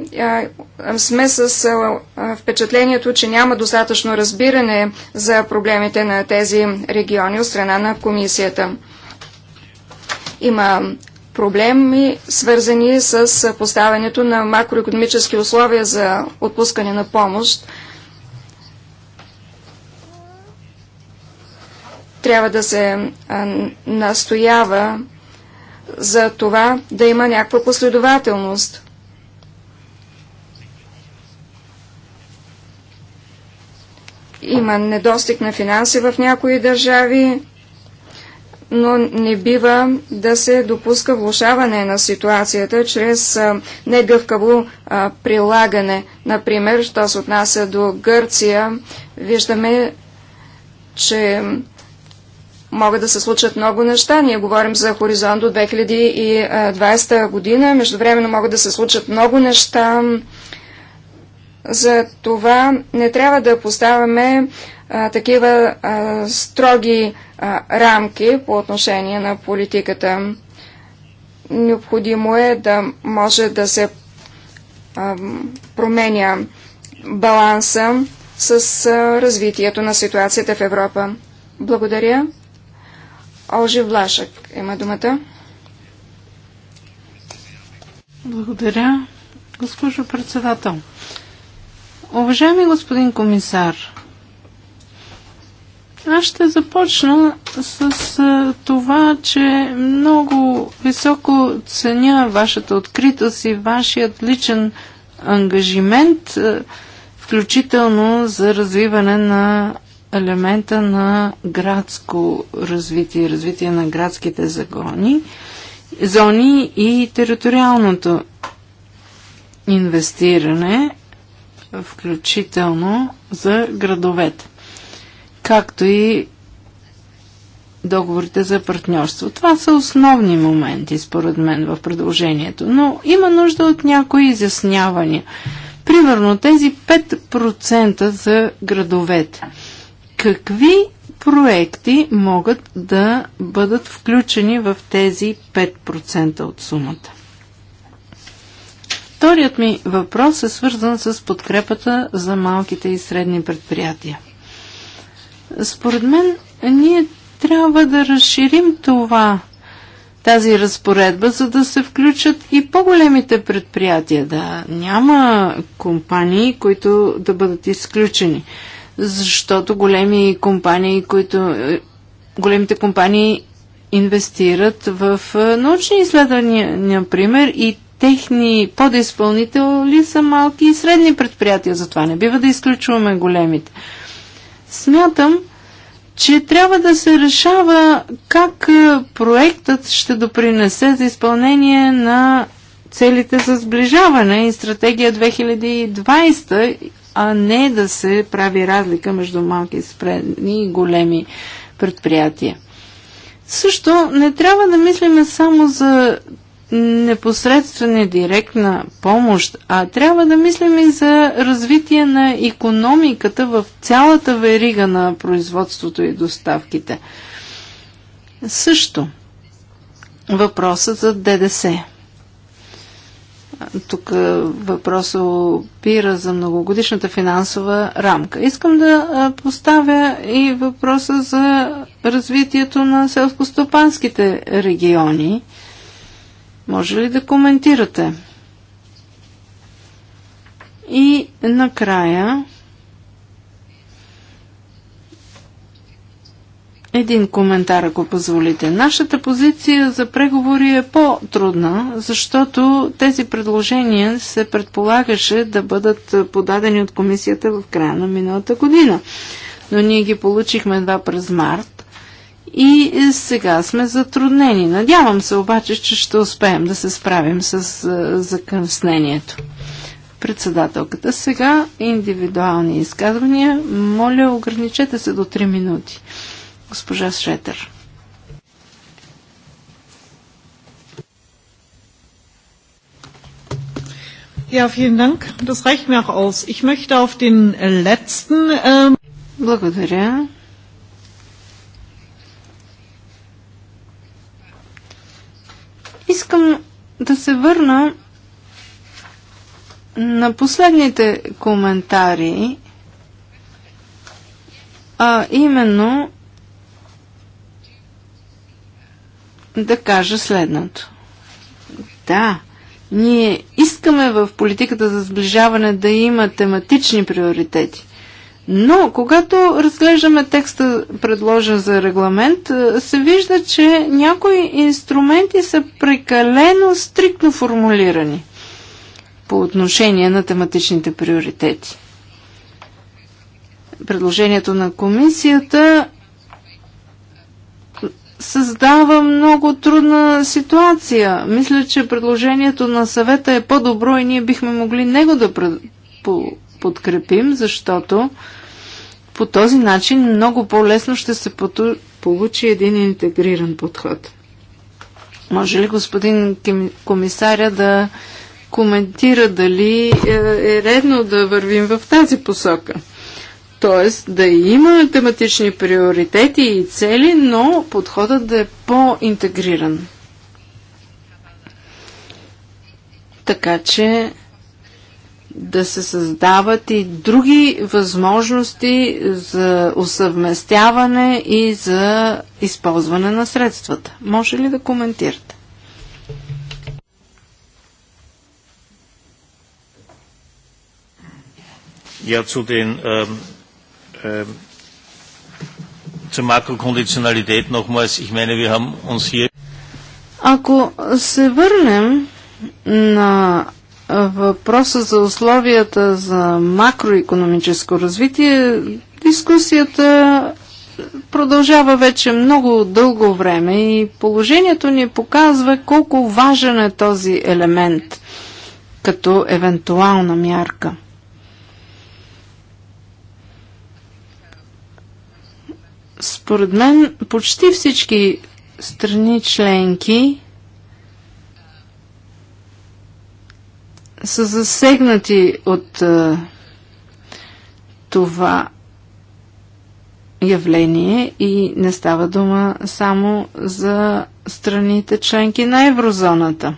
сме с впечатлението, че няма достатъчно разбиране за проблемите на тези региони от страна на комисията. Има проблеми, свързани с поставянето на макроекономически условия за отпускане на помощ. Трябва да се настоява за това да има някаква последователност. Има недостиг на финанси в някои държави, но не бива да се допуска влушаване на ситуацията чрез негъвкаво прилагане. Например, що се отнася до Гърция, виждаме, че могат да се случат много неща. Ние говорим за хоризонт до 2020 година. Междувременно могат да се случат много неща. За това не трябва да поставяме а, такива а, строги а, рамки по отношение на политиката. Необходимо е да може да се а, променя баланса с а, развитието на ситуацията в Европа. Благодаря. Олжи Влашък има думата. Благодаря, госпожо председател. Уважаеми господин комисар, аз ще започна с това, че много високо ценя вашата откритост и вашият личен ангажимент, включително за развиване на елемента на градско развитие, развитие на градските загони, зони и териториалното инвестиране, включително за градовете, както и договорите за партньорство. Това са основни моменти, според мен, в предложението, но има нужда от някои изяснявания. Примерно тези 5% за градовете. Какви проекти могат да бъдат включени в тези 5% от сумата? Вторият ми въпрос е свързан с подкрепата за малките и средни предприятия. Според мен, ние трябва да разширим това, тази разпоредба, за да се включат и по-големите предприятия. Да, няма компании, които да бъдат изключени защото големи компании, които е, големите компании инвестират в е, научни изследвания, например, и техни подизпълнители са малки и средни предприятия, затова не бива да изключваме големите. Смятам, че трябва да се решава как е, проектът ще допринесе за изпълнение на целите за сближаване и стратегия 2020 а не да се прави разлика между малки и големи предприятия. Също не трябва да мислиме само за непосредствена директна помощ, а трябва да мислим и за развитие на економиката в цялата верига на производството и доставките. Също въпросът за ДДС. Тук е, въпроса опира за многогодишната финансова рамка. Искам да е, поставя и въпроса за развитието на селскостопанските региони. Може ли да коментирате? И накрая Един коментар, ако позволите. Нашата позиция за преговори е по-трудна, защото тези предложения се предполагаше да бъдат подадени от комисията в края на миналата година. Но ние ги получихме едва през март и сега сме затруднени. Надявам се обаче, че ще успеем да се справим с е, закъснението председателката. Сега индивидуални изказвания. Моля, ограничете се до 3 минути. Госпожа Шетър. Ja, vielen Dank. Das reicht mir auch aus. Ich möchte auf den letzten. Ähm Искам да се върна на последните коментари, а именно да кажа следното. Да, ние искаме в политиката за сближаване да има тематични приоритети. Но, когато разглеждаме текста, предложен за регламент, е, се вижда, че някои инструменти са прекалено стриктно формулирани по отношение на тематичните приоритети. Предложението на комисията създава много трудна ситуация. Мисля, че предложението на съвета е по-добро и ние бихме могли него да подкрепим, защото по този начин много по-лесно ще се получи един интегриран подход. Може ли господин комисаря да коментира дали е, е редно да вървим в тази посока? т.е. да има тематични приоритети и цели, но подходът да е по-интегриран. Така че да се създават и други възможности за усъвместяване и за използване на средствата. Може ли да коментирате? Ja, zu den ähm, Ähm, zur Makrokonditionalität nochmals. Ich meine, wir haben uns hier. Ако се върнем на въпроса за условията за макроекономическо развитие, дискусията продължава вече много дълго време и положението ни показва колко важен е този елемент като евентуална мярка – Според мен почти всички страни членки са засегнати от а, това явление и не става дума само за страните членки на еврозоната.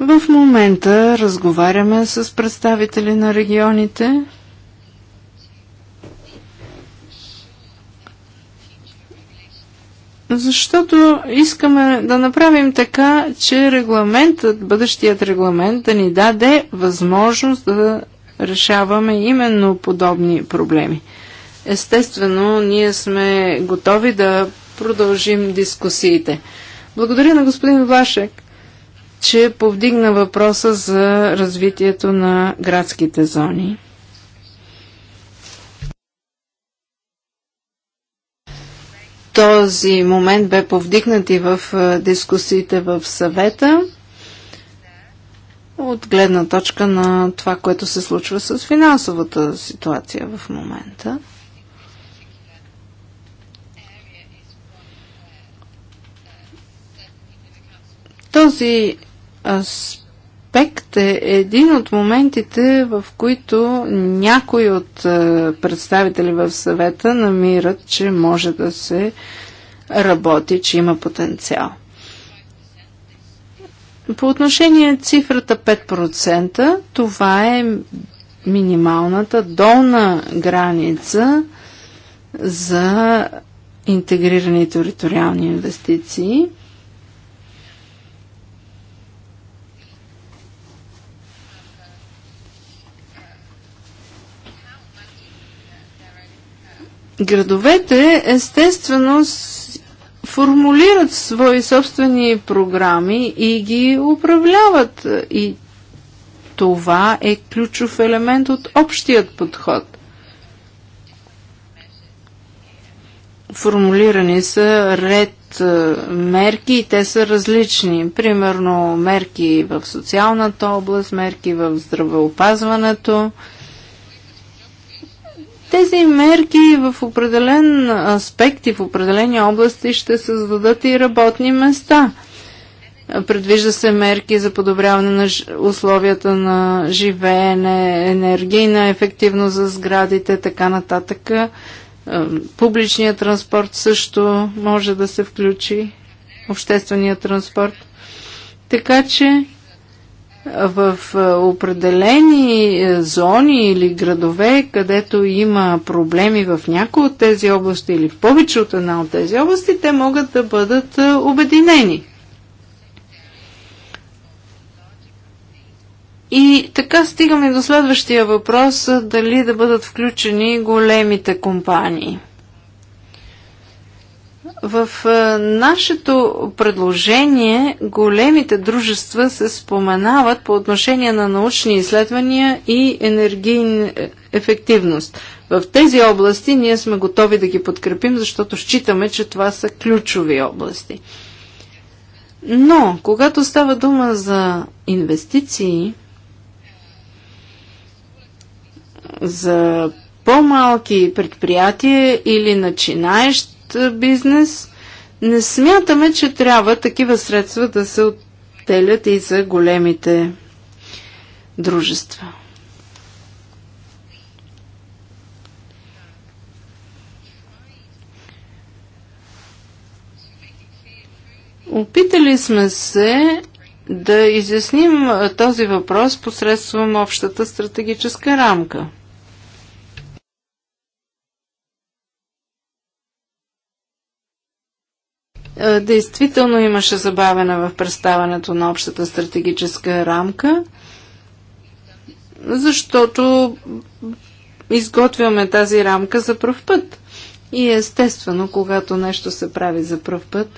В момента разговаряме с представители на регионите – Защото искаме да направим така, че регламентът, бъдещият регламент да ни даде възможност да решаваме именно подобни проблеми. Естествено, ние сме готови да продължим дискусиите. Благодаря на господин Влашек, че повдигна въпроса за развитието на градските зони. този момент бе повдигнат и в е, дискусиите в съвета от гледна точка на това, което се случва с финансовата ситуация в момента. Този аспект аспект е един от моментите, в които някои от е, представители в съвета намират, че може да се работи, че има потенциал. По отношение цифрата 5%, това е минималната долна граница за интегрирани териториални инвестиции – Градовете естествено формулират свои собствени програми и ги управляват. И това е ключов елемент от общият подход. Формулирани са ред е, мерки и те са различни. Примерно мерки в социалната област, мерки в здравеопазването, тези мерки в определен аспект и в определени области ще създадат и работни места. Предвижда се мерки за подобряване на условията на живеене, енергийна ефективност за сградите, така нататък. Е, публичният транспорт също може да се включи, обществения транспорт. Така че в е, определени е, зони или градове, където има проблеми в някои от тези области или в повече от една от тези области, те могат да бъдат е, обединени. И така стигаме до следващия въпрос дали да бъдат включени големите компании – в е, нашето предложение големите дружества се споменават по отношение на научни изследвания и енергийна е, ефективност. В тези области ние сме готови да ги подкрепим, защото считаме, че това са ключови области. Но, когато става дума за инвестиции, за по-малки предприятия или начинаещ бизнес. Не смятаме, че трябва такива средства да се отделят и за големите дружества. Опитали сме се да изясним този въпрос посредством общата стратегическа рамка – Е, действително имаше забавена в представането на общата стратегическа рамка, защото изготвяме тази рамка за пръв път. И естествено, когато нещо се прави за пръв път,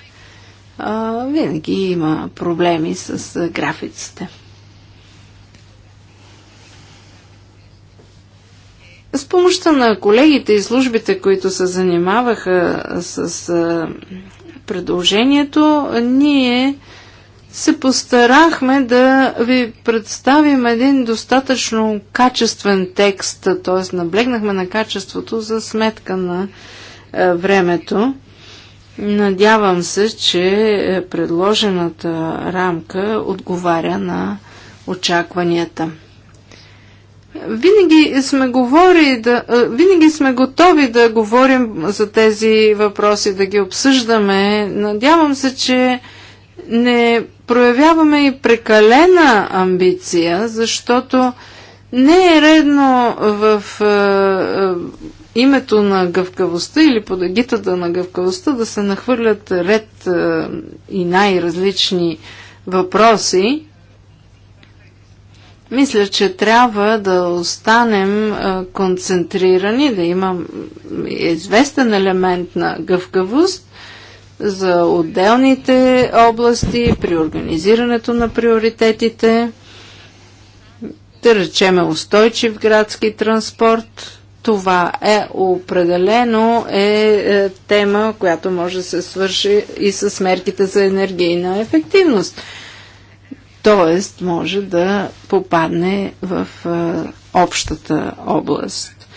винаги има проблеми с графиците. С помощта на колегите и службите, които се занимаваха с предложението, ние се постарахме да ви представим един достатъчно качествен текст, т.е. наблегнахме на качеството за сметка на е, времето. Надявам се, че е, предложената рамка отговаря на очакванията. Винаги сме, говори да, винаги сме готови да говорим за тези въпроси, да ги обсъждаме. Надявам се, че не проявяваме и прекалена амбиция, защото не е редно в е, е, името на гъвкавостта или под агитата на гъвкавостта да се нахвърлят ред е, и най-различни въпроси, мисля, че трябва да останем концентрирани, да имам известен елемент на гъвкавост за отделните области, при организирането на приоритетите, да речеме устойчив градски транспорт. Това е определено е, е тема, която може да се свърши и с мерките за енергийна ефективност – т.е. може да попадне в общата област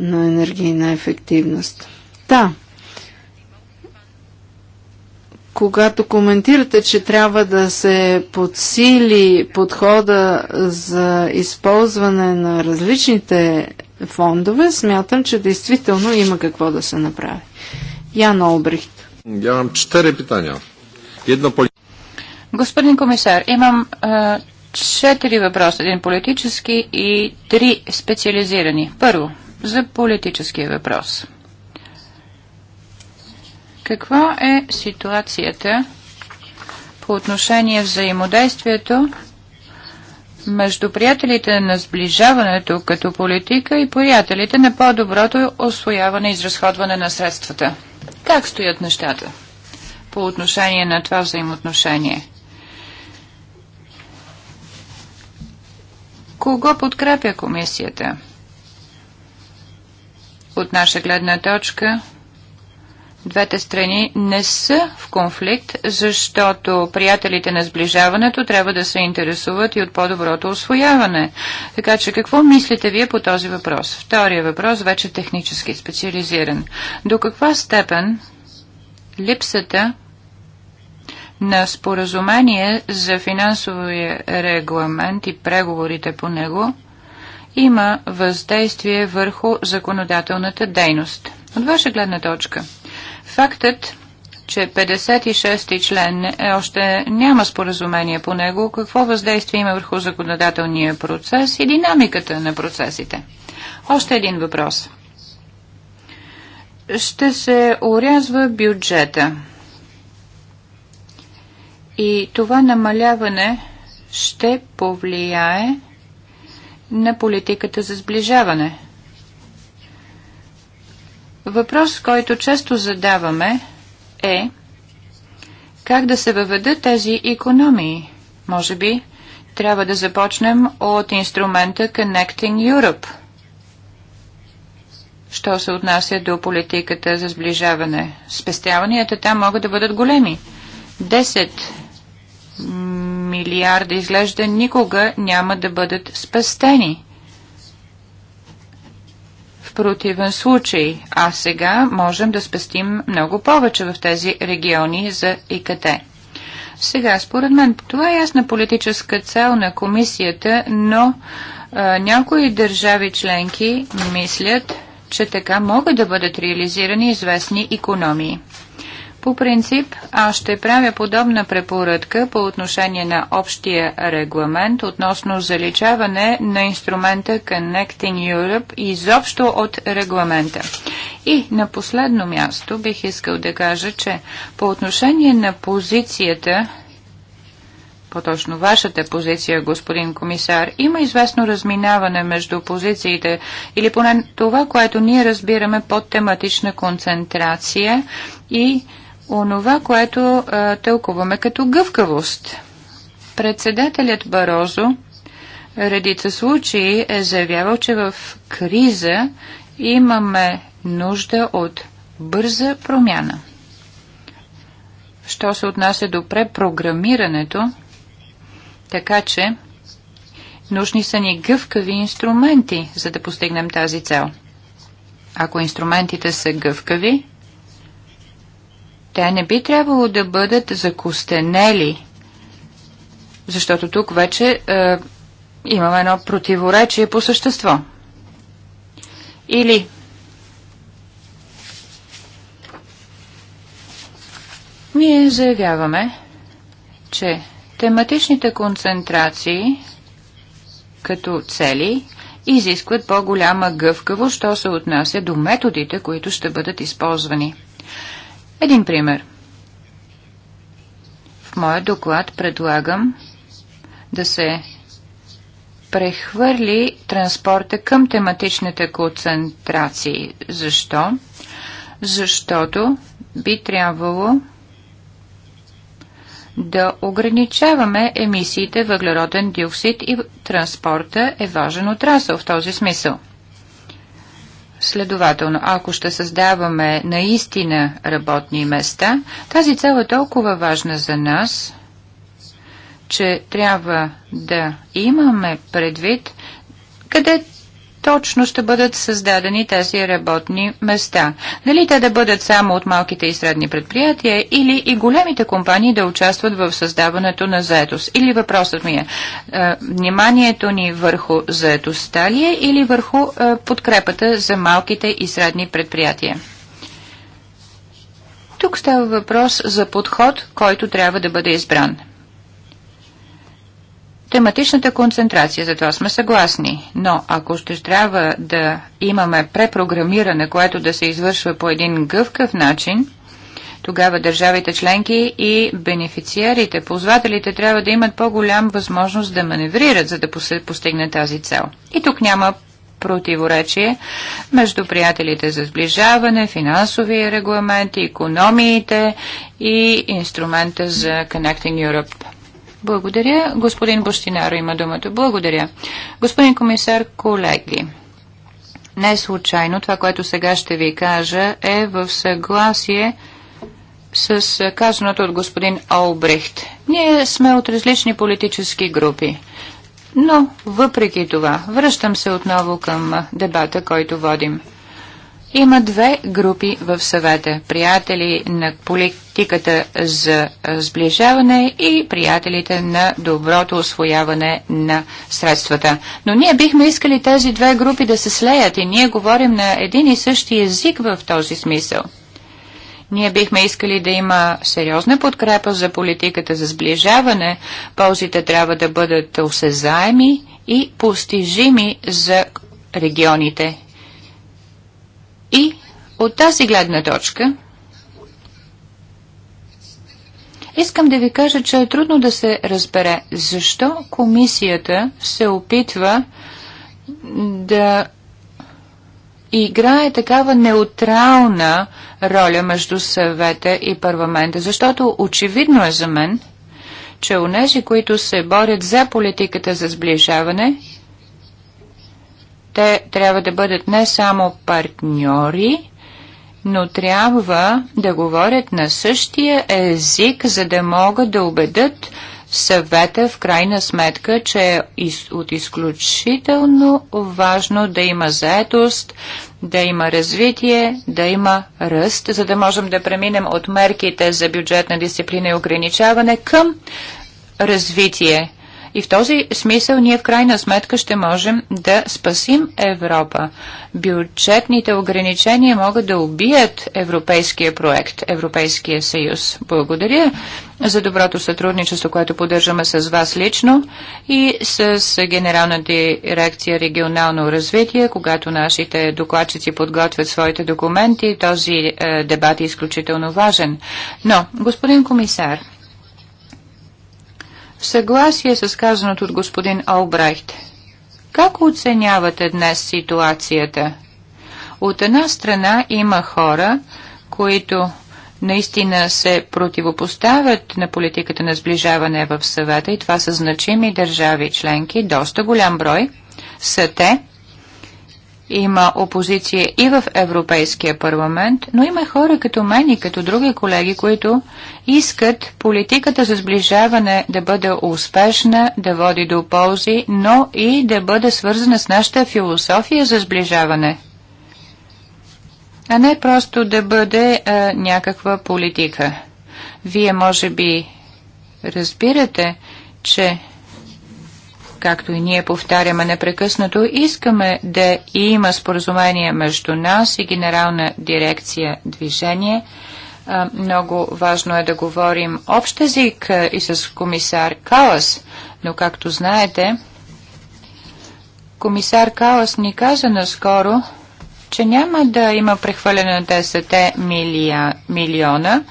на енергийна ефективност. Да, когато коментирате, че трябва да се подсили подхода за използване на различните фондове, смятам, че действително има какво да се направи. Ян Обрихт. Я имам четири питания. Едно по... Господин комисар, имам четири въпроса. Един политически и три специализирани. Първо, за политическия въпрос. Каква е ситуацията по отношение взаимодействието между приятелите на сближаването като политика и приятелите на по-доброто освояване и изразходване на средствата? Как стоят нещата по отношение на това взаимоотношение? Кого подкрепя комисията? От наша гледна точка, двете страни не са в конфликт, защото приятелите на сближаването трябва да се интересуват и от по-доброто освояване. Така че какво мислите вие по този въпрос? Втория въпрос вече технически специализиран. До каква степен липсата на споразумение за финансовия регламент и преговорите по него има въздействие върху законодателната дейност. От ваша гледна точка, фактът, че 56-ти член е още няма споразумение по него, какво въздействие има върху законодателния процес и динамиката на процесите? Още един въпрос. Ще се урязва бюджета и това намаляване ще повлияе на политиката за сближаване. Въпрос, който често задаваме е как да се въведат тези економии. Може би трябва да започнем от инструмента Connecting Europe, що се отнася до политиката за сближаване. Спестяванията там могат да бъдат големи милиарда изглежда никога няма да бъдат спестени. В противен случай, а сега можем да спестим много повече в тези региони за ИКТ. Сега, според мен, това е ясна политическа цел на комисията, но а, някои държави членки мислят, че така могат да бъдат реализирани известни економии. По принцип, аз ще правя подобна препоръдка по отношение на общия регламент относно заличаване на инструмента Connecting Europe изобщо от регламента. И на последно място бих искал да кажа, че по отношение на позицията по-точно вашата позиция, господин комисар, има известно разминаване между позициите или поне това, което ние разбираме под тематична концентрация и онова, което а, тълкуваме като гъвкавост. Председателят Барозо редица случаи е заявявал, че в криза имаме нужда от бърза промяна. Що се отнася до препрограмирането, така че нужни са ни гъвкави инструменти, за да постигнем тази цел. Ако инструментите са гъвкави, те не би трябвало да бъдат закостенели, защото тук вече е, имаме едно противоречие по същество. Или ние заявяваме, че тематичните концентрации като цели изискват по-голяма гъвкавост, що се отнася до методите, които ще бъдат използвани. Един пример. В моя доклад предлагам да се прехвърли транспорта към тематичните концентрации. Защо? Защото би трябвало да ограничаваме емисиите въглероден диоксид и транспорта е важен отрасъл в този смисъл. Следователно, ако ще създаваме наистина работни места, тази цел е толкова важна за нас, че трябва да имаме предвид къде точно ще бъдат създадени тези работни места. Дали те да бъдат само от малките и средни предприятия или и големите компании да участват в създаването на заетост? Или въпросът ми е, е вниманието ни върху заетостта ли е или върху е, подкрепата за малките и средни предприятия? Тук става въпрос за подход, който трябва да бъде избран. Тематичната концентрация, за това сме съгласни, но ако ще трябва да имаме препрограмиране, което да се извършва по един гъвкав начин, тогава държавите членки и бенефициарите, ползвателите трябва да имат по-голям възможност да маневрират, за да постигне тази цел. И тук няма противоречие между приятелите за сближаване, финансови регламенти, економиите и инструмента за Connecting Europe. Благодаря. Господин Бостинаро има думата. Благодаря. Господин комисар, колеги. Не случайно това, което сега ще ви кажа, е в съгласие с казаното от господин Олбрехт. Ние сме от различни политически групи. Но, въпреки това, връщам се отново към дебата, който водим. Има две групи в съвета – приятели на политиката за сближаване и приятелите на доброто освояване на средствата. Но ние бихме искали тези две групи да се слеят и ние говорим на един и същи език в този смисъл. Ние бихме искали да има сериозна подкрепа за политиката за сближаване. Ползите трябва да бъдат осезаеми и постижими за регионите и от тази гледна точка искам да ви кажа, че е трудно да се разбере защо комисията се опитва да играе такава неутрална роля между съвета и парламента, защото очевидно е за мен, че онези, които се борят за политиката за сближаване, те трябва да бъдат не само партньори, но трябва да говорят на същия език, за да могат да убедат съвета в крайна сметка, че е от изключително важно да има заетост, да има развитие, да има ръст, за да можем да преминем от мерките за бюджетна дисциплина и ограничаване към развитие и в този смисъл ние в крайна сметка ще можем да спасим Европа. Бюджетните ограничения могат да убият европейския проект, Европейския съюз. Благодаря за доброто сътрудничество, което поддържаме с вас лично и с Генерална дирекция регионално развитие, когато нашите докладчици подготвят своите документи. Този е, дебат е изключително важен. Но, господин комисар, съгласие с казаното от господин Олбрайт. Как оценявате днес ситуацията? От една страна има хора, които наистина се противопоставят на политиката на сближаване в съвета и това са значими държави членки, доста голям брой, са те – има опозиция и в Европейския парламент, но има хора като мен и като други колеги, които искат политиката за сближаване да бъде успешна, да води до ползи, но и да бъде свързана с нашата философия за сближаване. А не просто да бъде а, някаква политика. Вие може би разбирате, че както и ние повтаряме непрекъснато, искаме да има споразумение между нас и Генерална дирекция движение. Много важно е да говорим общ език и с комисар Калас, но както знаете, комисар Калас ни каза наскоро, че няма да има прехвърляне на 10 милиона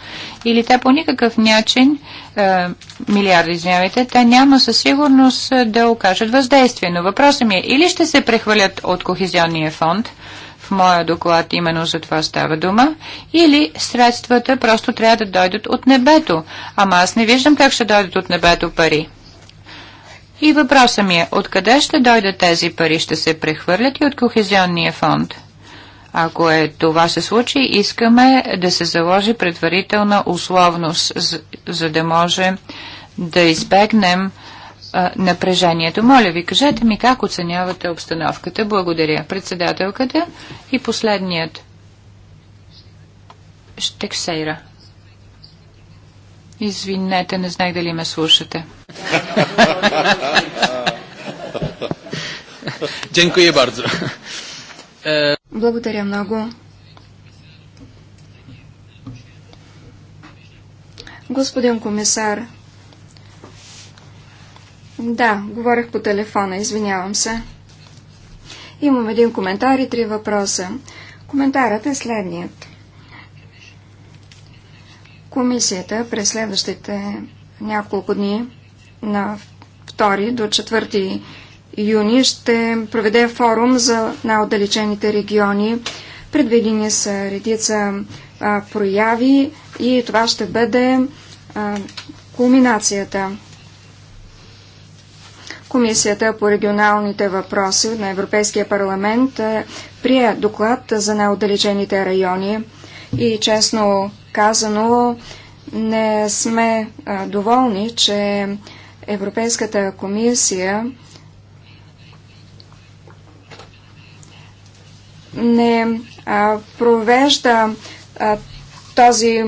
или те по никакъв начин е, милиарда, извинявайте, те няма със сигурност е, да окажат въздействие. Но въпросът ми е, или ще се прехвалят от Кохезионния фонд, в моя доклад именно за това става дума, или средствата просто трябва да дойдат от небето. Ама аз не виждам как ще дойдат от небето пари. И въпросът ми е, откъде ще дойдат тези пари? Ще се прехвърлят и от Кохезионния фонд? Ако е това се случи, искаме да се заложи предварителна условност, за, за да може да избегнем а, напрежението. Моля ви, кажете ми как оценявате обстановката. Благодаря. Председателката и последният. Штексейра. Извинете, не знаех дали ме слушате. Dziękuję bardzo. Благодаря много. Господин комисар, да, говорех по телефона, извинявам се. Имам един коментар и три въпроса. Коментарът е следният. Комисията през следващите няколко дни на 2 до 4 юни ще проведе форум за най-отдалечените региони. Предвидени са редица а, прояви и това ще бъде а, кулминацията. Комисията по регионалните въпроси на Европейския парламент прие доклад за най-отдалечените райони и честно казано не сме а, доволни, че Европейската комисия не провежда този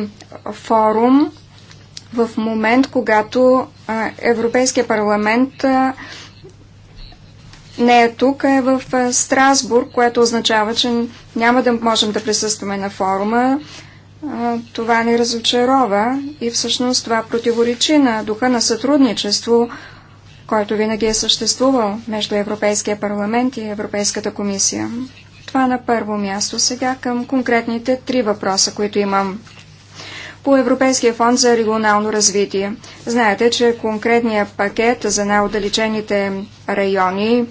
форум в момент, когато Европейския парламент не е тук, е в Страсбург, което означава, че няма да можем да присъстваме на форума. Това ни разочарова и всъщност това противоречи на духа на сътрудничество, който винаги е съществувал между Европейския парламент и Европейската комисия. Това на първо място. Сега към конкретните три въпроса, които имам. По Европейския фонд за регионално развитие. Знаете, че конкретният пакет за най-отдалечените райони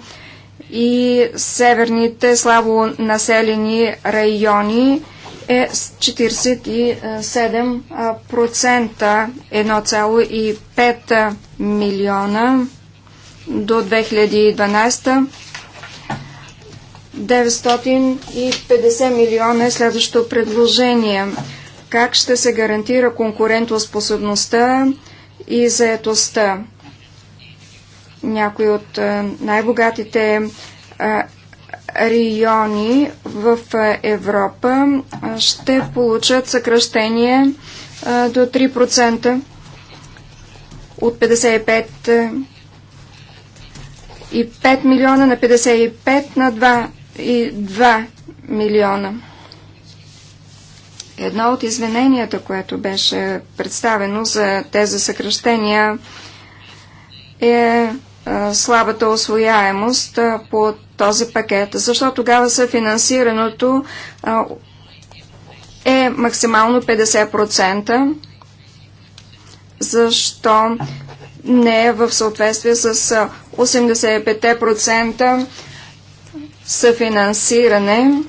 и северните слабо населени райони е 47%, 1,5 милиона до 2012 950 милиона е следващото предложение. Как ще се гарантира конкурентоспособността и заетостта? Някои от е, най-богатите е, райони в е, Европа ще получат съкръщение до 3% от 55 и 5 милиона на 55 на 2 милиона. Едно от извиненията, което беше представено за тези съкръщения е слабата освояемост по този пакет, защото тогава съфинансирането е максимално 50%, защо не е в съответствие с 85% съфинансиране,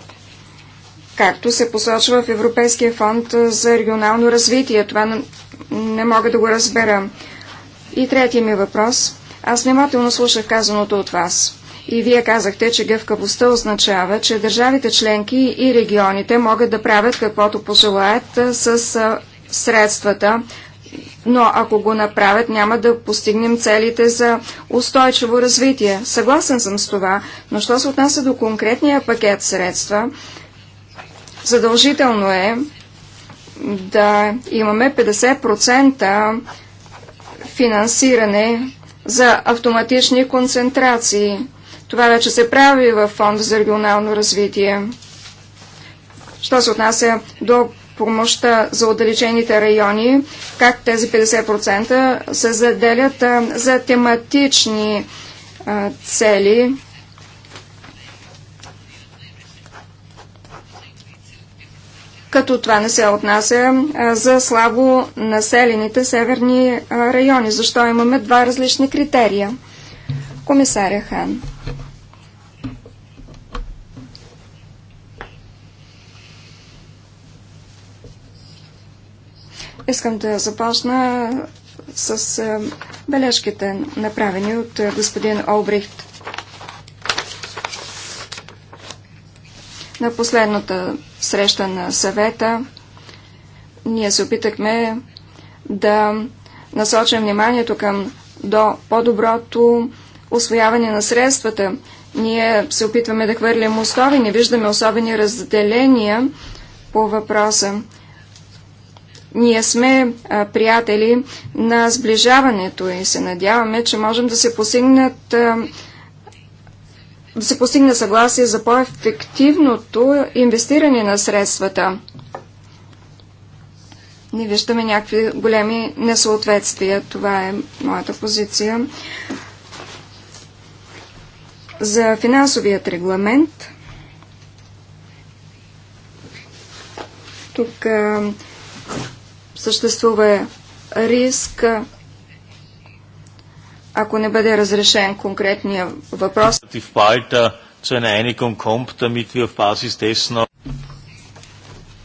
както се посочва в Европейския фонд за регионално развитие. Това не мога да го разбера. И третия ми въпрос. Аз внимателно слушах казаното от вас. И вие казахте, че гъвкавостта означава, че държавите членки и регионите могат да правят каквото пожелаят с средствата, но ако го направят, няма да постигнем целите за устойчиво развитие. Съгласен съм с това, но що се отнася до конкретния пакет средства, задължително е да имаме 50% финансиране за автоматични концентрации. Това вече се прави в Фонда за регионално развитие. Що се отнася до помощта за отдалечените райони, как тези 50% се заделят за тематични цели. като това не се отнася за слабо населените северни райони. Защо имаме два различни критерия? Комисаря Хан. Искам да започна с е, бележките, направени от е, господин Олбрихт. На последната среща на съвета ние се опитахме да насочим вниманието към до по-доброто освояване на средствата. Ние се опитваме да хвърлим основи, не виждаме особени разделения по въпроса. Ние сме а, приятели на сближаването и се надяваме, че можем да се постигнат а, да се постигне съгласие за по-ефективното инвестиране на средствата. Не виждаме някакви големи несъответствия. Това е моята позиция. За финансовият регламент тук а, Съществува риск, ако не бъде разрешен конкретния въпрос. Äh,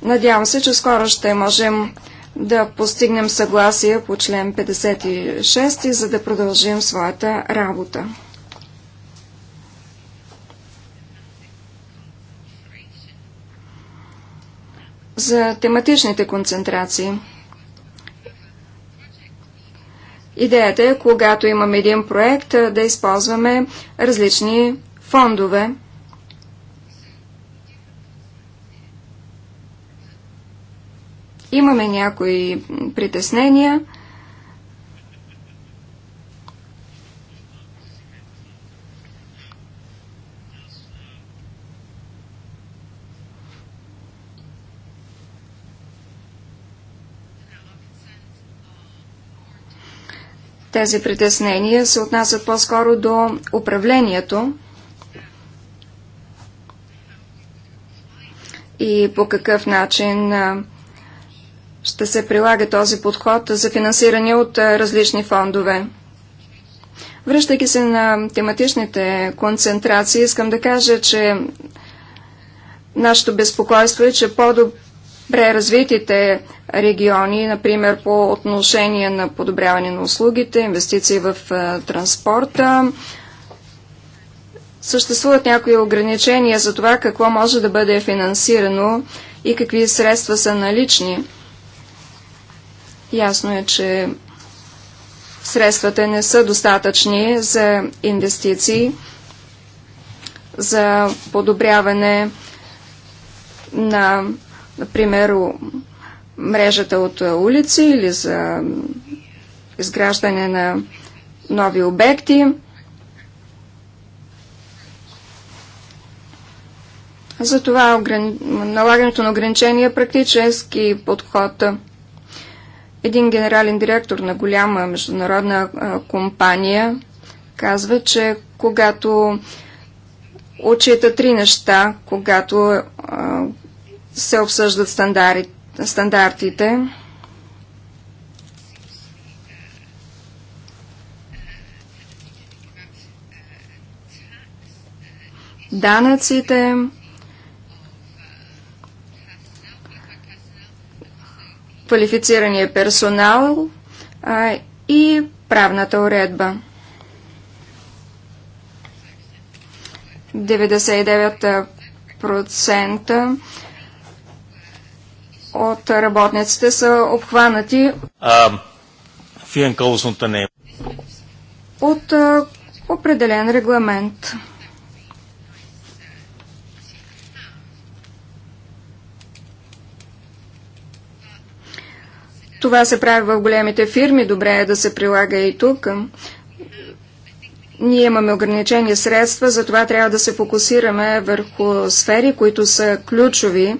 Надявам се, че скоро ще можем да постигнем съгласие по член 56, за да продължим своята работа. За тематичните концентрации – Идеята е, когато имаме един проект, да използваме различни фондове. Имаме някои притеснения. Тези притеснения се отнасят по-скоро до управлението и по какъв начин ще се прилага този подход за финансиране от различни фондове. Връщайки се на тематичните концентрации, искам да кажа, че нашето безпокойство е, че по-добре Преразвитите региони, например по отношение на подобряване на услугите, инвестиции в транспорта. Съществуват някои ограничения за това какво може да бъде финансирано и какви средства са налични. Ясно е, че средствата не са достатъчни за инвестиции, за подобряване на например, мрежата от улици или за изграждане на нови обекти. Затова налагането на ограничения е практически подход. Един генерален директор на голяма международна компания казва, че когато отчита три неща, когато се обсъждат стандари, стандартите. Данъците, квалифицирания персонал а, и правната уредба. 99% от работниците са обхванати от определен регламент. Това се прави в големите фирми, добре е да се прилага и тук. Ние имаме ограничени средства, затова трябва да се фокусираме върху сфери, които са ключови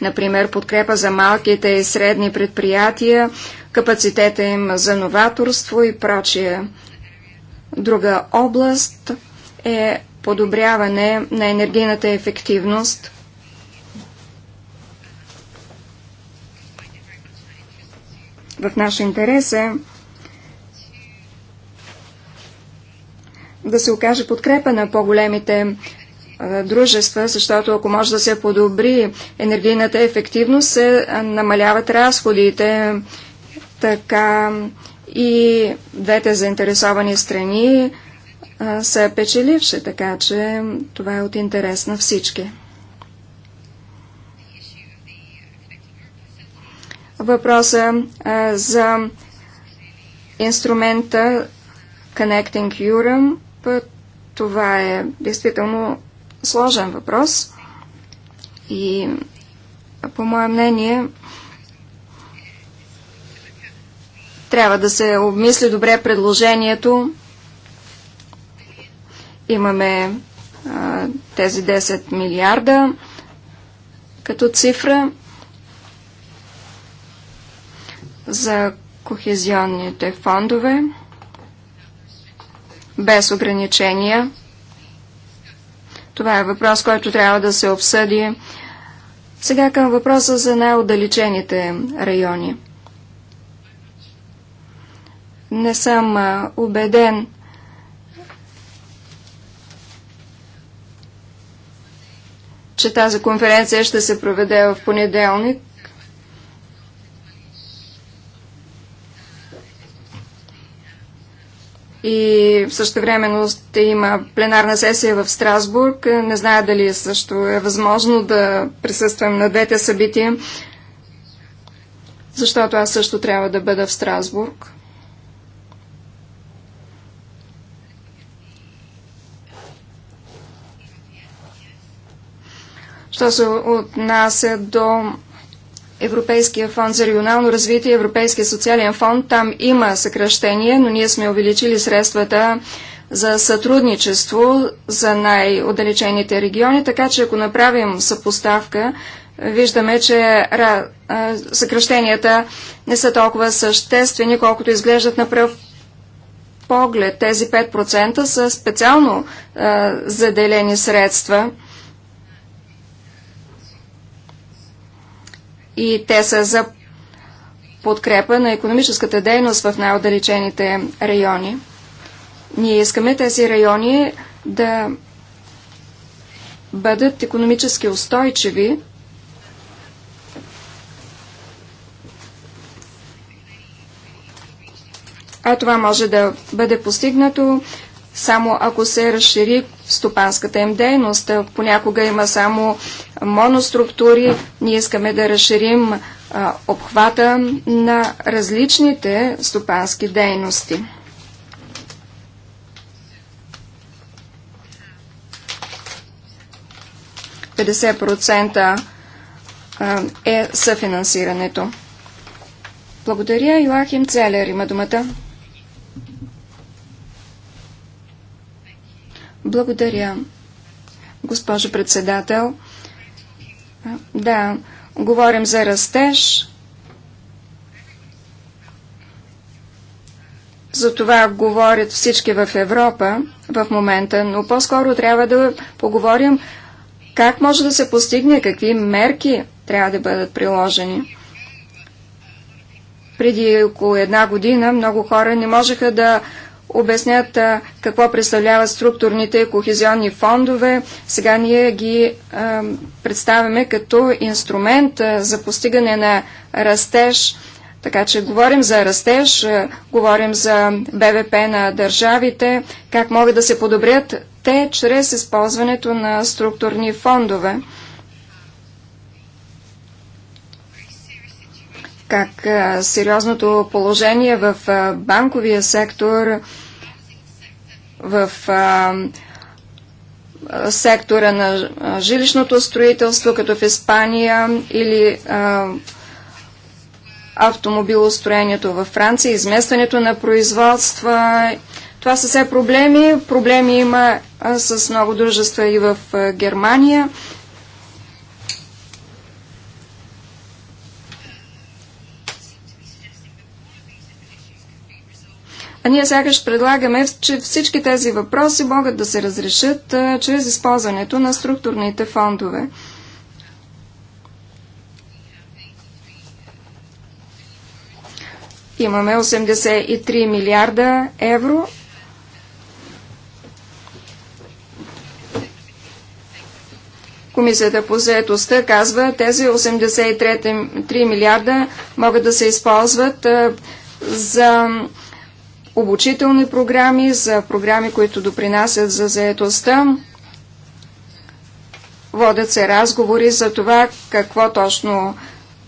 Например, подкрепа за малките и средни предприятия, капацитета им за новаторство и прочие. Друга област е подобряване на енергийната ефективност. В наш интерес е да се окаже подкрепа на по-големите дружества, защото ако може да се подобри енергийната ефективност, се намаляват разходите. Така и двете заинтересовани страни са печеливши, така че това е от интерес на всички. Въпроса за инструмента Connecting Europe, това е действително сложен въпрос и по мое мнение трябва да се обмисли добре предложението. Имаме а, тези 10 милиарда като цифра за кохезионните фондове без ограничения. Това е въпрос, който трябва да се обсъди. Сега към въпроса за най-отдалечените райони. Не съм убеден, че тази конференция ще се проведе в понеделник. и също времено ще има пленарна сесия в Страсбург. Не зная дали също е възможно да присъствам на двете събития, защото аз също трябва да бъда в Страсбург. Що се отнася до Европейския фонд за регионално развитие, Европейския социален фонд. Там има съкръщение, но ние сме увеличили средствата за сътрудничество за най-отдалечените региони, така че ако направим съпоставка, виждаме, че съкръщенията не са толкова съществени, колкото изглеждат на пръв поглед. Тези 5% са специално заделени средства – и те са за подкрепа на економическата дейност в най-отдалечените райони. Ние искаме тези райони да бъдат економически устойчиви, а това може да бъде постигнато само ако се разшири стопанската им дейност. Понякога има само моноструктури. Ние искаме да разширим а, обхвата на различните стопански дейности. процента е съфинансирането. Благодаря. Илахим Целер има думата. Благодаря, госпожо председател. Да, говорим за растеж. За това говорят всички в Европа в момента, но по-скоро трябва да поговорим как може да се постигне, какви мерки трябва да бъдат приложени. Преди около една година много хора не можеха да обяснят какво представляват структурните и кохезионни фондове. Сега ние ги а, представяме като инструмент а, за постигане на растеж. Така че говорим за растеж, а, говорим за БВП на държавите, как могат да се подобрят те чрез използването на структурни фондове. как сериозното положение в банковия сектор, в сектора на жилищното строителство, като в Испания или автомобилостроението във Франция, изместването на производства. Това са все проблеми. Проблеми има с много дружества и в Германия. А ние сякаш предлагаме, че всички тези въпроси могат да се разрешат а, чрез използването на структурните фондове. Имаме 83 милиарда евро. Комисията по заедостта казва, тези 83 милиарда могат да се използват а, за обучителни програми, за програми, които допринасят за заедостта. Водят се разговори за това какво точно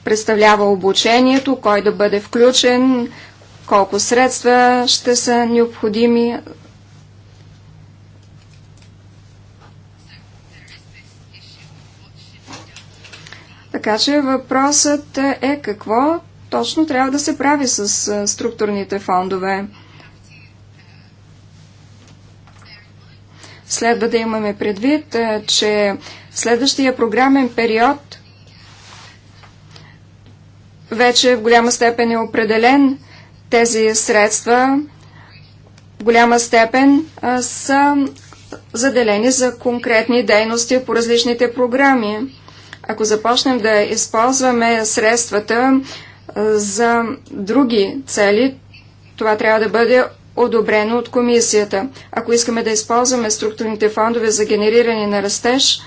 представлява обучението, кой да бъде включен, колко средства ще са необходими. Така че въпросът е какво точно трябва да се прави с структурните фондове. Следва да имаме предвид, е, че следващия програмен период вече в голяма степен е определен. Тези средства в голяма степен е, са заделени за конкретни дейности по различните програми. Ако започнем да използваме средствата е, за други цели, това трябва да бъде одобрено от комисията. Ако искаме да използваме структурните фондове за генериране на растеж,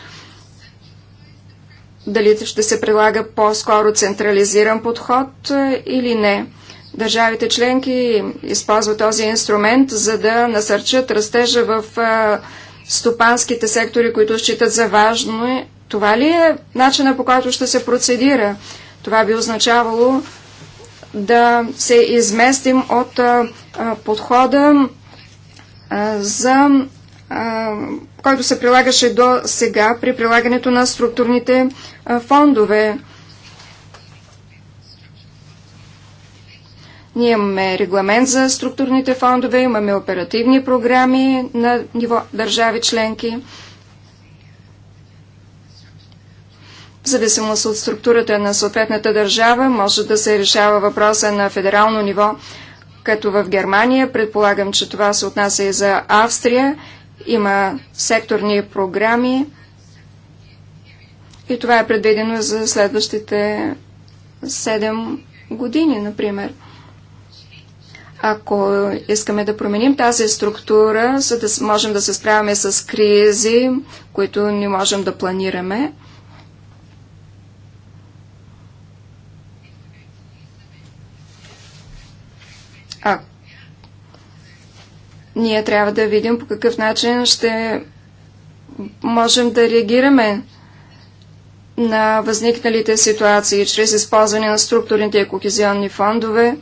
дали ще се прилага по-скоро централизиран подход е, или не. Държавите членки използват този инструмент, за да насърчат растежа в е, стопанските сектори, които считат за важно. Това ли е начина по който ще се процедира? Това би означавало, да се изместим от подхода за който се прилагаше до сега при прилагането на структурните фондове. Ние имаме регламент за структурните фондове, имаме оперативни програми на ниво държави членки. В зависимост от структурата на съответната държава може да се решава въпроса на федерално ниво, като в Германия, предполагам, че това се отнася и за Австрия, има секторни програми и това е предвидено за следващите 7 години, например. Ако искаме да променим тази структура, за да можем да се справяме с кризи, които не можем да планираме, Ние трябва да видим по какъв начин ще можем да реагираме на възникналите ситуации чрез използване на структурните и кохезионни фондове.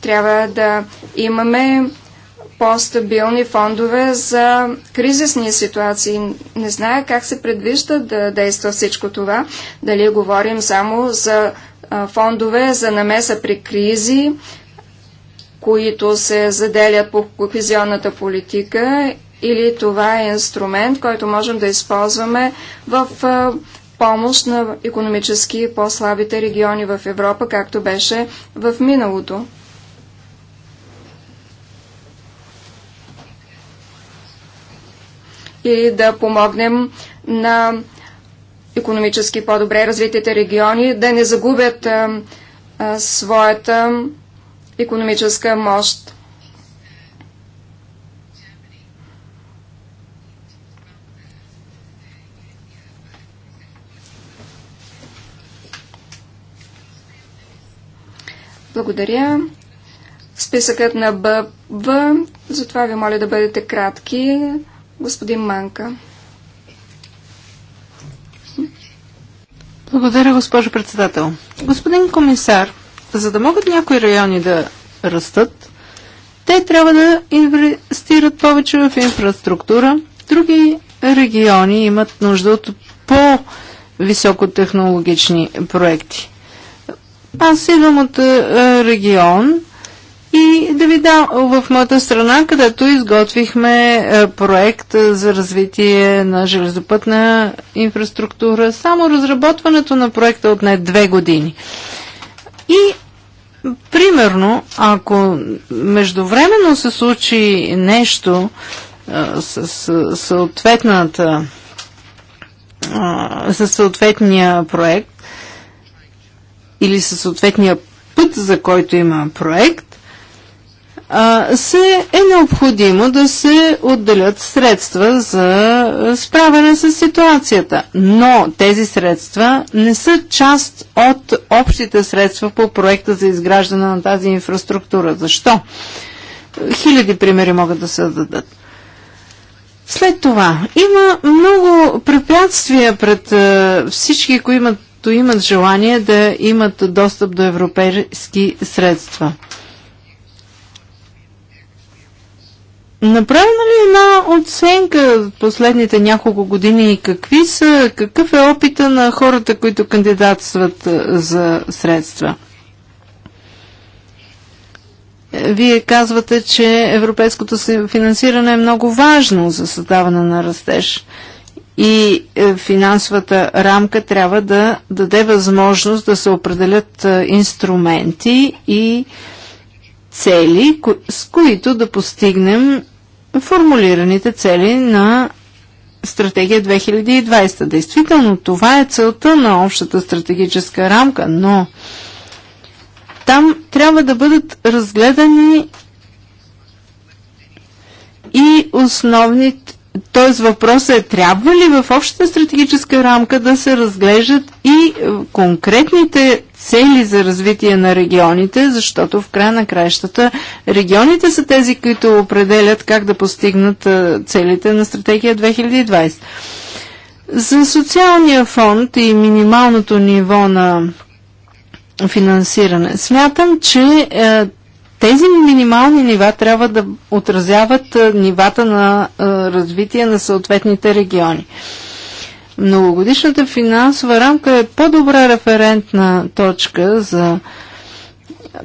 Трябва да имаме по-стабилни фондове за кризисни ситуации. Не зная как се предвижда да действа всичко това. Дали говорим само за фондове за намеса при кризи, които се заделят по кохезионната политика или това е инструмент, който можем да използваме в помощ на економически по-слабите региони в Европа, както беше в миналото. И да помогнем на економически по-добре развитите региони да не загубят а, а, своята економическа мощ. Благодаря. Списъкът на БВ, затова ви моля да бъдете кратки. Господин Манка. Благодаря, госпожо председател. Господин комисар, за да могат някои райони да растат, те трябва да инвестират повече в инфраструктура. Други региони имат нужда от по-високотехнологични проекти. Аз идвам от е, регион и да ви дам в моята страна, където изготвихме е, проект за развитие на железопътна инфраструктура. Само разработването на проекта отне две години. И Примерно, ако междувременно се случи нещо а, с, с съответната със съответния проект или със съответния път, за който има проект, се е необходимо да се отделят средства за справяне с ситуацията. Но тези средства не са част от общите средства по проекта за изграждане на тази инфраструктура. Защо? Хиляди примери могат да се дадат. След това има много препятствия пред всички, които имат желание да имат достъп до европейски средства. Направена ли е една оценка последните няколко години и какви са, какъв е опита на хората, които кандидатстват е, за средства? Е, вие казвате, че европейското финансиране е много важно за създаване на растеж и финансовата рамка трябва да даде възможност да се определят инструменти и цели, с които да постигнем формулираните цели на стратегия 2020. Действително, това е целта на общата стратегическа рамка, но там трябва да бъдат разгледани и основни, т.е. въпросът е трябва ли в общата стратегическа рамка да се разглеждат и конкретните цели за развитие на регионите, защото в края на краищата регионите са тези, които определят как да постигнат целите на стратегия 2020. За социалния фонд и минималното ниво на финансиране. Смятам, че е, тези минимални нива трябва да отразяват е, нивата на е, развитие на съответните региони. Е, Многогодишната финансова рамка е по-добра референтна точка за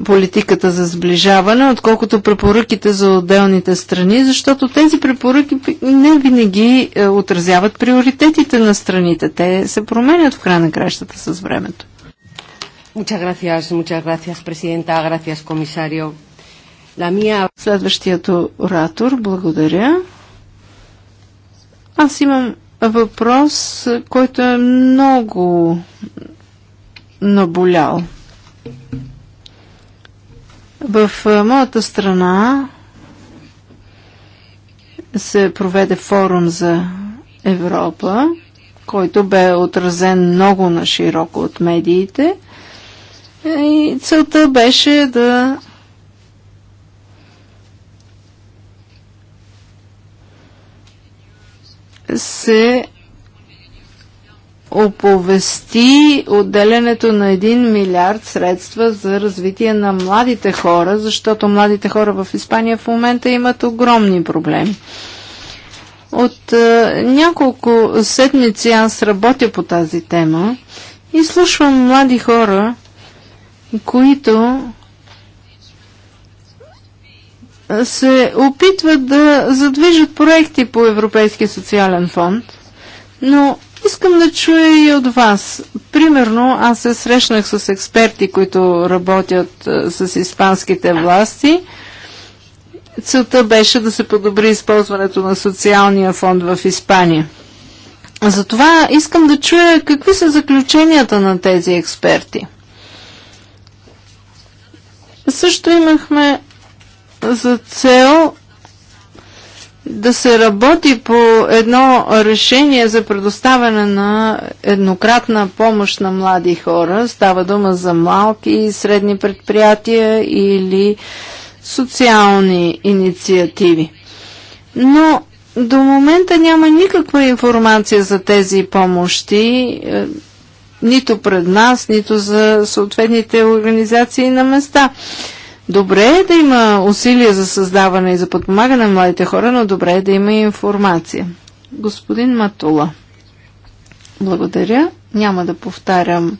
политиката за сближаване, отколкото препоръките за отделните страни, защото тези препоръки не винаги е, отразяват приоритетите на страните. Те се променят в края на кращата с времето. Muchas gracias, muchas gracias, presidenta. Gracias, комисарио. Следващият оратор, благодаря. Аз имам въпрос, който е много наболял. В моята страна се проведе форум за Европа, който бе отразен много на широко от медиите. И целта беше да се оповести отделянето на 1 милиард средства за развитие на младите хора, защото младите хора в Испания в момента имат огромни проблеми. От а, е, няколко седмици аз работя по тази тема и слушвам млади хора, които се опитват да задвижат проекти по Европейския социален фонд, но искам да чуя и от вас. Примерно, аз се срещнах с експерти, които работят а, с испанските власти. Целта беше да се подобри използването на социалния фонд в Испания. Затова искам да чуя какви са заключенията на тези експерти. Също имахме за цел да се работи по едно решение за предоставяне на еднократна помощ на млади хора. Става дума за малки и средни предприятия или социални инициативи. Но до момента няма никаква информация за тези помощи, е, нито пред нас, нито за съответните организации на места. Добре е да има усилия за създаване и за подпомагане на младите хора, но добре е да има и информация. Господин Матула, благодаря. Няма да повтарям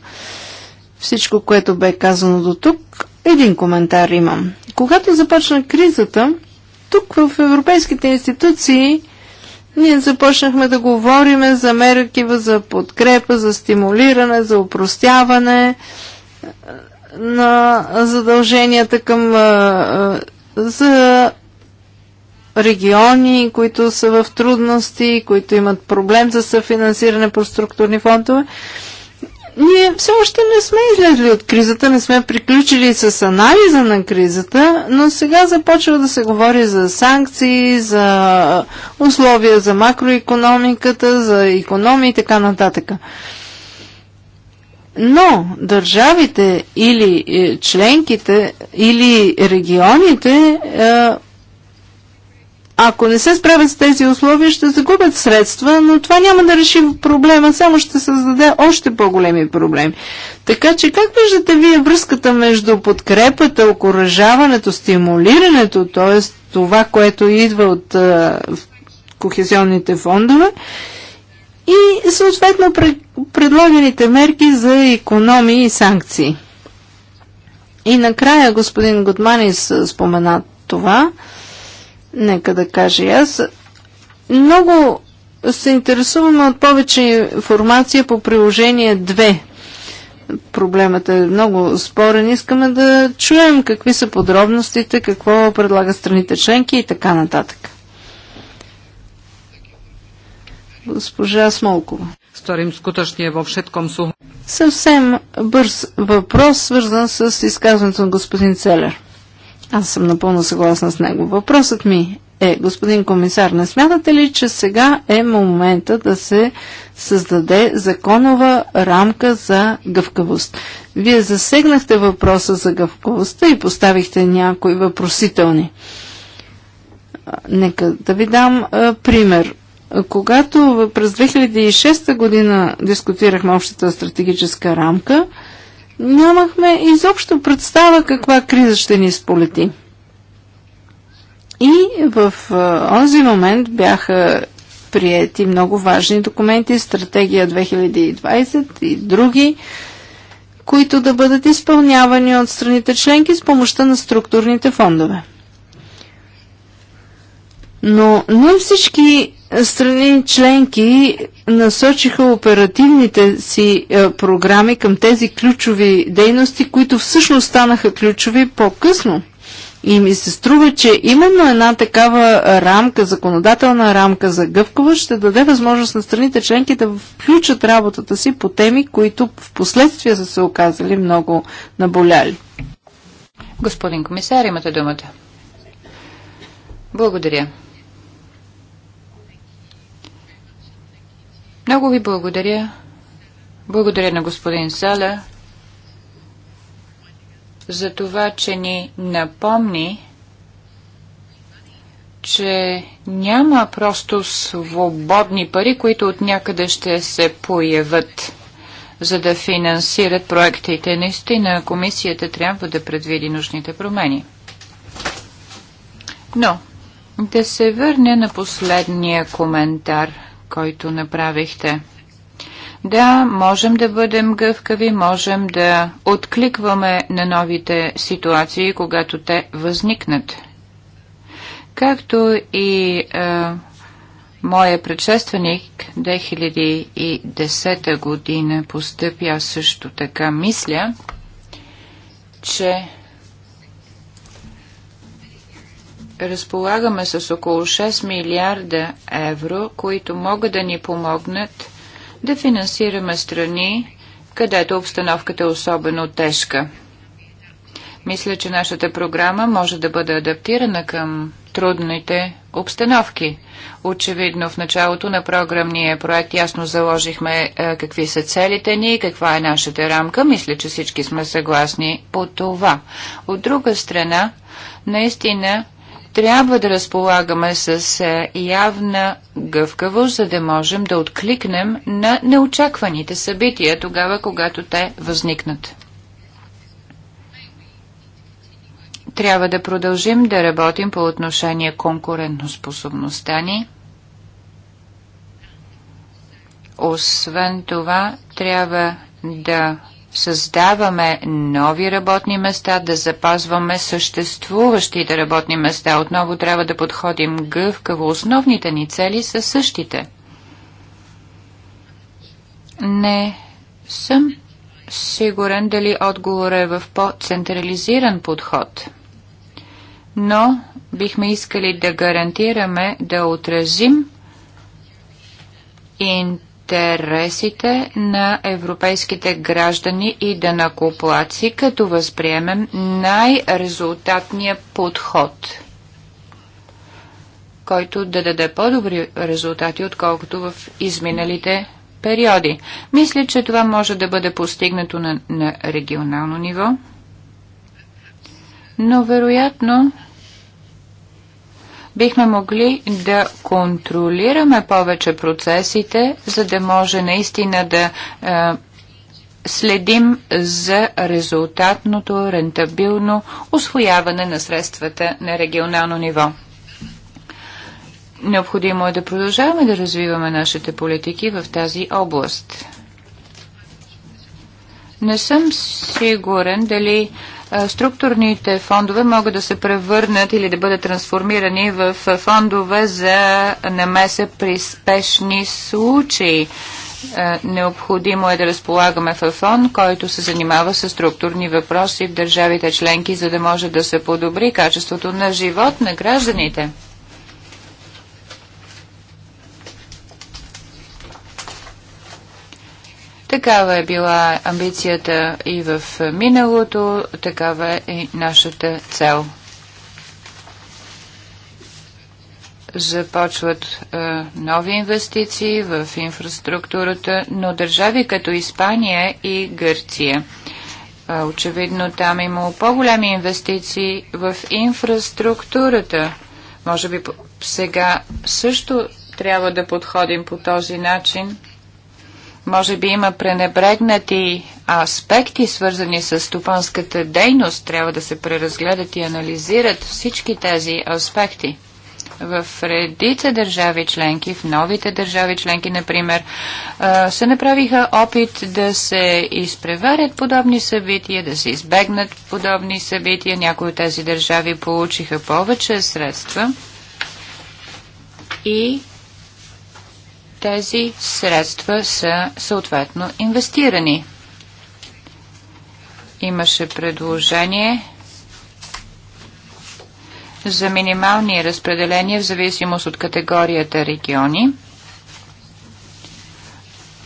всичко, което бе казано до тук. Един коментар имам. Когато започна кризата, тук в европейските институции ние започнахме да говорим за мерки, за подкрепа, за стимулиране, за упростяване на задълженията към за региони, които са в трудности, които имат проблем за съфинансиране по структурни фондове. Ние все още не сме излезли от кризата, не сме приключили с анализа на кризата, но сега започва да се говори за санкции, за условия за макроекономиката, за економии и така нататък. Но държавите или е, членките или регионите, е, ако не се справят с тези условия, ще загубят средства, но това няма да реши проблема, само ще създаде още по-големи проблеми. Така че как виждате вие връзката между подкрепата, окоръжаването, стимулирането, т.е. това, което идва от е, кохезионните фондове и съответно предлаганите мерки за економии и санкции. И накрая господин Годманис спомена това, нека да кажа аз. Много се интересуваме от повече информация по приложение 2. Проблемът е много спорен. Искаме да чуем какви са подробностите, какво предлага страните членки и така нататък. госпожа Смолкова. Сторим скутъчния във шетком су. Съвсем бърз въпрос, свързан с изказването на господин Целер. Аз съм напълно съгласна с него. Въпросът ми е, господин комисар, не смятате ли, че сега е момента да се създаде законова рамка за гъвкавост? Вие засегнахте въпроса за гъвкавостта и поставихте някои въпросителни. Нека да ви дам а, пример. Когато през 2006 година дискутирахме общата стратегическа рамка, нямахме изобщо представа каква криза ще ни сполети. И в онзи момент бяха приети много важни документи, стратегия 2020 и други, които да бъдат изпълнявани от страните членки с помощта на структурните фондове. Но не всички страни членки насочиха оперативните си е, програми към тези ключови дейности, които всъщност станаха ключови по-късно. И ми се струва, че именно една такава рамка, законодателна рамка за гъвкава ще даде възможност на страните членки да включат работата си по теми, които в последствие са се оказали много наболяли. Господин комисар, имате думата. Благодаря. Много ви благодаря. Благодаря на господин Саля за това, че ни напомни, че няма просто свободни пари, които от някъде ще се появят, за да финансират проектите. Наистина, комисията трябва да предвиди нужните промени. Но, да се върне на последния коментар – който направихте. Да, можем да бъдем гъвкави, можем да откликваме на новите ситуации, когато те възникнат. Както и е, моя предшественик 2010 година постъпя също така мисля, че разполагаме с около 6 милиарда евро, които могат да ни помогнат да финансираме страни, където обстановката е особено тежка. Мисля, че нашата програма може да бъде адаптирана към трудните обстановки. Очевидно в началото на програмния проект ясно заложихме е, какви са целите ни и каква е нашата рамка. Мисля, че всички сме съгласни по това. От друга страна, наистина трябва да разполагаме с е, явна гъвкавост, за да можем да откликнем на неочакваните събития тогава, когато те възникнат. Трябва да продължим да работим по отношение конкурентоспособността ни. Освен това, трябва да създаваме нови работни места, да запазваме съществуващите работни места. Отново трябва да подходим гъвкаво. Основните ни цели са същите. Не съм сигурен дали отговор е в по-централизиран подход, но бихме искали да гарантираме да отразим интересите интересите на европейските граждани и данакоплаци, като възприемем най-резултатния подход, който да даде по-добри резултати, отколкото в изминалите периоди. Мисля, че това може да бъде постигнато на, на регионално ниво, но вероятно бихме могли да контролираме повече процесите, за да може наистина да е, следим за резултатното, рентабилно освояване на средствата на регионално ниво. Необходимо е да продължаваме да развиваме нашите политики в тази област. Не съм сигурен дали структурните фондове могат да се превърнат или да бъдат трансформирани в фондове за намеса при спешни случаи. Необходимо е да разполагаме в фонд, който се занимава с структурни въпроси в държавите членки, за да може да се подобри качеството на живот на гражданите. Такава е била амбицията и в миналото, такава е и нашата цел. започват е, нови инвестиции в инфраструктурата, но държави като Испания и Гърция. Е, очевидно там е има по-големи инвестиции в инфраструктурата. Може би сега също трябва да подходим по този начин. Може би има пренебрегнати аспекти, свързани с стопанската дейност. Трябва да се преразгледат и анализират всички тези аспекти в редица държави членки, в новите държави членки, например, се направиха опит да се изпреварят подобни събития, да се избегнат подобни събития. Някои от тези държави получиха повече средства и тези средства са съответно инвестирани. Имаше предложение за минимални разпределения в зависимост от категорията региони.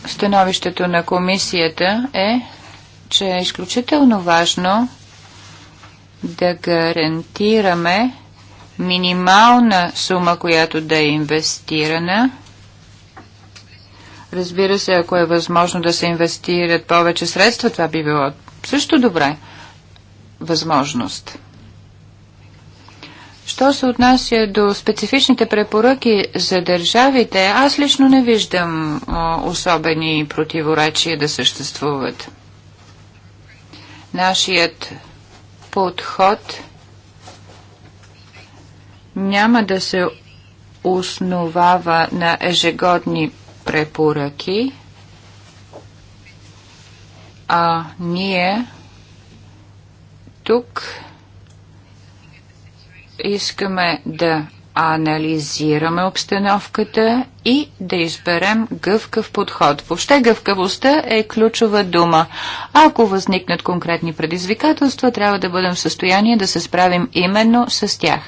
Становището на комисията е, че е изключително важно да гарантираме минимална сума, която да е инвестирана – Разбира се, ако е възможно да се инвестират повече средства, това би било също добре възможност. Що се отнася до специфичните препоръки за държавите, аз лично не виждам особени противоречия да съществуват. Нашият подход няма да се основава на ежегодни препоръки, а ние тук искаме да анализираме обстановката и да изберем гъвкав подход. Въобще гъвкавостта е ключова дума. Ако възникнат конкретни предизвикателства, трябва да бъдем в състояние да се справим именно с тях.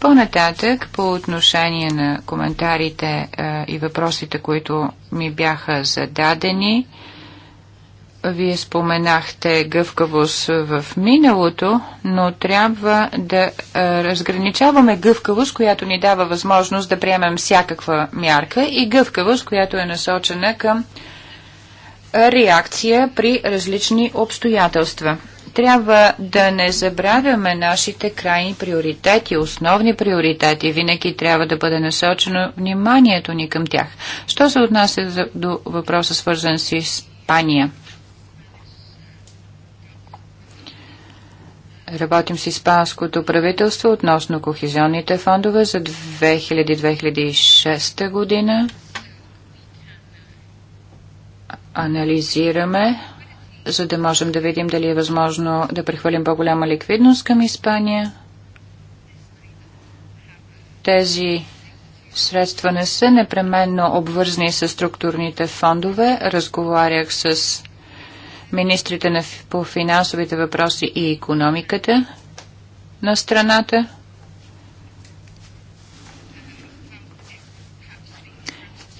По-нататък, по отношение на коментарите е, и въпросите, които ми бяха зададени, вие споменахте гъвкавост в миналото, но трябва да разграничаваме гъвкавост, която ни дава възможност да приемем всякаква мярка и гъвкавост, която е насочена към реакция при различни обстоятелства. Трябва да не забравяме нашите крайни приоритети, основни приоритети. Винаги трябва да бъде насочено вниманието ни към тях. Що се отнася до въпроса свързан с Испания? Работим с испанското правителство относно кохезионните фондове за 2000-2006 година. Анализираме, за да можем да видим дали е възможно да прехвърлим по-голяма ликвидност към Испания. Тези средства не са непременно обвързани с структурните фондове. Разговарях с министрите на, по финансовите въпроси и економиката на страната.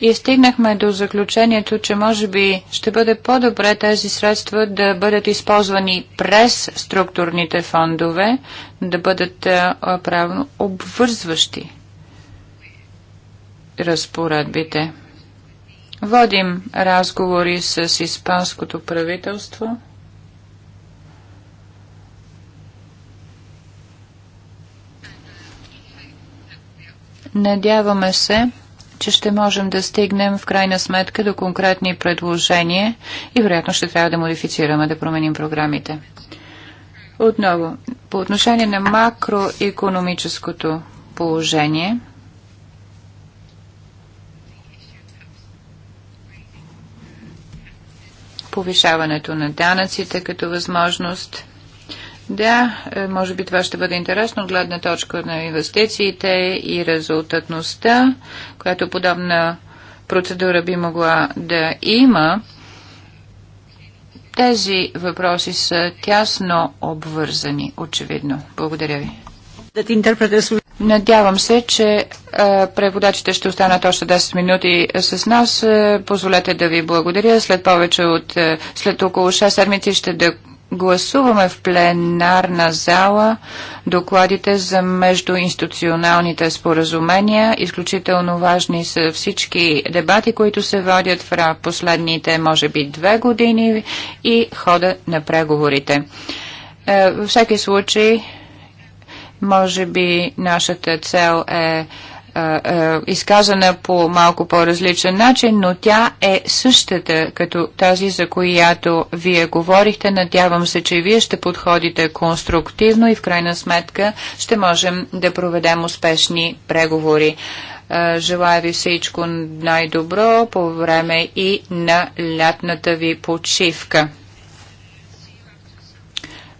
И стигнахме до заключението, че може би ще бъде по-добре тези средства да бъдат използвани през структурните фондове, да бъдат правно обвързващи разпоредбите. Водим разговори с испанското правителство. Надяваме се, че ще можем да стигнем в крайна сметка до конкретни предложения и вероятно ще трябва да модифицираме, да променим програмите. Отново, по отношение на макроекономическото положение – повишаването на данъците като възможност. Да, е, може би това ще бъде интересно от гледна точка на инвестициите и резултатността, която подобна процедура би могла да има. Тези въпроси са тясно обвързани, очевидно. Благодаря ви. Надявам се, че преводачите ще останат още 10 минути с нас. Позволете да ви благодаря. След повече от след около 6 седмици ще да гласуваме в пленарна зала докладите за междуинституционалните споразумения. Изключително важни са всички дебати, които се водят в последните, може би, две години и хода на преговорите. Е, във всеки случай, може би нашата цел е, е, е изказана по малко по-различен начин, но тя е същата като тази, за която вие говорихте. Надявам се, че вие ще подходите конструктивно и в крайна сметка ще можем да проведем успешни преговори. Е, желая ви всичко най-добро по време и на лятната ви почивка.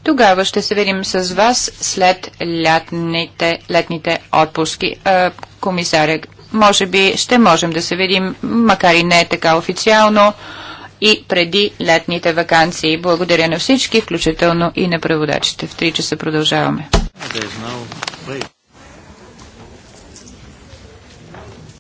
Тогава ще се видим с вас след летните, летните отпуски. А, комисаря, може би ще можем да се видим, макар и не е така официално, и преди летните вакансии. Благодаря на всички, включително и на преводачите. В 3 часа продължаваме.